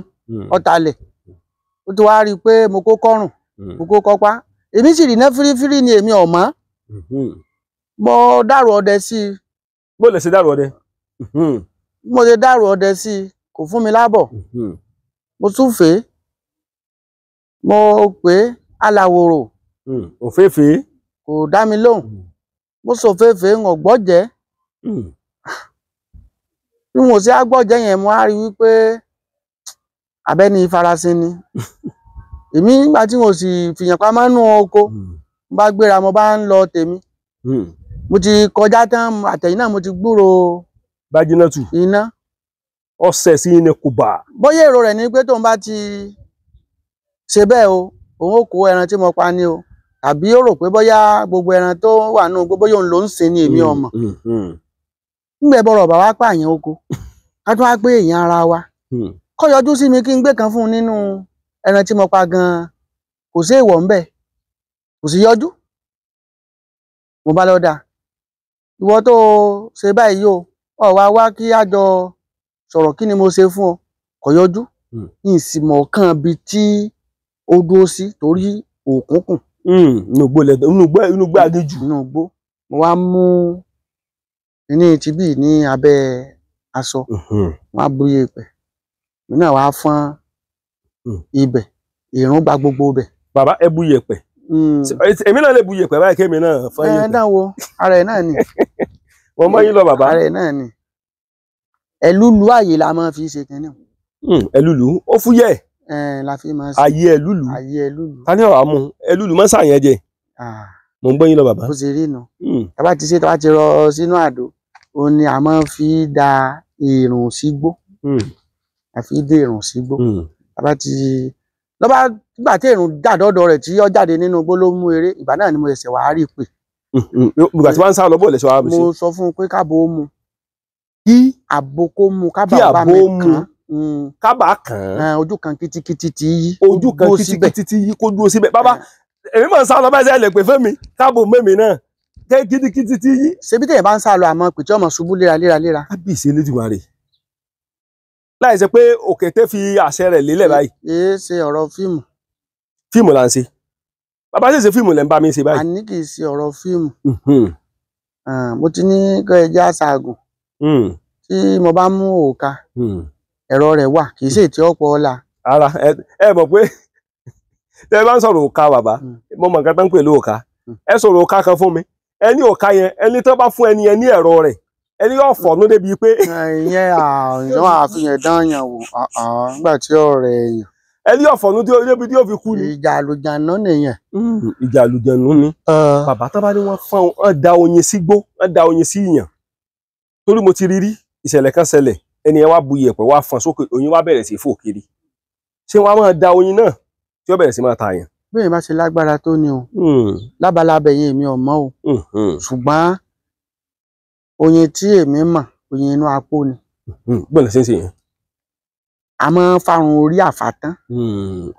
ọ̀tàlẹ̀ hmm. ó ti wá rí i pé mo kó kọ́rùn hmm. mo kó kọ́pá èmi sì rí iná fírífírí ni èmi ọ̀mọ́ hmm. mo dàrú ọdẹ sí i. bó lè ṣe dàrú ọdẹ. mo ṣe dàrú ọdẹ sí i kò fún mi lábọ̀ mo tún fèé mo pè é aláwòrò. òféèfé. kò dá mi lóhùn mo sòféèfé ń ọ̀gbọ́ jẹ́. bí mo ṣe agbọ́jẹ́ yẹn mo á rí wípé abẹ́ni farasin ni [LAUGHS] èmi nígbà tí mo sì fìyàn oko hmm. mo bá gbéra mo bá ń lọ tèmi hmm. mo ti kọjá tán àtẹ̀yìn náà mo ti gbúrò iná ọ̀sẹ̀ sí ni kò bà. bóyá èrò rẹ̀ ni pé tóun bá o òun kó ẹran tí mo pa tàbí ó rò pé bóyá gbogbo ẹran tó wà nù gbogbo yóò ń lò ń sìn ní èmi nígbà bọ̀rọ̀ bàbá pààyàn oko ká tún wá pé èèyàn ara wa hmm. kọ́ yọjú sí mi kí n gbé kan fún un nínú ẹran tí mo pa gan-an kò sí èèwọ̀ ńbẹ̀ kò sí yọjú mo bá lọ dà ìwọ tó o ṣe báyìí o ọ wá wá kí á jọ sọ̀rọ̀ kí ni mo ṣe fún ọ kò yọjú hmm. n sì mọ̀ kan bi tí ó dúró sí torí òkúnkùn. Hmm. inú gbó aginjù. inú gbó mo wá mú kíní ti bíi ní abẹ́ aṣọ wọn á borí ìpẹ èmi náà wàá fọ́n hmm. ibẹ̀ ìrún gba gbogbo ibẹ̀. bàbá ẹ bu iyẹ̀pẹ̀ hmm. èmi náà lè bu iyẹ̀pẹ̀ báyìí kémi náà fọ́n iyẹ̀pẹ̀. ẹ dáwọ ara ẹ náà ni. wọn [LAUGHS] mọ yín lọ bàbá. ara ẹ náà ni ẹlúlu àyè la máa fi ṣe kínní. Hmm, ẹlúlu ó fúyẹ́. ẹ la fi máa ṣe àyè ẹlúlu àyè ẹlúlu. ta ni ọ̀rọ̀ àmú ẹlúlu máa ń ṣàyẹn jẹ. mo ń gbọ́ yín lọ bàbá. ó ṣe rí nu tá a bá ti ṣe tá a bá ti rọ sínú àdó òun ni a máa fi da èrùn sígbó hmm. a fi dé èrùn sígbó hmm. a bá ti lọ́ba nígbà tí èrùn dàdọ́dọ̀ rẹ̀ tí ó jáde nínú igbó ló mú eré ìgbà náà ni mo ẹsẹ̀ wàá rí pè. bùgbà tí wọ́n ń sá lọ́bọ̀ lẹ́sẹ̀ wàá mi sí. mo sọ fún un pé káàbò ó mu kí àbò kó mu kábà bá mi kàn hmm. kábà kàn ojú kan kitikiti ti yí ojú kan kitikiti ti yí kó dúró síbẹ̀ bàbá èmi máa ń sá lọ bá ẹsẹ̀ lè pè fún mi káàbò mẹ́mi náà tẹ́ gidigidi ti yí. ṣebí tẹ̀yìn bá ń sá lọ àmọ́ pèjọ́ ọmọ ṣubú léraléraléra. á bì í ṣe lédìwá rè láì ṣe pé òkété fi àṣẹ rẹ̀ lélẹ̀ báyìí. èé ṣe ọ̀rọ̀ fíìmù. fíìmù là ń ṣe bàbá ṣe ṣe fíìmù lẹ́ ń bá mi ṣe báyìí. àní kì í ṣe ọ̀rọ̀ fíìmù. mo ti ní kọ́ ẹja ṣaagùn tí mo bá mú òòka ẹ̀rọ rẹ̀ wà kì í ṣe ìtì ọ̀pọ̀ ọ̀la. ara ẹ mọ̀ pé [LAUGHS] tẹ bá ń sọ̀rọ̀ òòka bàbá mo mọ̀ nǹkan tó ń pè lóòka ẹ sọ̀rọ̀ òòka kan fún mi ẹni ò ká yẹn ẹni tó bá fún ẹni yẹn ní ẹ̀rọ rẹ̀ ẹni yóò fọ̀ ní débi pé. ìyẹn àwọn àfihàn dáhùn wò nígbà tí ọ̀rẹ́ èèyàn. ẹni yóò fọ̀ ní débi tí yóò fi kú ni. ìjà àlùjànnú nìyẹn. Mm. ìjà àlùjànnú ni. bàbá tó bá ní wọn fún ọ da oyin sí gbó ọ da oyin sí ìyàn torí mo ti rí rí ìṣẹ̀lẹ̀ kan ṣẹlẹ̀ ẹni yẹn wá bu iyẹ̀pẹ̀ wá fọn sókè oyin wá bẹ̀rẹ̀ sí fò kiri ṣé wọn á máa da oyin náà tí ó bẹ̀rẹ̀ sí máa ta àyàn bẹ́ẹ̀ bá ṣe lágbára tó ni o hmm. lábalábẹ yẹn èmi ò mọ̀ o hmm. ṣùgbọ́n oyin tí èmi mọ̀ oyin inú apó ni. gbọ́dọ̀ hmm. ṣe é ṣe yẹn. a máa ń farun orí àfàtán.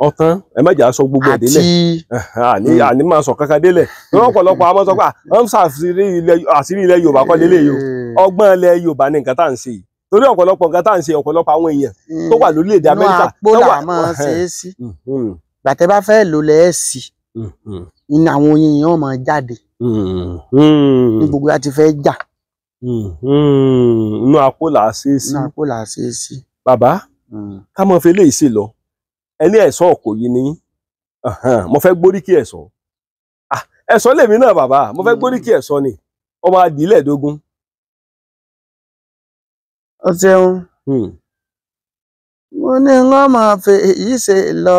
ọ̀tán ẹ má jà sọ gbogbo ẹ̀ délẹ̀ àti àní máa sọ kankan délẹ̀ lọ́wọ́ ọ̀pọ̀lọpọ̀ a máa sọ pé àwọn àṣírí ilẹ̀ Yorùbá kọ́ lélẹ̀ yìí eh. ọgbọ́n ilẹ̀ Yorùbá ni nǹkan tá à ń ṣe yìí torí ọ̀pọ̀lọpọ̀ nǹkan tá à ń ṣe ọ̀pọ̀lọpọ̀ àwọn èèyàn tó wà lórílẹ̀ gbàtẹ́ bá fẹ́ lò lẹ́ẹ̀ sí mm-hmm. iná àwọn oyin yẹn máa jáde ní mm-hmm. gbogbo a ti fẹ́ jà. Mm-hmm. inú apó là á ṣe é sí. inú apó là á ṣe é sí. bàbá mm. ká mọ fi eléyìí sí lọ ẹni ẹ̀sọ́ ọkọ yìí ni mo fẹ́ gbóríkì ẹ̀sọ́ ẹ̀sọ́ lèmi náà bàbá mo fẹ́ gbóríkì ẹ̀sọ́ ni ọmọ adìlẹ̀ dógún. ó wọn hmm. ní wọn máa fi èyí ṣe lọ.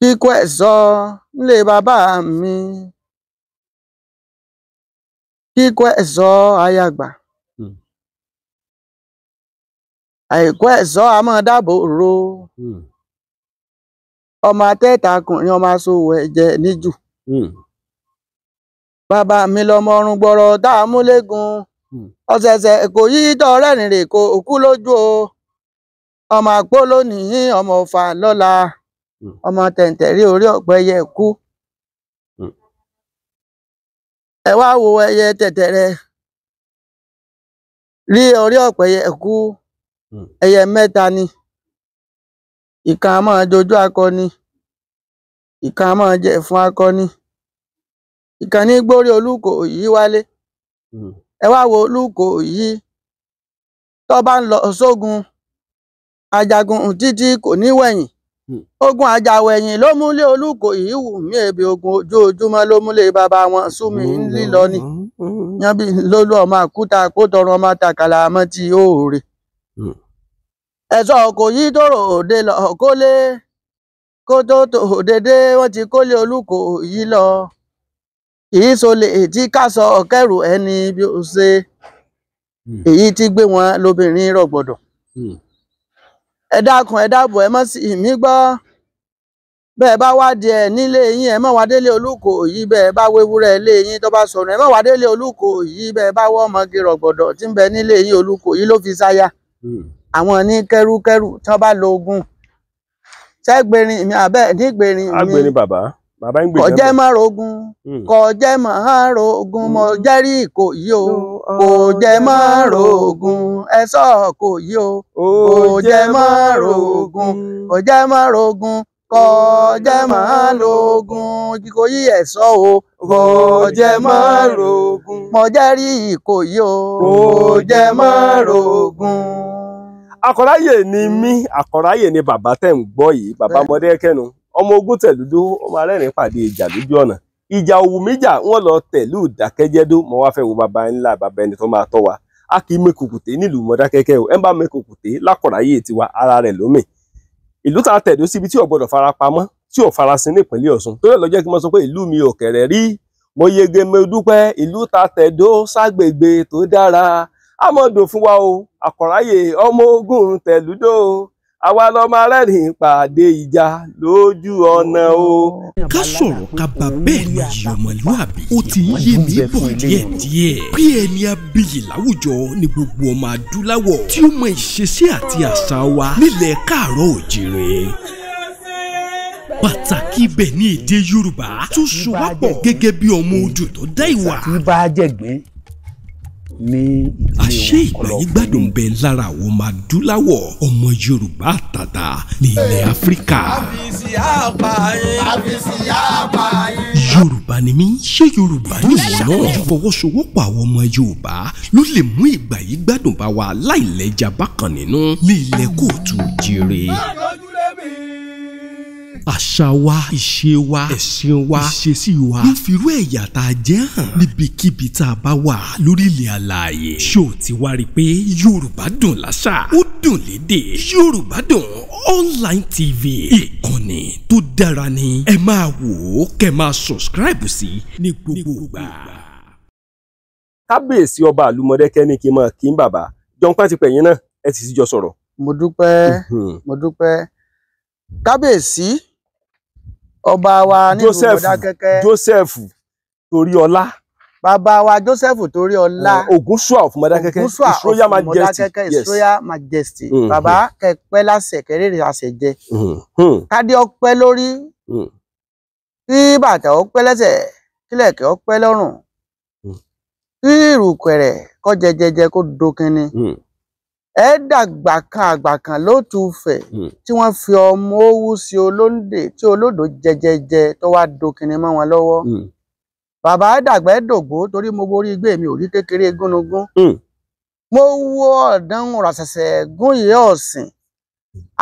Kíkọ́ ẹ̀sọ́ ńlé bàbá mi. Kíkọ́ ẹ̀sọ́ aya àgbà. Hmm. Àìkọ́ ẹ̀ṣọ́ a máa dáàbò ro. Hmm. Ọmọ atẹ́takùnrin ọmọ aṣòwò ẹ̀jẹ̀ níjù. Hmm. Bàbá mi lọmọ ọrùn gbọ́rọ̀ tá a mú léegun. Ọ̀sẹ̀sẹ̀ kò yí tọrẹ́ rìnrìn kò kú lójú o. Ọmọ àpó lónìí, ọmọ ọ̀fà lọ́la. Hmm. ọmọ rí orí ọ̀pẹ̀yẹ kú hmm. ẹ wá wo ẹyẹ tẹ̀tẹ̀rẹ̀ rí orí ọ̀pẹ̀yẹ kú hmm. ẹyẹ mẹ́ta ni ìkan a máa jojú akọni ìkan a jẹ fún akọni ìkan ní gbórí olúkò yìí wálé ẹ wá wo olúkò yìí tó bá ń lọ sógun ajagun títí kò ní wẹ̀yìn ogun àjàwẹ̀yìn mule oluko yi wu mí ebi ogun ojoojúmọ́ ló mule baba wọn sumi mi lílọ ni yanbi lólú ọmọ àkúta kó tọrọ ọmọ tàkàlà àmọ́ ti òòrè hmm. ẹ̀sọ́ kò yí tòrò òde lọ kólé kó tó tò dédé wọ́n ti kólé olùkòyí lọ èyí so lè tí ká sọ ọ̀kẹ́rù ẹni bí ó ṣe hmm. èyí tí gbé wọn lóbìnrin rọ̀gbọ̀dọ̀. Hmm. ẹ dákun ẹ dábọ̀ ẹ má sì mí gbọ́ bẹ́ẹ̀ bá wá di ẹ nílé yín ẹ má wá délé olúkò yìí bẹ́ẹ̀ bá wéwúrẹ́ ilé yín tó bá sọnù ẹ má wá délé olúkò yìí bẹ́ẹ̀ bá wọ́ ọmọge rọ̀gbọ̀dọ̀ tí ń bẹ nílé yín olúkò yìí ló fi sáyà hmm. àwọn ní kẹrúkẹrú tí wọ́n bá lo ogun ṣẹ́gbẹ̀rin mi àbẹ́ nígbẹ̀rin mi. àgbẹ̀rin bàbá bàbá ń gbèjà bọ kọjẹ máa rogun hmm. kọjẹ máa rogun mo hmm. jẹ́rí Ìkòyí o hmm. kọjẹ máa rogun ẹsọ Ìkòyí o kọjẹ máa rogun kọjẹ máa rogun kọjẹ máa lógun Ìkòyí ẹsọ o kọjẹ máa rogun mo jẹ́rí Ìkòyí o kọjẹ máa rogun. akọ̀ráyè ni mí akọ̀ráyè ni bàbá tẹ̀ ń gbọ́ yìí bàbá Mọdékẹ́nu ọmọ ogun tẹ̀lúdó ọmọ arẹ́rìn pàdé ìjà lójú ọ̀nà ìjà òwú méjà wọn lọ tẹ̀lú ìdákẹ́jẹ́dó mo wá fẹ́ wo bàbá ńlá bàbá ẹni tó máa tọ́ wa a kì í mekòkùté nílùú mọ́dákẹ́kẹ́ o ẹ bá mekòkùté lákọ̀ráyé tiwa ara rẹ̀ lómìn ìlú tá a tẹ̀dó síbi tí ò gbọdọ̀ fara pamọ́ tí ò farasin nípínlẹ̀ Ọ̀ṣun tó yẹ lọ́jọ́ kí mo sọ pé ìlú mi òkèrè rí mo yege mo dúpẹ́ ìlú tá a tẹ̀dó ságbègbè tó dára á mọ̀ dùn fún wa o àkọ̀ráyé ọmọ ogun tẹ̀lúdó àwa lọmọ arẹ́rìn pàdé ìjà lójú ọ̀nà o. ká sọ̀rọ̀ ká bá bẹ́ẹ̀ ni yìí ọmọlúwàbí ó ti ń yé mi bọ̀ díẹ̀díẹ̀ pé ẹni abiyì láwùjọ ni gbogbo ọmọ adúláwọ̀ tí ó mọ ìṣesí àti àṣà wa nílẹ̀ káàárọ̀ òjìrè pàtàkì ibẹ̀ ni èdè yorùbá tó so wá pọ̀ gẹ́gẹ́ bí ọmọ odò tó dá ìwà. tí bá jẹ̀gbẹ́ ní ìdílé wọn. àṣé ìgbàyín gbádùn bẹ lára àwọn ọmọ adúláwọ̀ ọmọ yorùbá àtàtà ní ilẹ̀ áfíríkà. àfìsí àpààyàn àfìsí àpààyàn. yorùbá ni mí ṣé yorùbá ni ìyá náà fọwọ́sowọ́pọ̀ àwọn ọmọ yorùbá ló lè mú ìgbàyín gbádùn bá wa láìlẹ́jà bákan nínú ní ilẹ̀ kóòtù jire. má lójú mi àṣà wa ìṣe wa ẹ̀sìn wa ìṣesí wa ló fi irú ẹ̀yà tá a jẹ́ hàn níbikíbi tá a bá wà lórílẹ̀ àlàyé ṣó o ti wá rí i pé Yorùbá dùn láṣà ó dùn lédè Yorùbá dùn online tv ìkànnì tó dára ni ẹ máa wò ó kẹ́ máa subscribe sí ní gbogbo ìgbà. kábíyèsí ọba àlùmọ̀dẹ́kẹ́ ní kí n máa kí n bàbá jọ̀ǹpá ti pẹ̀yìn náà ẹ ti sì jọ sọ̀rọ̀. mo dúpẹ́ mo dúpẹ́ kábíyèsí ọba wa nílùú Mọdákẹ́kẹ́ Joseph Toríọlá bàbá wa Joseph Toríọlá eh, Ògúnṣùà of Mọdákẹ́kẹ́ Ògúnṣùà of Mọdákẹ́kẹ́ His Royal Majesty mm-hmm. bàbá kẹpẹ láṣẹ kẹrẹrẹ àṣẹ jẹ mm-hmm. hmm. kádé ọpẹ́ lórí hmm. kí bàtà ọpẹ́ lẹ́sẹ̀ kílẹ̀kẹ̀ ọpẹ́ lọ́rùn hmm. kí ìrùkẹ̀rẹ̀ kó jẹjẹjẹ kó dokinni ẹ dàgbà kan àgbà kan ló tu fẹ hmm. tí wọn fi ọmọ owó sí olóńdè tí olódò jẹjẹjẹ tó wá dokinni mọ wọn lọ́wọ́ hmm. bàbá dàgbà ẹ dògbó torí mo borí igbé mi ò rí kékeré gúnugún hmm. mo wo ọdán rọ̀ṣẹ̀ṣẹ̀ gún ìyá ọ̀sìn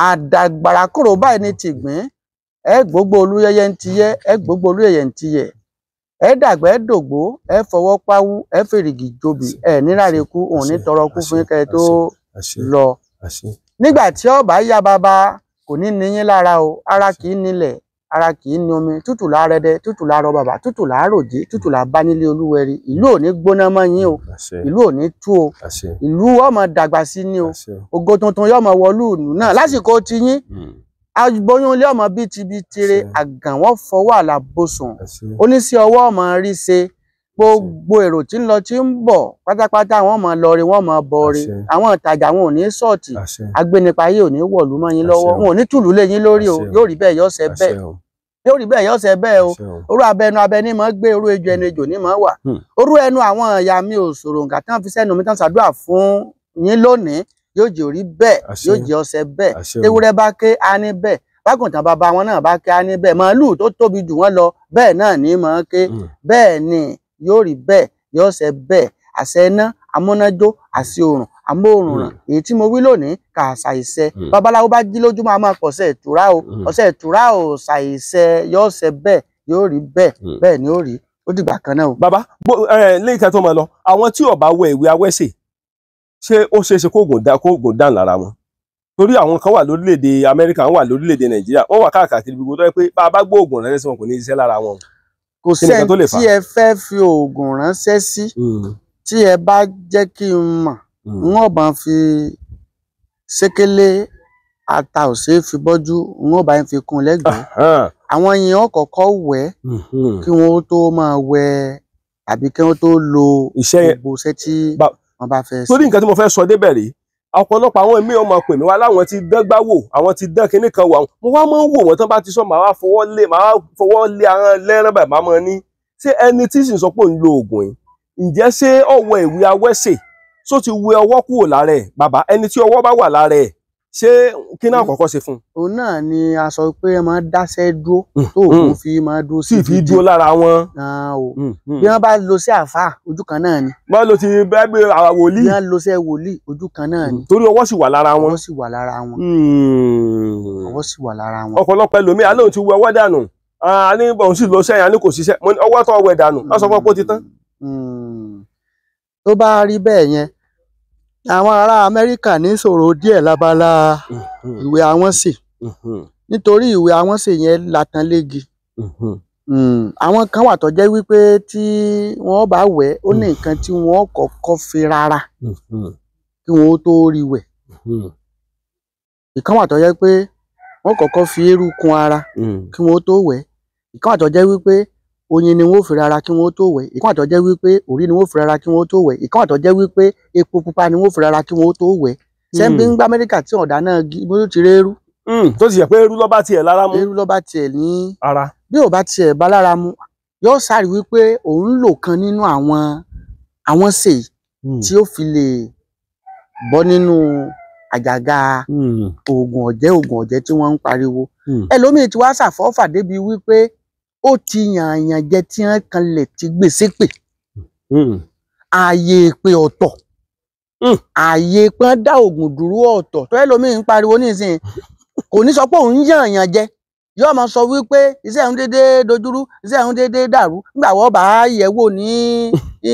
àdàgbàrà kúrò báyìí ní tìgbín ẹ gbogbo olúyẹyẹ ń tiyẹ ẹ gbogbo olúyẹyẹ ń tiyẹ ẹ dàgbà ẹ dògbó ẹ ẹ fèrègì jobi ẹ níláre kú òun ní tọrọ kú fún kẹ tó lọ nígbà tí ọba yá bàbá kò ní níyín lára o ara kì í nílẹ̀ ara kì í ní omi tútù lárẹdẹ tútù lárọ bàbà tútù láròjé tútù lábánilé olúwẹrí ìlú ò ní gbóná mọ́ yín o ìlú ò ní tú o ìlú ọmọ dàgbà sí ni o ògo tuntun yọmọ wọlú ìlú náà lásìkò ti yín hmm. agboyúnlé ọmọ bíi ti bíi tirẹ̀ àgàn wọn fọwọ́ àlàbòsùn oníṣẹ́ ọwọ́ ọmọ rí ṣe gbogbo èrò tí ń lọ tí ń bọ̀ pátápátá wọn máa lọ rí wọn máa bọ rí àwọn ìtajà wọn ò ní ṣọ́ọ̀tì agbẹnipayé ò ní wọ̀lú mọ́ yín lọ́wọ́ wọn ò ní tùlù lé yín lórí o yóò rí bẹ́ẹ̀ yóò ṣe bẹ́ẹ̀ yóò rí bẹ́ẹ̀ yóò bẹ́ẹ̀ o orú abẹnu abẹni mọ́ gbé orú ejò ẹnu ejò ní mọ́ wà hmm. orú ẹnu àwọn ìyá mi ò sòrò nǹkan tán fi sẹ́nu mi tán ṣàdúrà fún yín lónìí yóò jẹ́ orí bẹ́ẹ̀ yóò jẹ́ ọ̀sẹ̀ bẹ́ẹ̀ ewúrẹ́ bá ké á ní bẹ́ẹ̀ bákùntàn bàbá wọn náà bá ké á ní bẹ́ẹ̀ màálù tó tóbi jù wọ́n lọ bẹ́ẹ̀ náà ní mọ́ ké hmm. bẹ́ẹ̀ ni yóò rí bẹ́ẹ̀ yóò ṣe bẹ́ẹ̀ àṣẹ iná amúnájó àṣẹ òrùn amóòrùn ràn hmm. èyí tí mo wí lónìí kà ṣàìṣẹ hmm. babaláwo bá jí lójúmọ́ a máa pọ̀ṣẹ̀ ìtura o hmm. ọṣẹ ìtura o ṣàìṣẹ yóò ṣe bẹ́ẹ̀ yóò rí bẹ́ẹ̀ bẹ́ẹ̀ ni ó rí ó dìgbà kan náà o. bàbá lẹ́yìn tí a tó máa lọ àwọn tí ó bá wẹ ìwé awẹ́sè ṣé ó ṣeé ṣe kóògùn dáhùn lára wọn torí àwọn kan wà lórílẹ̀‐èdè Amẹ́ríkà wọ́n wà lórílẹ̀‐èdè Nàìjíríà wọ́n wà káàkiri gbogbo tó yẹ pé bá a bá gbóògùn rẹ̀ lẹ́sìn wọn kò ní ṣiṣẹ́ lára wọn kò sẹ́ni tí ẹ fẹ́ fi oògùn ránṣẹ́ sí hmm. tí ẹ bá jẹ́ kí n mọ̀ hmm. n ó bá fi ṣékélé ata ò ṣeé fi bọ́jú n ó bá ń fi kún lẹ́gbẹ̀ẹ́ àwọn yẹn ó kọ́kọ́ wẹ̀ hmm. kí wọ́n ó tó máa wẹ̀ àbí kí wọ́n tó lo gbogbo iṣẹ́ tí wọ́n bá fẹ́ ṣe. torí nǹkan tí mo fẹ́ sọ débẹ̀ rèé ọ̀pọ̀lọpọ̀ àwọn èmi ọmọ pè mí wá láwọn ti dán gbáwò àwọn ti dán kinní kan wò àwọn mo wá máa ń wò wọ́n tán bá ti sọ màá wá fọwọ́ lé màá fọwọ́ lé ara lẹ́rán bàbá máa ní ṣé ẹni tí sì ń sọ pé òun lo oògùn yìí ǹjẹ́ ṣé ọwọ́ ìwé awẹ́sè tó ti wẹ ọwọ́ kúrò lára ẹ̀ bàbá ẹni tí ọwọ́ bá wà lára ẹ̀ ṣé kí náà kọ́kọ́ ṣe fún un. òun náà ni a sọ pé ẹ máa dáṣẹ́ dúró hmm, tó òun hmm. fi máa dúró sí ìdí. sì fi dúró lára wọn. Hmm, bí wọ́n bá lọ sí àáfàá ojú kan náà ni. bá lọ sí bẹ́ẹ̀ wòlíì. bí wọ́n lọ sí wòlíì ojú kan náà ni. torí ọwọ́ sì wà lára wọn. ọwọ́ sì wà lára wọn. ọwọ́ sì wà lára wọn. ọ̀pọ̀lọpọ̀ ẹlòmíì alóhùn ti wọ ọwọ́ dànù a ní òun sì lọ sẹ́yìn a ní kò ṣiṣẹ́ ọwọ́ tó ọwọ́ dànù lọ́sọ̀kọ́ pó ti tán. tó bá rí bẹ́ẹ̀ yẹn àwọn ará amẹ́ríkà ní ṣòro díẹ̀ lábala mhm. ìwé àwọn sì mhm. nítorí ìwé àwọn sì yẹn latan léegi mhm. hmm. àwọn kan wà tó jẹ́ wípé tí wọ́n bá wẹ̀ ó ní nǹkan tí wọ́n kọ́kọ́ fi rárá kí wọ́n ó tó rí wẹ̀ ìkan wà tó pé wọ́n kọ́kọ́ fi eérú ara mm. kí wọ́n tó wẹ̀ ìkan wà tó wípé oyin ni wọn ò fi rara kí wọn ó tó wẹ̀ ìkan àtọ́ jẹ́ wípé òrí ni wọn ò fi rara kí wọn ó tó wẹ̀ ìkan àtọ́ jẹ́ wípé epo pupa ni wọn ò fi rara kí wọn ó tó wẹ̀ sẹ́ńbí hmm. ń gbá amẹ́ríkà tí ọ̀dà náà bó ti rérú. Hmm. tó ti yẹ pé eru ló tiẹ̀ lára mu. eru ló tiẹ̀ ní ara bí ò bá tiẹ̀ bá lára mu yóò sáré wípé òun lò kan nínú àwọn àwọn sèé hmm. tí ó fi lè bọ́ nínú àjàgà oògùn ọ̀jẹ́ oògùn ọ̀jẹ́ tí wọ́n ń pariwo ẹlòmíì ti wá ṣàfọ́fà débi wípé ó ti yànyàn jẹ tí wọn kanlẹ̀ ti gbèsè pè hmm. hmm. ààyè pé ọ̀tọ̀ ààyè pé dá oògùn dúró ọ̀tọ̀ tó ẹ lómi ń pariwo nísìnyí kò ní sọ pé òun yànyàn jẹ yóò máa sọ wípé iṣẹ́ ń dédé dojúrú iṣẹ́ ń dédé dàrú nígbà wọ́n bá yẹ̀ wò ní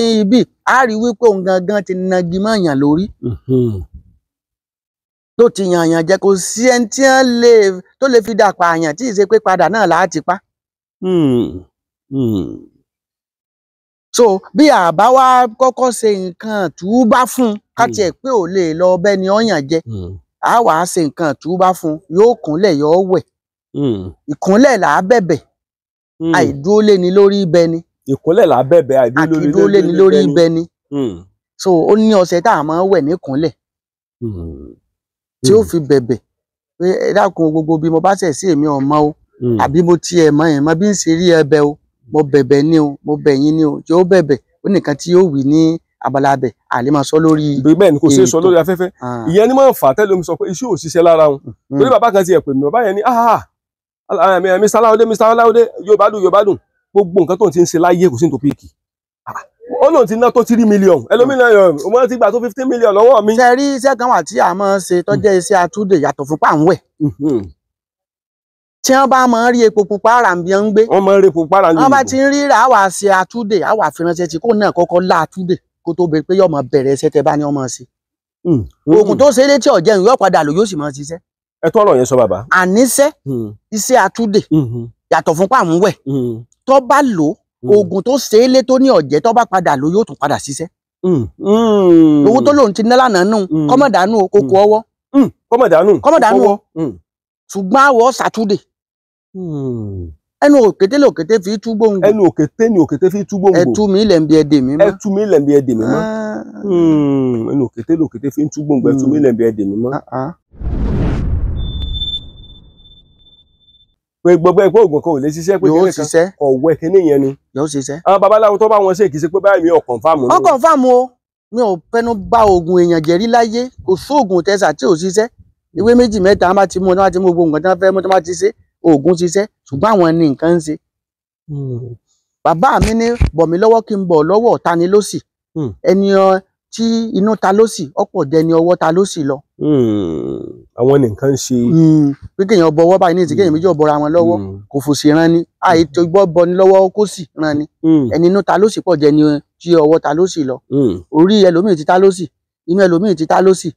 ibi a rí wípé òun gangan ti nagi mọ́ èèyàn lórí hmm. tó ti yànyàn jẹ kò sí ẹni tí wọ́n lè tó lè fi dàpọ̀ àyàn tí ì ṣe pé padà náà láti pa. Hmm. hmm. so bí àbá wa kọ́kọ́ ṣe nǹkan túbá fún ká hmm. tiẹ̀ pé ò lè lọ ọbẹ̀ ni ọ̀yàn jẹ hmm. a wà á ṣe nǹkan túbá fún yóò kúnlẹ̀ yóò wẹ̀ ìkúnlẹ̀ là á bẹ̀bẹ̀ àìdúró lé ni lórí ibẹ̀ ni ìkúnlẹ̀ là á bẹ̀bẹ̀ àìdúró lé ni lórí ibẹ̀ ni so ó ní ọṣẹ tá a máa ń wẹ̀ níkúnlẹ̀ tí ó fi bẹ̀bẹ̀ pé ẹ dákun gbogbo bí mo bá ṣẹ̀ sí èmi ọ̀mọ́ o. Mm. àbí mo tiẹ̀ mọ yẹn mọ bí ń ṣe rí ẹ̀bẹ̀ o mo bẹ̀bẹ̀ ni o mo bẹ̀ yín ni o yóò bẹ̀bẹ̀ ó nìkan tí yóò wí ní abala abẹ àlè máa sọ lórí ètò bẹ́ẹ̀ ni kò ṣeé sọ lórí afẹ́fẹ́ ah. ìyẹn ni máa ń fà á tẹ́lẹ̀ omi sọ pé iṣẹ́ ò ṣiṣẹ́ lára wọn mm. torí bàbá kan ti ẹ̀ pè mí bàbá yẹn ni ah mr aláwọ̀dé mr aláwọ̀dé yorùbá dùn yorùbá dùn gbogbo nǹkan tó ń ti ń ṣe láyé kò sí ní tòpíìkì ah, ó lóun ti ná tó tírí mílíọ̀nù ẹlòmínà ọmọ ti gbà tó fifteen mílíọ̀nù lọ́wọ́ mi. ṣe iṣẹ́ kan wà tí a máa ń ṣe tọ́jú iṣẹ́ atúndè yàtọ̀ fún pàǹwẹ̀ tí wọ́n bá máa ń rí epo pupa ràǹbí ń gbé wọ́n máa ń rí epo pupa ràǹbí wọ́n bá ti ń rí rà á wà ṣe àtúndè á wà fi ránṣẹ́ tí kò náà kọ́kọ́ lá àtúndè kó tó bẹ pé yọmọ bẹ̀rẹ̀ iṣẹ́ tẹ bá ní ọmọ sí. Hmm. oògùn tó ṣe é létí ọ̀jẹ̀ yóò padà lò yóò sì máa ṣiṣẹ́. ẹ tọ́ ọ̀rọ̀ yẹn sọ bàbá. àníṣe hmm. iṣẹ́ àtúndè hmm. yàtọ̀ fún pàmò wẹ̀ tó bá lò oògùn tó ṣe é lé tó ní ọ̀jẹ̀ tó bá padà lò yóò tún padà ṣiṣẹ́. owó tó lòun ti ná lánàá nù kọ́mọ̀dánù kókó ọwọ́. kọ́mọ̀dánù kọ́mọ̀dánù ṣùgbọ́n àwọ̀ sátúndè Hmm. ẹnu òkété lè òkété fi tú gbòǹgbò. ẹnu òkété ni òkété fi tú gbòǹgbò. ẹtú mi lẹ̀ ń bi ẹdè mi mọ́. ẹtú mi lẹ̀ ń bi ẹdè mi mọ́. Ah. Hmm. ẹnu òkété lè òkété fi tú gbòǹgbò ẹtú mi hmm. lẹ̀ ń bi ẹdè mi mọ́. Ah, ah. pé gbogbo ẹgbẹ́ ògùn kan ò lè ṣiṣẹ́ pé kíni kan ọ̀wẹ́ kíní yẹn ni. yóò ṣiṣẹ́. àwọn babaláwo tó bá wọn ṣe kì í ṣe pé báyìí mi ò confirm. ó confirm o mi ò fẹnu bá oògùn èèyàn jẹ rí láyé kò sóògùn tẹsà tí ò ṣiṣẹ́ ewé méjì mẹ́ta wọn bá ti mú wọn bá ti mú gbogbo nǹkan tí wọn fẹ́ mú tí wọn bá ti ṣe oògùn ṣiṣẹ́ ṣùgbọ́n àwọn ni nǹkan ń ṣe. Hmm. bàbá mi ní bọ̀ mí lọ́wọ́ kí n bọ̀ lọ́wọ́ ta ni ló sì hmm. ẹni uh, tí inú ta ló sì ọ̀pọ̀ jẹ ni ọwọ́ ta ló sì lọ. Hmm. àwọn nìkan ṣe. pé kéèyàn bọ ọwọ́ báyìí ní ìsìn kéèyàn méjì ọ̀bọ̀ra wọn lọ́wọ́ kò fòsì ran ni àì tó gbọ́ bọ ni lọ́wọ́ kó sì ran ni ẹni inú ta ló sì pọ̀ jẹ ni uh, tí ọwọ́ ta ló sì lọ. orí ẹlòmíì ti ta ló sì inú ẹlòmíì ti ta ló sì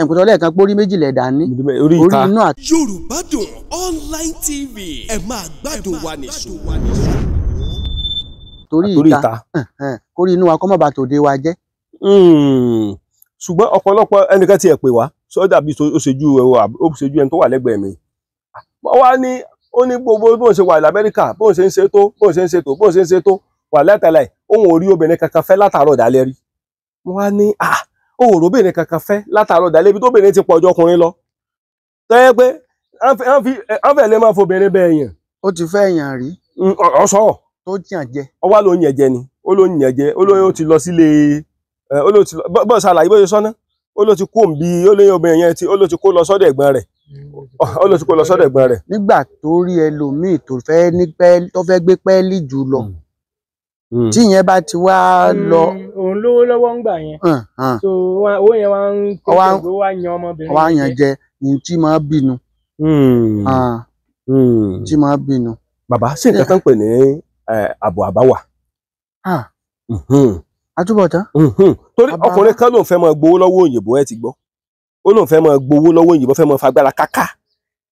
ẹ̀kútọ́ lẹ́ẹ̀kan pórí méjìlẹ̀ dání orí iná. Yorùbá Dùn Online TV ẹ máa gbádùn wa nìṣó. torí ìta kórí inú wa kọ́ mọ̀ bá tòde wa jẹ́. Hmm. ṣùgbọ́n ọ̀pọ̀lọpọ̀ ẹnìkan ti ẹ̀ pè wá sọ́jà bíi oṣèjú ẹ̀rọ oṣèjú ẹni tó wà lẹ́gbẹ̀ẹ́ mi. wọ́n wá ní ó ní gbogbo bóun ṣe wà ní Amẹ́ríkà bóun ṣe ń ṣe tó bóun ṣe ń ṣe tó bóun ṣe ń ṣe tó wà látàlá òun ò rí obìnrin kankan fẹ́ látàárọ̀ dálẹ́ rí. wọ́n wá ní ah òòròbìnrin kankan fẹ́ látàárọ̀ dalẹ́ ibi tóbìnrin ti pọ̀ ọjọ́ ọkùnrin lọ tẹ́yẹ pé ànfẹ́ lè máa fobìnrin bẹ́ẹ̀ yàn. ó ti fẹ́ yàn rí. Mm, ọ̀sọ́ tó yàn jẹ. ọwá ló ń yàn jẹ ni ó ló ń yàn jẹ ó ló ti lọ sílé ó ló ti bọ́ ṣàlàyé bó ṣe sọ́nà ó ló ti kó òǹbí ó lóyún obìnrin yẹn ó ló ti kó lọ sọ́dọ̀ ẹ̀gbọ́n rẹ̀ ó ló ti kó lọ sọ́dọ̀ ẹ̀gbọ́n rẹ̀. nígbà tó rí ẹlòmíì tó fẹ́ gbé pẹ́ẹ́lí jù lọ mm. Mm. tí ìyẹn bá ti wá lọ òun lówó lọ́wọ́ ńgbà yẹn so owó yẹn wá ń tẹsẹ̀ ló wá yan ọmọbìnrin yẹn wá yan jẹ ní tí máa bínú hmm. Hmm. tí máa bínú. bàbá ṣe nǹkan tó ń pè ní ààbò àbáwà. Hmm. àtúbọ̀tán. torí ọkùnrin kan lòun fẹ́ máa gbowó lọ́wọ́ òyìnbó ẹ ti gbọ́ ó lóun fẹ́ máa gbowó lọ́wọ́ òyìnbó fẹ́ máa fagbára káká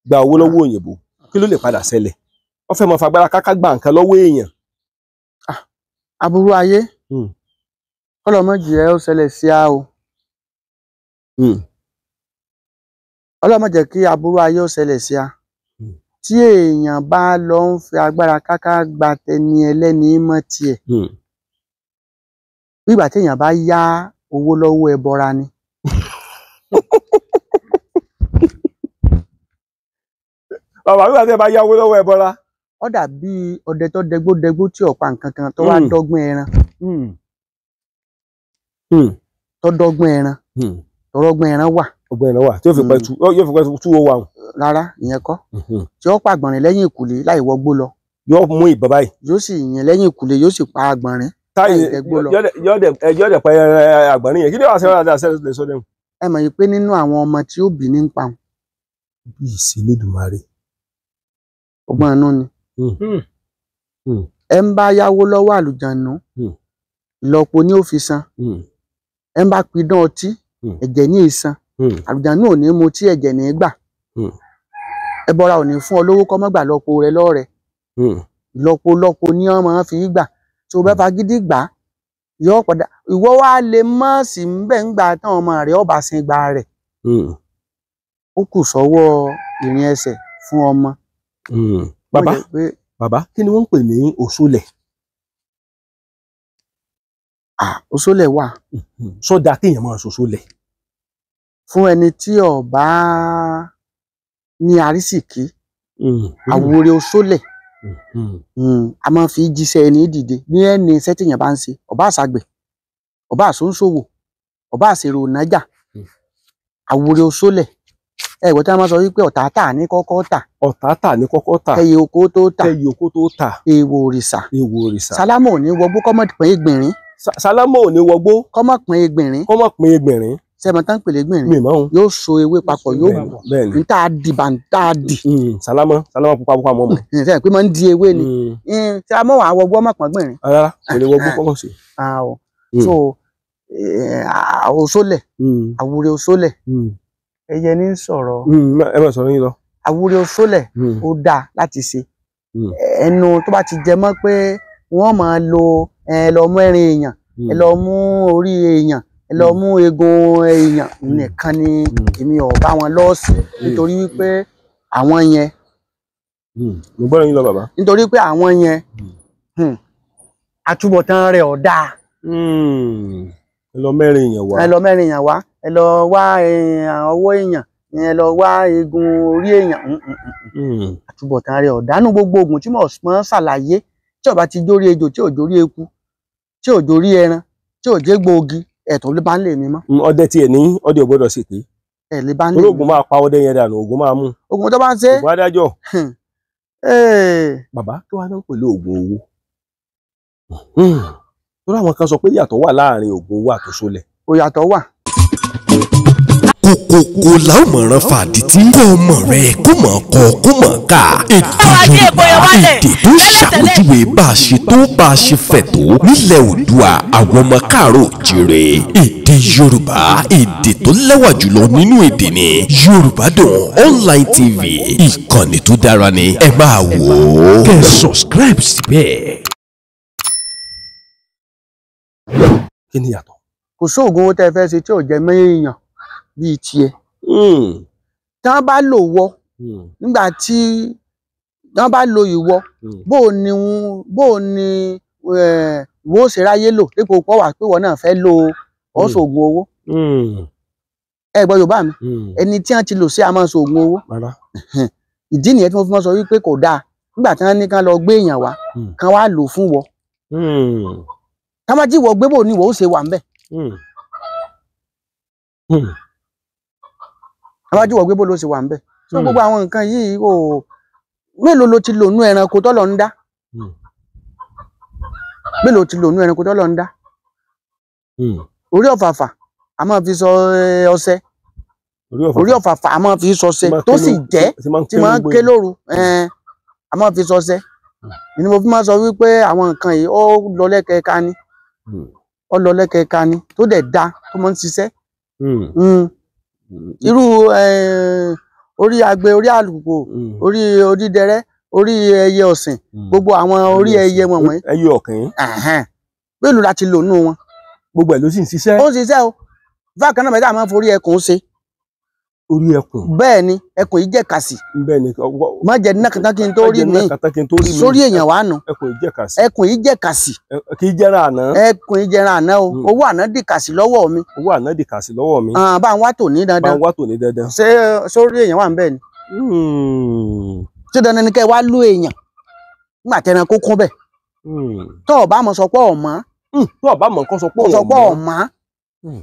gba owó lọ́wọ́ òyìnbó kí ló lè padà ṣẹlẹ̀ ó fẹ́ máa fagbára káká gba nǹkan lọ́wọ́ èèyàn. Ah. aburú ayé ọlọmọjì ẹ ó ṣẹlẹ̀ sí a o hmm. ọlọmọjì kí aburú ayé ó ṣẹlẹ̀ sí a hmm. tí èèyàn bá lọ ń fi agbára káká gba tẹni ẹlẹ́ni mọ́ tiẹ̀ nígbà hmm. téèyàn bá yá owó lọ́wọ́ ẹbọra ni. [LAUGHS] bàbá nígbà téèyàn bá yá owó lọ́wọ́ ẹbọra. ó dà bíi ọdẹ tó dẹgbódẹgbó tí ọ̀pá nǹkan kan tó wá dọ́gbọ́n ẹran. Hmm. tó ẹran hmm. tọrọgbọ́n ẹran wà. ọgbọ́n ẹran wà tí hmm. yóò fi tú wa. rárá ìyẹn tí ó pa lẹ́yìn ìkùlé láì wọgbó lọ. yóò mú ìbọn báyìí. yóò sì yìn lẹ́yìn ìkùlé yóò sì pa àgbọ̀nrín. yóò pa yẹn kí ni wàá sẹ́wọ́n àti àṣẹ lè sọ ẹ mọ̀ yìí pé nínú ọmọ tí ó ní pa wọn. bí ọgbọ́n ẹ ń bá yáwó lọ́wọ́ ẹ ń bá pidán ọtí hmm. ẹ̀jẹ̀ ní ìsan hmm. àlùjànnú ò ní mu tí ẹ̀jẹ̀ ní gbà hmm. ẹbọra ò ní fún ọ lówó kọ́ mọ́gbà lọ́pọ̀ rẹ lọ́rẹ̀ lọ́pọ̀ lọ́pọ̀ ní ọmọ fi gbà tó bá fagídí gbà yọ padà ìwọ wa lè mọ́ sí ń bẹ̀ ń gbà tán ọmọ rẹ ọba sin gba rẹ̀ ó kù sọ́wọ́ ìrìn ẹsẹ̀ fún ọmọ. bàbá bàbá kí ni wọ́n ń pè ní òṣùlẹ̀. òṣòlẹ̀ wà sọ́dà kéèyàn máa ṣòṣòlẹ̀ fún ẹni tí ọba bá ní àrísìkí àwòrè a máa fi ẹni dìde ní ẹni iṣẹ́ ọba ọba ọba àṣèrò tí wọn hmm. máa sọ wípé ọ̀tá tà ní kọ́kọ́ tà ọ̀tá tà ní tà oko tó tà oko tó tà òrìṣà òrìṣà sálámọ̀ ò ní wọgbó. kọ́ mọ̀ pín egbìnrín. kọ́ mọ̀ pín egbìnrín. sẹ́mi tán pèlè gbìnrín. mi máa ń. yóò so ewé papọ̀ yóò wù. bẹ́ẹ̀ni n tà di bá n tà di. sálámọ̀ sálámọ̀ pupa pupa mọ̀ mọ̀. ǹjẹ́ pé máa ń di ewé ni. sálámọ̀ wà á wọgbó ọmọ kan gbìnrín. rárá kò lè wọgbó kọ́kọ́ sí. [LAUGHS] Ah, mm. so àwòsólẹ̀ eh, mm. àwúrẹ́ òsólẹ̀ mm. ẹyẹ ní sọ̀rọ̀. ẹ bá sọ̀rọ̀ yín lọ. àwúrẹ́ òsólẹ̀ ó dáa láti ṣe ẹnu tó bá ti jẹ mọ́ pé wọ́n máa lo ẹ lọ mú ẹrin èèyàn ẹ lọ mú orí èèyàn ẹ lọ mú eegun èèyàn hmm. nìkan ni hmm. èmi ò bá wọn lọ́ọ̀sì hmm. nítorí wípé àwọn yẹn. mo gbọ́dọ̀ yín lọ bàbá. nítorí pé àwọn yẹn àtúbọ̀tán rẹ̀ ò dáa. ẹ lọ mẹ́rin èèyàn wá. ẹ lọ mẹ́rin èèyàn wá ẹ lọ wá ọwọ́ èèyàn ẹ lọ wá eegun orí èèyàn àtúbọ̀tán rẹ̀ ò dáa nínú gbogbo oògùn tí mo máa ń ṣàlàyé tí ó ti jórí ejò tí ò jórí eku tí òjò rí ẹran tí òjò gbòógì ẹ̀tún ló bá ń lè mi mọ́. Mm, ọdẹ tiẹ̀ ní ọdẹ ògbọdọ si ṣèké. ẹ lè bá ń lè mi. olóògùn máa pa ọdẹ yẹn dànù ògùn máa mú. ògùn tó bá ń ṣe. ògùn hmm. eh. bàbá tó wá náà pẹ̀lú ògùn owó. Hmm. sọ pé Yàtọ̀ wà láàrin ògùn owó òyàtọ̀ wà. kókókókó la ó mọ̀ ràn fàdítì kó ọmọ rẹ kó mọ̀ kọ kó mọ̀ ká èdè Yorùbá èdè tó ṣàpèjúwe bá a ṣe tó bá a ṣe fẹ̀ tó nílẹ̀ Oòduà àwọn ọmọ káàárọ̀ òjíire èdè Yorùbá èdè tó lẹ́wà jùlọ nínú èdè ni Yorùbá Dùn Online TV ìkànnì tó dára ni ẹ máa wò ó kẹ́ subscribe síbẹ̀. kí ni yàtọ̀ kò sóògùn owó tẹ́ ẹ fẹ́ ṣe tí ò jẹ́ mẹ́yìn yàn bíi tiẹ, hmm. tí bá lò wọ hmm. nígbà tí bá lo ìwọ hmm. bó o ni bó o ni ìwọ ṣe ráyé lò dípò pọ̀ wà pé ìwọ náà fẹ́ lo owó ẹ gbọ́ Yorùbá mi ẹni tí wọ́n ti lò sí àmọ́ oògùn owó [LAUGHS] ìdí nìyẹn tí fi sọ wípé kò dáa nígbà tí ní lọ gbé èèyàn wá kán wá lò fún wọ bá jí wọ gbé bò ní ìwọ ó wà àwájú wọ̀ gbé bó ló ṣe wà ń bẹ̀ so hmm. gbogbo àwọn nǹkan yìí o mélòó ló ti lò nú ẹranko tọ́lọ̀ ń dá hmm. mélòó ti lò nú ẹranko tọ́lọ̀ ń dá hmm. eh, orí ọ̀fàfà a máa fi sọ ọṣẹ orí ọ̀fàfà eh, a máa fi sọ ọṣẹ tó sì jẹ́ tí máa ń ké lóru a máa fi sọ ọṣẹ ni mo fi máa sọ wípé àwọn nǹkan yìí ó lọ lẹ́kẹ̀ẹ́ka ni ó lọ lẹ́kẹ̀ẹ́ka ni tó dẹ̀ da tó máa ń ṣiṣẹ́ irú orí agbe orí àlùkò mm. orí odídẹrẹ́ orí ẹyẹ ọ̀sìn mm. gbogbo àwọn orí ẹyẹ wọ̀nyí. ẹyẹ ọ̀kìn. mélòó la ti lò nù wọn. gbogbo ẹ̀ ló sì ń ṣiṣẹ́. ó ń ṣiṣẹ́ o bákan náà mẹ́ta máa ń forí ẹkùn ṣe. orí ẹkùn. bẹ́ẹ̀ ni ẹkùn yìí jẹ kasi. bẹ́ẹ̀ ni má jẹ ní nàkàtà kí n tó mi sórí èèyàn wà nù. ẹkùn yìí jẹ kasi. ẹkùn yìí jẹ kasi. kì í jẹra àná. ẹkùn yìí jẹra àná o hmm. owó àná di kasi lọwọ mi. owó àná di kasi lọwọ mi. Ah, bá ń wá tò ní dandan. bá ń wá tò ní dandan. ṣé sórí èèyàn wà ń bẹ́ẹ̀ ni. Hmm. ṣé dandan ni kẹ́ ẹ wá lú èèyàn nígbà tẹ́ran kó kún bẹ́ẹ̀. Hmm. tọ́ọ̀ bá mọ̀ sọ pé ọ̀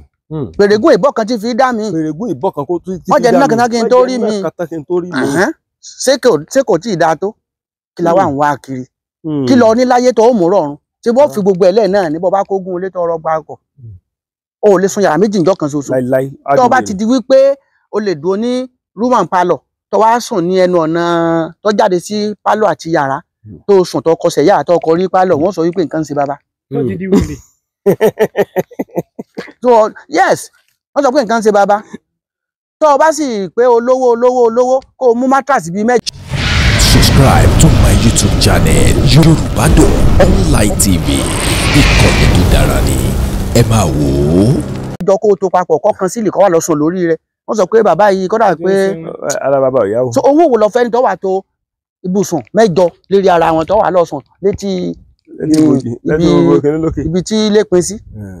pèrègùn hmm. ìbọn kan ti fi dá mi. pèrègùn ìbọn kan kó ti fi dá mi. wọ́n jẹ́ nínú kàtà kí n tó rí mi. ṣé kò tí ì dáa tó kí la wà hmm. ń wá kiri hmm. kí lọ ní láyé tó mú rọrùn tí wọ́n fi gbogbo ẹ̀lẹ́ náà ní bọ́ bá kógun olé tó ọrọ̀ gbàgbọ́ o ò lè sun yàrá méjì ǹjọ́ kan ṣoṣo tó o bá ti di wípé o lè dúró ní rúmọ̀ palọ̀ tó wá sùn ní ẹnu ọ̀nà tó jáde sí palọ̀ àti yàrá tó sùn tó kọsẹ̀ yàrá tó kọ rí palọ̀ wọ́n sọ wípé nǹkan ń ṣe bàbá. [LAUGHS] so yes wọ́n sọ pé nǹkan ṣe bàbá tó o bá sì pé olówó olówó olówó kó o mú mátírasì bíi mẹ́jọ. subscribe to my youtube channel yorùbádùn online tv ìkànnì tó dára ni ẹ máa wò ó. ìjọ kó o tó papọ̀ kọ́kan sílì kọ́ wà lọ sùn lórí rẹ̀ wọ́n sọ pé bàbá yìí kọ́dà pé so owó wo lọ fẹ́ ni tó wà tó ibùsùn mẹ́jọ lérí ara wọn tó wà lọ sùn létí ibi tí ilé pin sí. Hmm.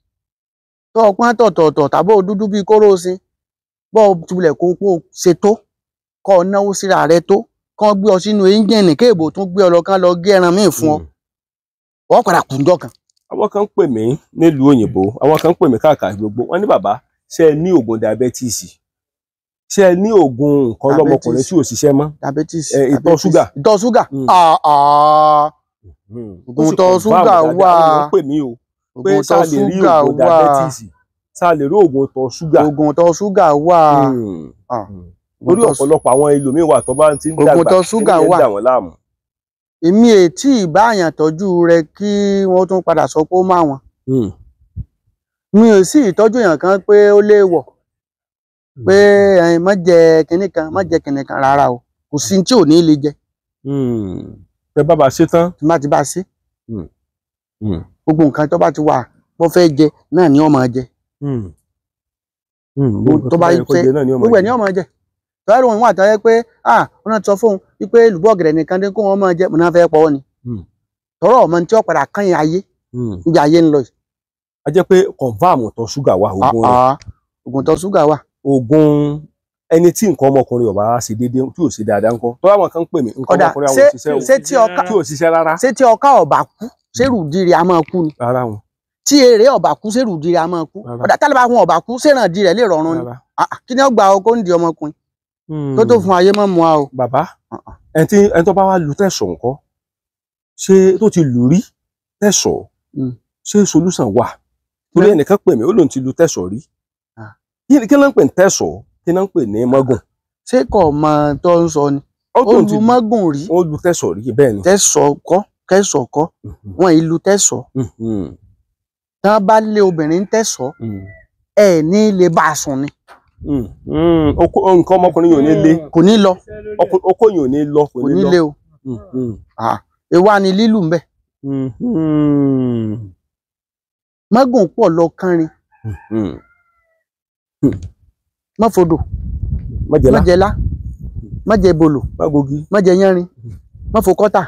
tọ́ ọpọ́n tọ̀tọ̀ọ̀tọ̀ tàbí dúdú bíi kóró sin bọ́ tilẹ̀ kó kó ṣe tó kọ́ ọ náwó síra rẹ tó kán gbé ọ sínú ẹ́ńjìnì kéèbò tún gbé ọ lọ kán lọ gé ẹran míì fún ọ hmm. ọ padà kù ńjọ́ kan. àwọn kan ń pè mí nílùú òyìnbó àwọn kan ń pè mí káàkiri gbogbo wọn ní bàbá ṣe ẹ ní oògùn diabetiisi ṣe ẹ ní oògùn nǹkan lọmọkùnrin tí ò ṣiṣẹ́ mọ́ ìtọ̀ ṣúgà. ìtọ̀ ṣúgà hmm. Ah, ah. Hmm. ìtọ̀ ṣúgà wà. pé ṣá lè rí oògùn diabetes ṣá lè rí oògùn ìtọ̀ ṣúgà oògùn ìtọ̀ ṣúgà wà lórí hmm. hmm. ọ̀pọ̀lọpọ̀ àwọn ẹlòmíín wà tó bá ti ń dàgbà oògùn ìtọ̀ ṣúgà wà èmi ètí ìbáàyàn tọ́jú rẹ kí wọ́n tún padà sọ pé ó má wọn hmm. mi ò sí ìtọ́jú èèyàn kan pé ó léèwọ̀ pé ẹ̀yin má jẹ kinní kan má jẹ kinní kan rárá o kò sí tí ò ní lè jẹ. tẹ bá ba ṣe tán. tí má ti bá ṣe. Hmm. gbogbo nǹkan tó bá ti wà bó fẹ́ jẹ náà ni ó máa jẹ hmm. Hmm, tó bá jẹ gbogbo ẹ̀ ni ó máa jẹ wà yẹ pé ah wọn sọ fún wípé nìkan dé kó wọn máa jẹ fẹ́ pọ́wọ́ ni tọ́rọ̀ ọmọ tí ó padà kán ayé níbi ayé a pé confam wà ah, oògùn ah, oògùn wà. oògùn ẹni sérùdìrì a máa kú ni tí èrè ọba kú sérùdìrì a máa kú ọ̀dà tálíbà fún ọba kú séràndì rẹ̀ lè rọrùn ni ah, ah, kí ni ó ọkọ ń di ọmọkùnrin hmm. tó tó fún ayé mọ́ mu a o. bàbá ah, ẹni tó bá wá lu tẹ̀sán nǹkan ṣé tó ti lù rí tẹ̀sán hmm. ṣé solúsàn wà torí ẹnìkan pè mí ó lòun ti lu tẹ̀sán rí kí ló ń pè ní tẹ̀sán kí ló ń pè ní mọ́gùn. ṣé kò mọ tó ń sọ ni ó lu mọ́gùn rí ó lu tẹ̀sán rí bẹ́ẹ̀ ni tẹ̀sán kọ́ kẹsọ̀ kọ́ mhm. wọn ìlú tẹsọ mhm. tán bá lé obìnrin tẹsọ mhm. ẹ ní lè bá a sùn ni. nǹkan ọmọkùnrin yóò ní lé kò ní lọ okó yóò ní lọ kò ní lé o èwa ni lílù mbẹ. bẹ. pọ̀ lọ kánrin mọ́fodò mọ́jẹ̀lá mọ́jẹ̀bolo mọ́jẹ̀yánrin. ma fò ma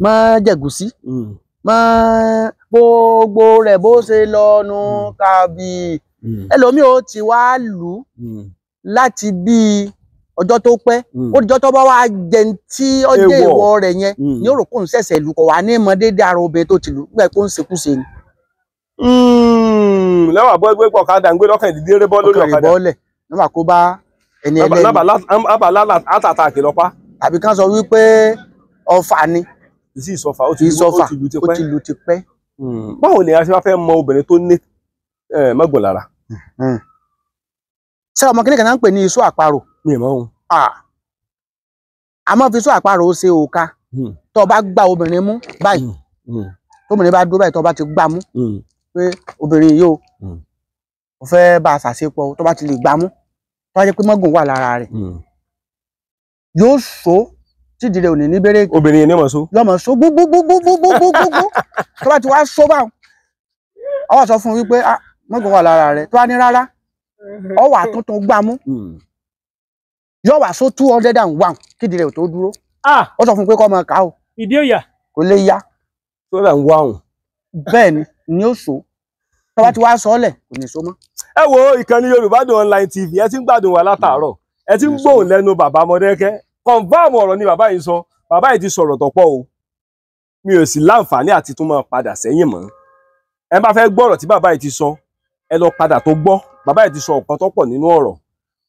má hmm. jẹ̀gùsí ma hmm. gbogbo rẹ̀ bó ṣe lọ́nu hmm. kàbí ẹlòmíì ó ti wá lù ú láti bíi ọjọ́ tó pẹ́ ó dijọ́ tó bá wá jẹ tí ọjọ́ ìwọ rẹ̀ ni ó rò kó ń ara ti ni. lẹ́wọ̀n àbọ̀ ẹgbẹ́ ọfà ni ìsí ìsọfà ó ti lù ti pẹ́ hmm. báwo lèyàn ṣe wá fẹ́ mọ obìnrin tó ní mọ́gbọ̀n lára hmm. ṣé ọmọ kìnìkan náà ń pè ní iṣu àparò mi ì mọ ohun a máa fi iṣu àparò ṣe òka hmm. tó bá gba obìnrin mú báyìí tóbìnrin bá dúró báyìí tó bá ti gbá mú pé obìnrin yìí o ò fẹ́ bá a ṣàṣepọ̀ tó bá ti lè gbá mú tó bá jẹ́ pé mọ́gùn wà lára rẹ̀ yóò so tídìrẹ ò ní ní bẹ́rẹ̀ obìnrin yẹn ọmọ so lọmọ so gbogbogbogbogbogbogbò bá ti wá so sọ fún wípé ah, mọ́gbọ́n wà rẹ̀ tó wá ní rárá ọwọ́ àtúntún gbámú hmm. wá so two hundred and tó dúró ah! ó sọ fún pé kọ́ ká o kò lè yá bẹ́ẹ̀ ni so ti ní so Online TV confam ọ̀rọ̀ ni bàbá yìí sọ bàbá yìí ti sọ̀rọ̀ tọ̀pọ̀ o mi ò sì láǹfààní àti tún máa padà sẹ́yìn mọ́ ẹ bá fẹ́ gbọ́ ọ̀rọ̀ tí bàbá yìí ti sọ ẹ lọ padà tó gbọ́ bàbá yìí ti sọ ọ̀pọ̀ tọ́pọ̀ nínú ọ̀rọ̀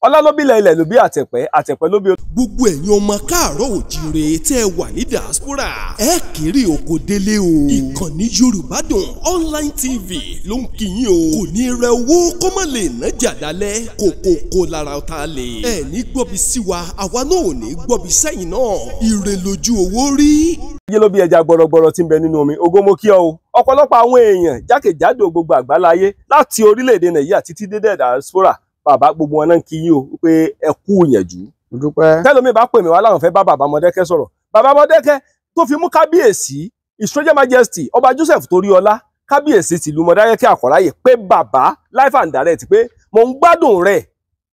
ọlálóbílẹ̀ ilẹ̀ ló bí àtẹ̀pẹ́ àtẹ̀pẹ́ ló bí. gbogbo ẹ̀yin ọmọ káàárọ̀ òjìire tẹ́ ẹ wà ní diaspora ẹ kéré oko délé o. ìkànnì yorùbá dùn online tv ló ń kíyìn o. kò ní rẹ owó kó má lè ná jàdálẹ̀ kókókó lára ọ̀tá lè. ẹ ní gbọ́bi sí wa àwa náà ò ní gbọ́bi sẹ́yìn náà. ire lójú owó rí. ayé ló bí ẹja gbọrọgbọrọ tí ń bẹ nínú omi ògo mo kí ọ ọ̀pọ̀lọpọ̀ àwọn èèyàn jákèjádò gbogbo àgbáláyé láti orílẹ̀-èdè nàìjíríà títí dé diaspora bàbá gbogbo wọn náà kí yín o pé ẹ kú ìyànjú. tẹ́lómi bá pè mí wá láwọn fẹ́ bá bàbá Mọdákẹ́ sọ̀rọ̀ bàbá Mọdákẹ́ tó fi mú kábíyèsí His Royal Majesty ọba Joseph Toríọlá kábíyèsí tìlú Mọdákẹ́ àkọ́láyè pé bàbá life and direct pé mo ń gbádùn rẹ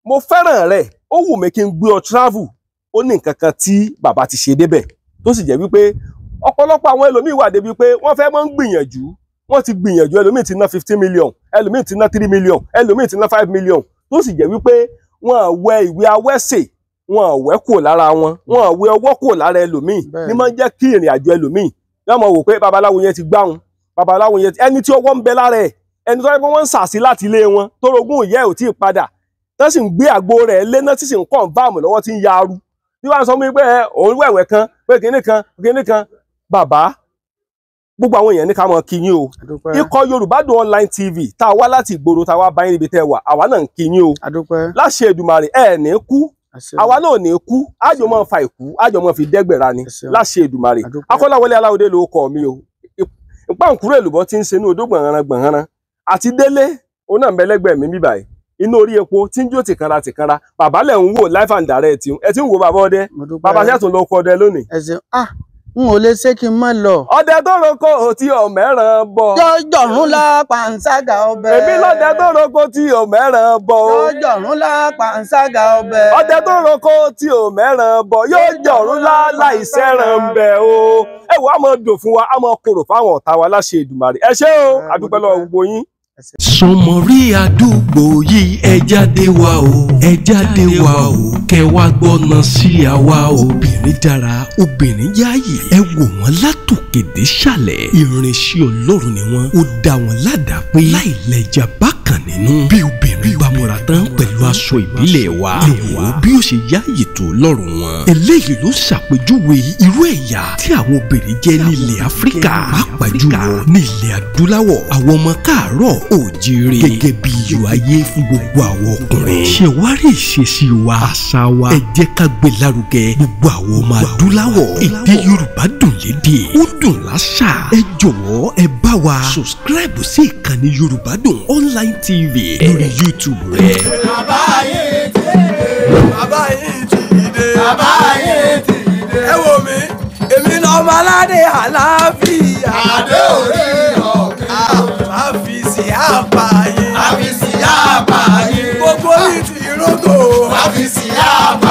mo fẹ́ràn rẹ ó wù mí kí n gbé ọ travel ó ní nǹkan kan tí bàbá ti ṣe débẹ̀ tó sì jẹ́ wípé ọ̀pọ̀lọpọ̀ àwọn ẹlòmíín wà débi pé wọ́n fẹ́ mọ́ ń gbìyànjú wọ́n ti gbìyànjú ẹlòmíín ti ná fifteen million ẹlòmíín ti ná three million ẹlòmíín ti ná five million tó sì jẹ́ wípé wọn wẹ ìwé awẹ́sè wọn wẹ́ kò lára wọn wọn wẹ ọwọ́ kò lára ẹlòmíì ní máa ń jẹ́ kí ìrìn àjò ẹlòmíì yóò mọ̀ wò pé babaláwo yẹn ti gbáhùn babaláwo yẹn ẹni tí ọwọ́ ń bẹ lára ẹ̀ ẹni tó yẹ pé wọ́n ń sàsí láti ilé wọn tó rogún ìyá ẹ̀ ò tí ì padà tán sì ń gbé àgbo rẹ̀ lé náà tí sì ń kàn báàmù lọ́wọ́ tí ń ya aru tí wọ́n sọ fún òun wẹ̀wẹ̀ kan pé kinní kan kinní kan bàbá gbogbo àwọn èèyàn ní ká mọ kí yín o ikọ̀ Yorùbádùn online tv tá a wá láti ìgboro tá a wá báyìí níbi tẹ́ wà àwa náà ń kí yín o láṣẹ Èdùmàrè ẹ ní kú àwa náà ní kú àjọ máa fa ìkú àjọ máa fi dẹ́gbẹ̀ra ni láṣẹ Èdùmàrè Akọ́láwọlé Aláwọ̀dé ló kọ mi o ìpàǹkúrò èlùbọ́ ti ń ṣe ní odó gbọ̀nran gbọ̀nran àti Délé òun náà mẹ́lẹ́gbẹ̀ẹ́ mi bíbáyìí inú orí epo tí ń jó tìkanra tìkanra bàbá lẹ̀ ń wò life and direct ẹ ti ń wo bàbá ọdẹ bàbá ṣẹ́tùn lọ kọ ọdẹ lónìí. ẹ ṣeun ah n ò lè ṣe kí n má lọ. ọdẹ tó roko tí ọmẹràn bọ. jọjọrun la pàǹsága ọbẹ. èmi lọdẹ tó roko tí ọmẹràn bọ. jọjọrun la pàǹsága ọbẹ. ọdẹ tó roko tí ọmẹràn bọ yóò jọrun la láìsẹ̀ràn bẹ̀ o. ẹ wo a máa dùn fún wa a máa korò fáwọn ọ̀tá wa láṣẹ Èdùmàrè ẹ ṣé o a dúpẹ́ lọ́wọ́ gbogbo yín sọmọrí àdúgbò yìí ẹ jáde wá o ẹ jáde wá o kẹ wá gbọ́nà sí àwa obìnrin dára obìnrin yáàyè ẹ wò wọ́n látòkèdè ṣàlẹ̀ ìrìnsẹ̀ ọlọ́run ni wọ́n ó dá wọn ládàá pé láìlẹ̀jà bákan dùn nínú bí obìnrin bá múra tán pẹ̀lú aṣọ ìbílẹ̀ wa lòwò bí ó ṣe yá ètò lọ́rùn wọn. eléyìí ló ṣàpèjúwe irú ẹ̀yà tí àwọn obìnrin jẹ́ ní ilẹ̀ áfíríkà pàápàá jùlọ ní ilẹ̀ adúláwọ̀ àwọn ọmọ káàárọ̀ oòjíire gẹ́gẹ́ bí iyọ̀ ayé fún gbogbo àwọn ọkùnrin. ṣe wá rí ìṣesí wa àṣà wa ẹ jẹ́ ká gbé lárugẹ gbogbo àwọn ọmọ adúláwọ̀ èdè yorùbá dùn lédè ó dùn láṣà ẹ jọ̀wọ́ ẹ bá wa subscribe sí ìkànnì yorùbá dùn online tv lórí youtube rẹ. bàbá ayé ti dé bàbá ayé ti bàbá ayé ti ẹ wo mi èmi náà ọmọ aládé àlàáfíà. àdé òde ọ̀gbìn. àfìsí àbáyé. àfìsí àbáyé. gbogbo mi ti rógò. àfìsí àbáyé.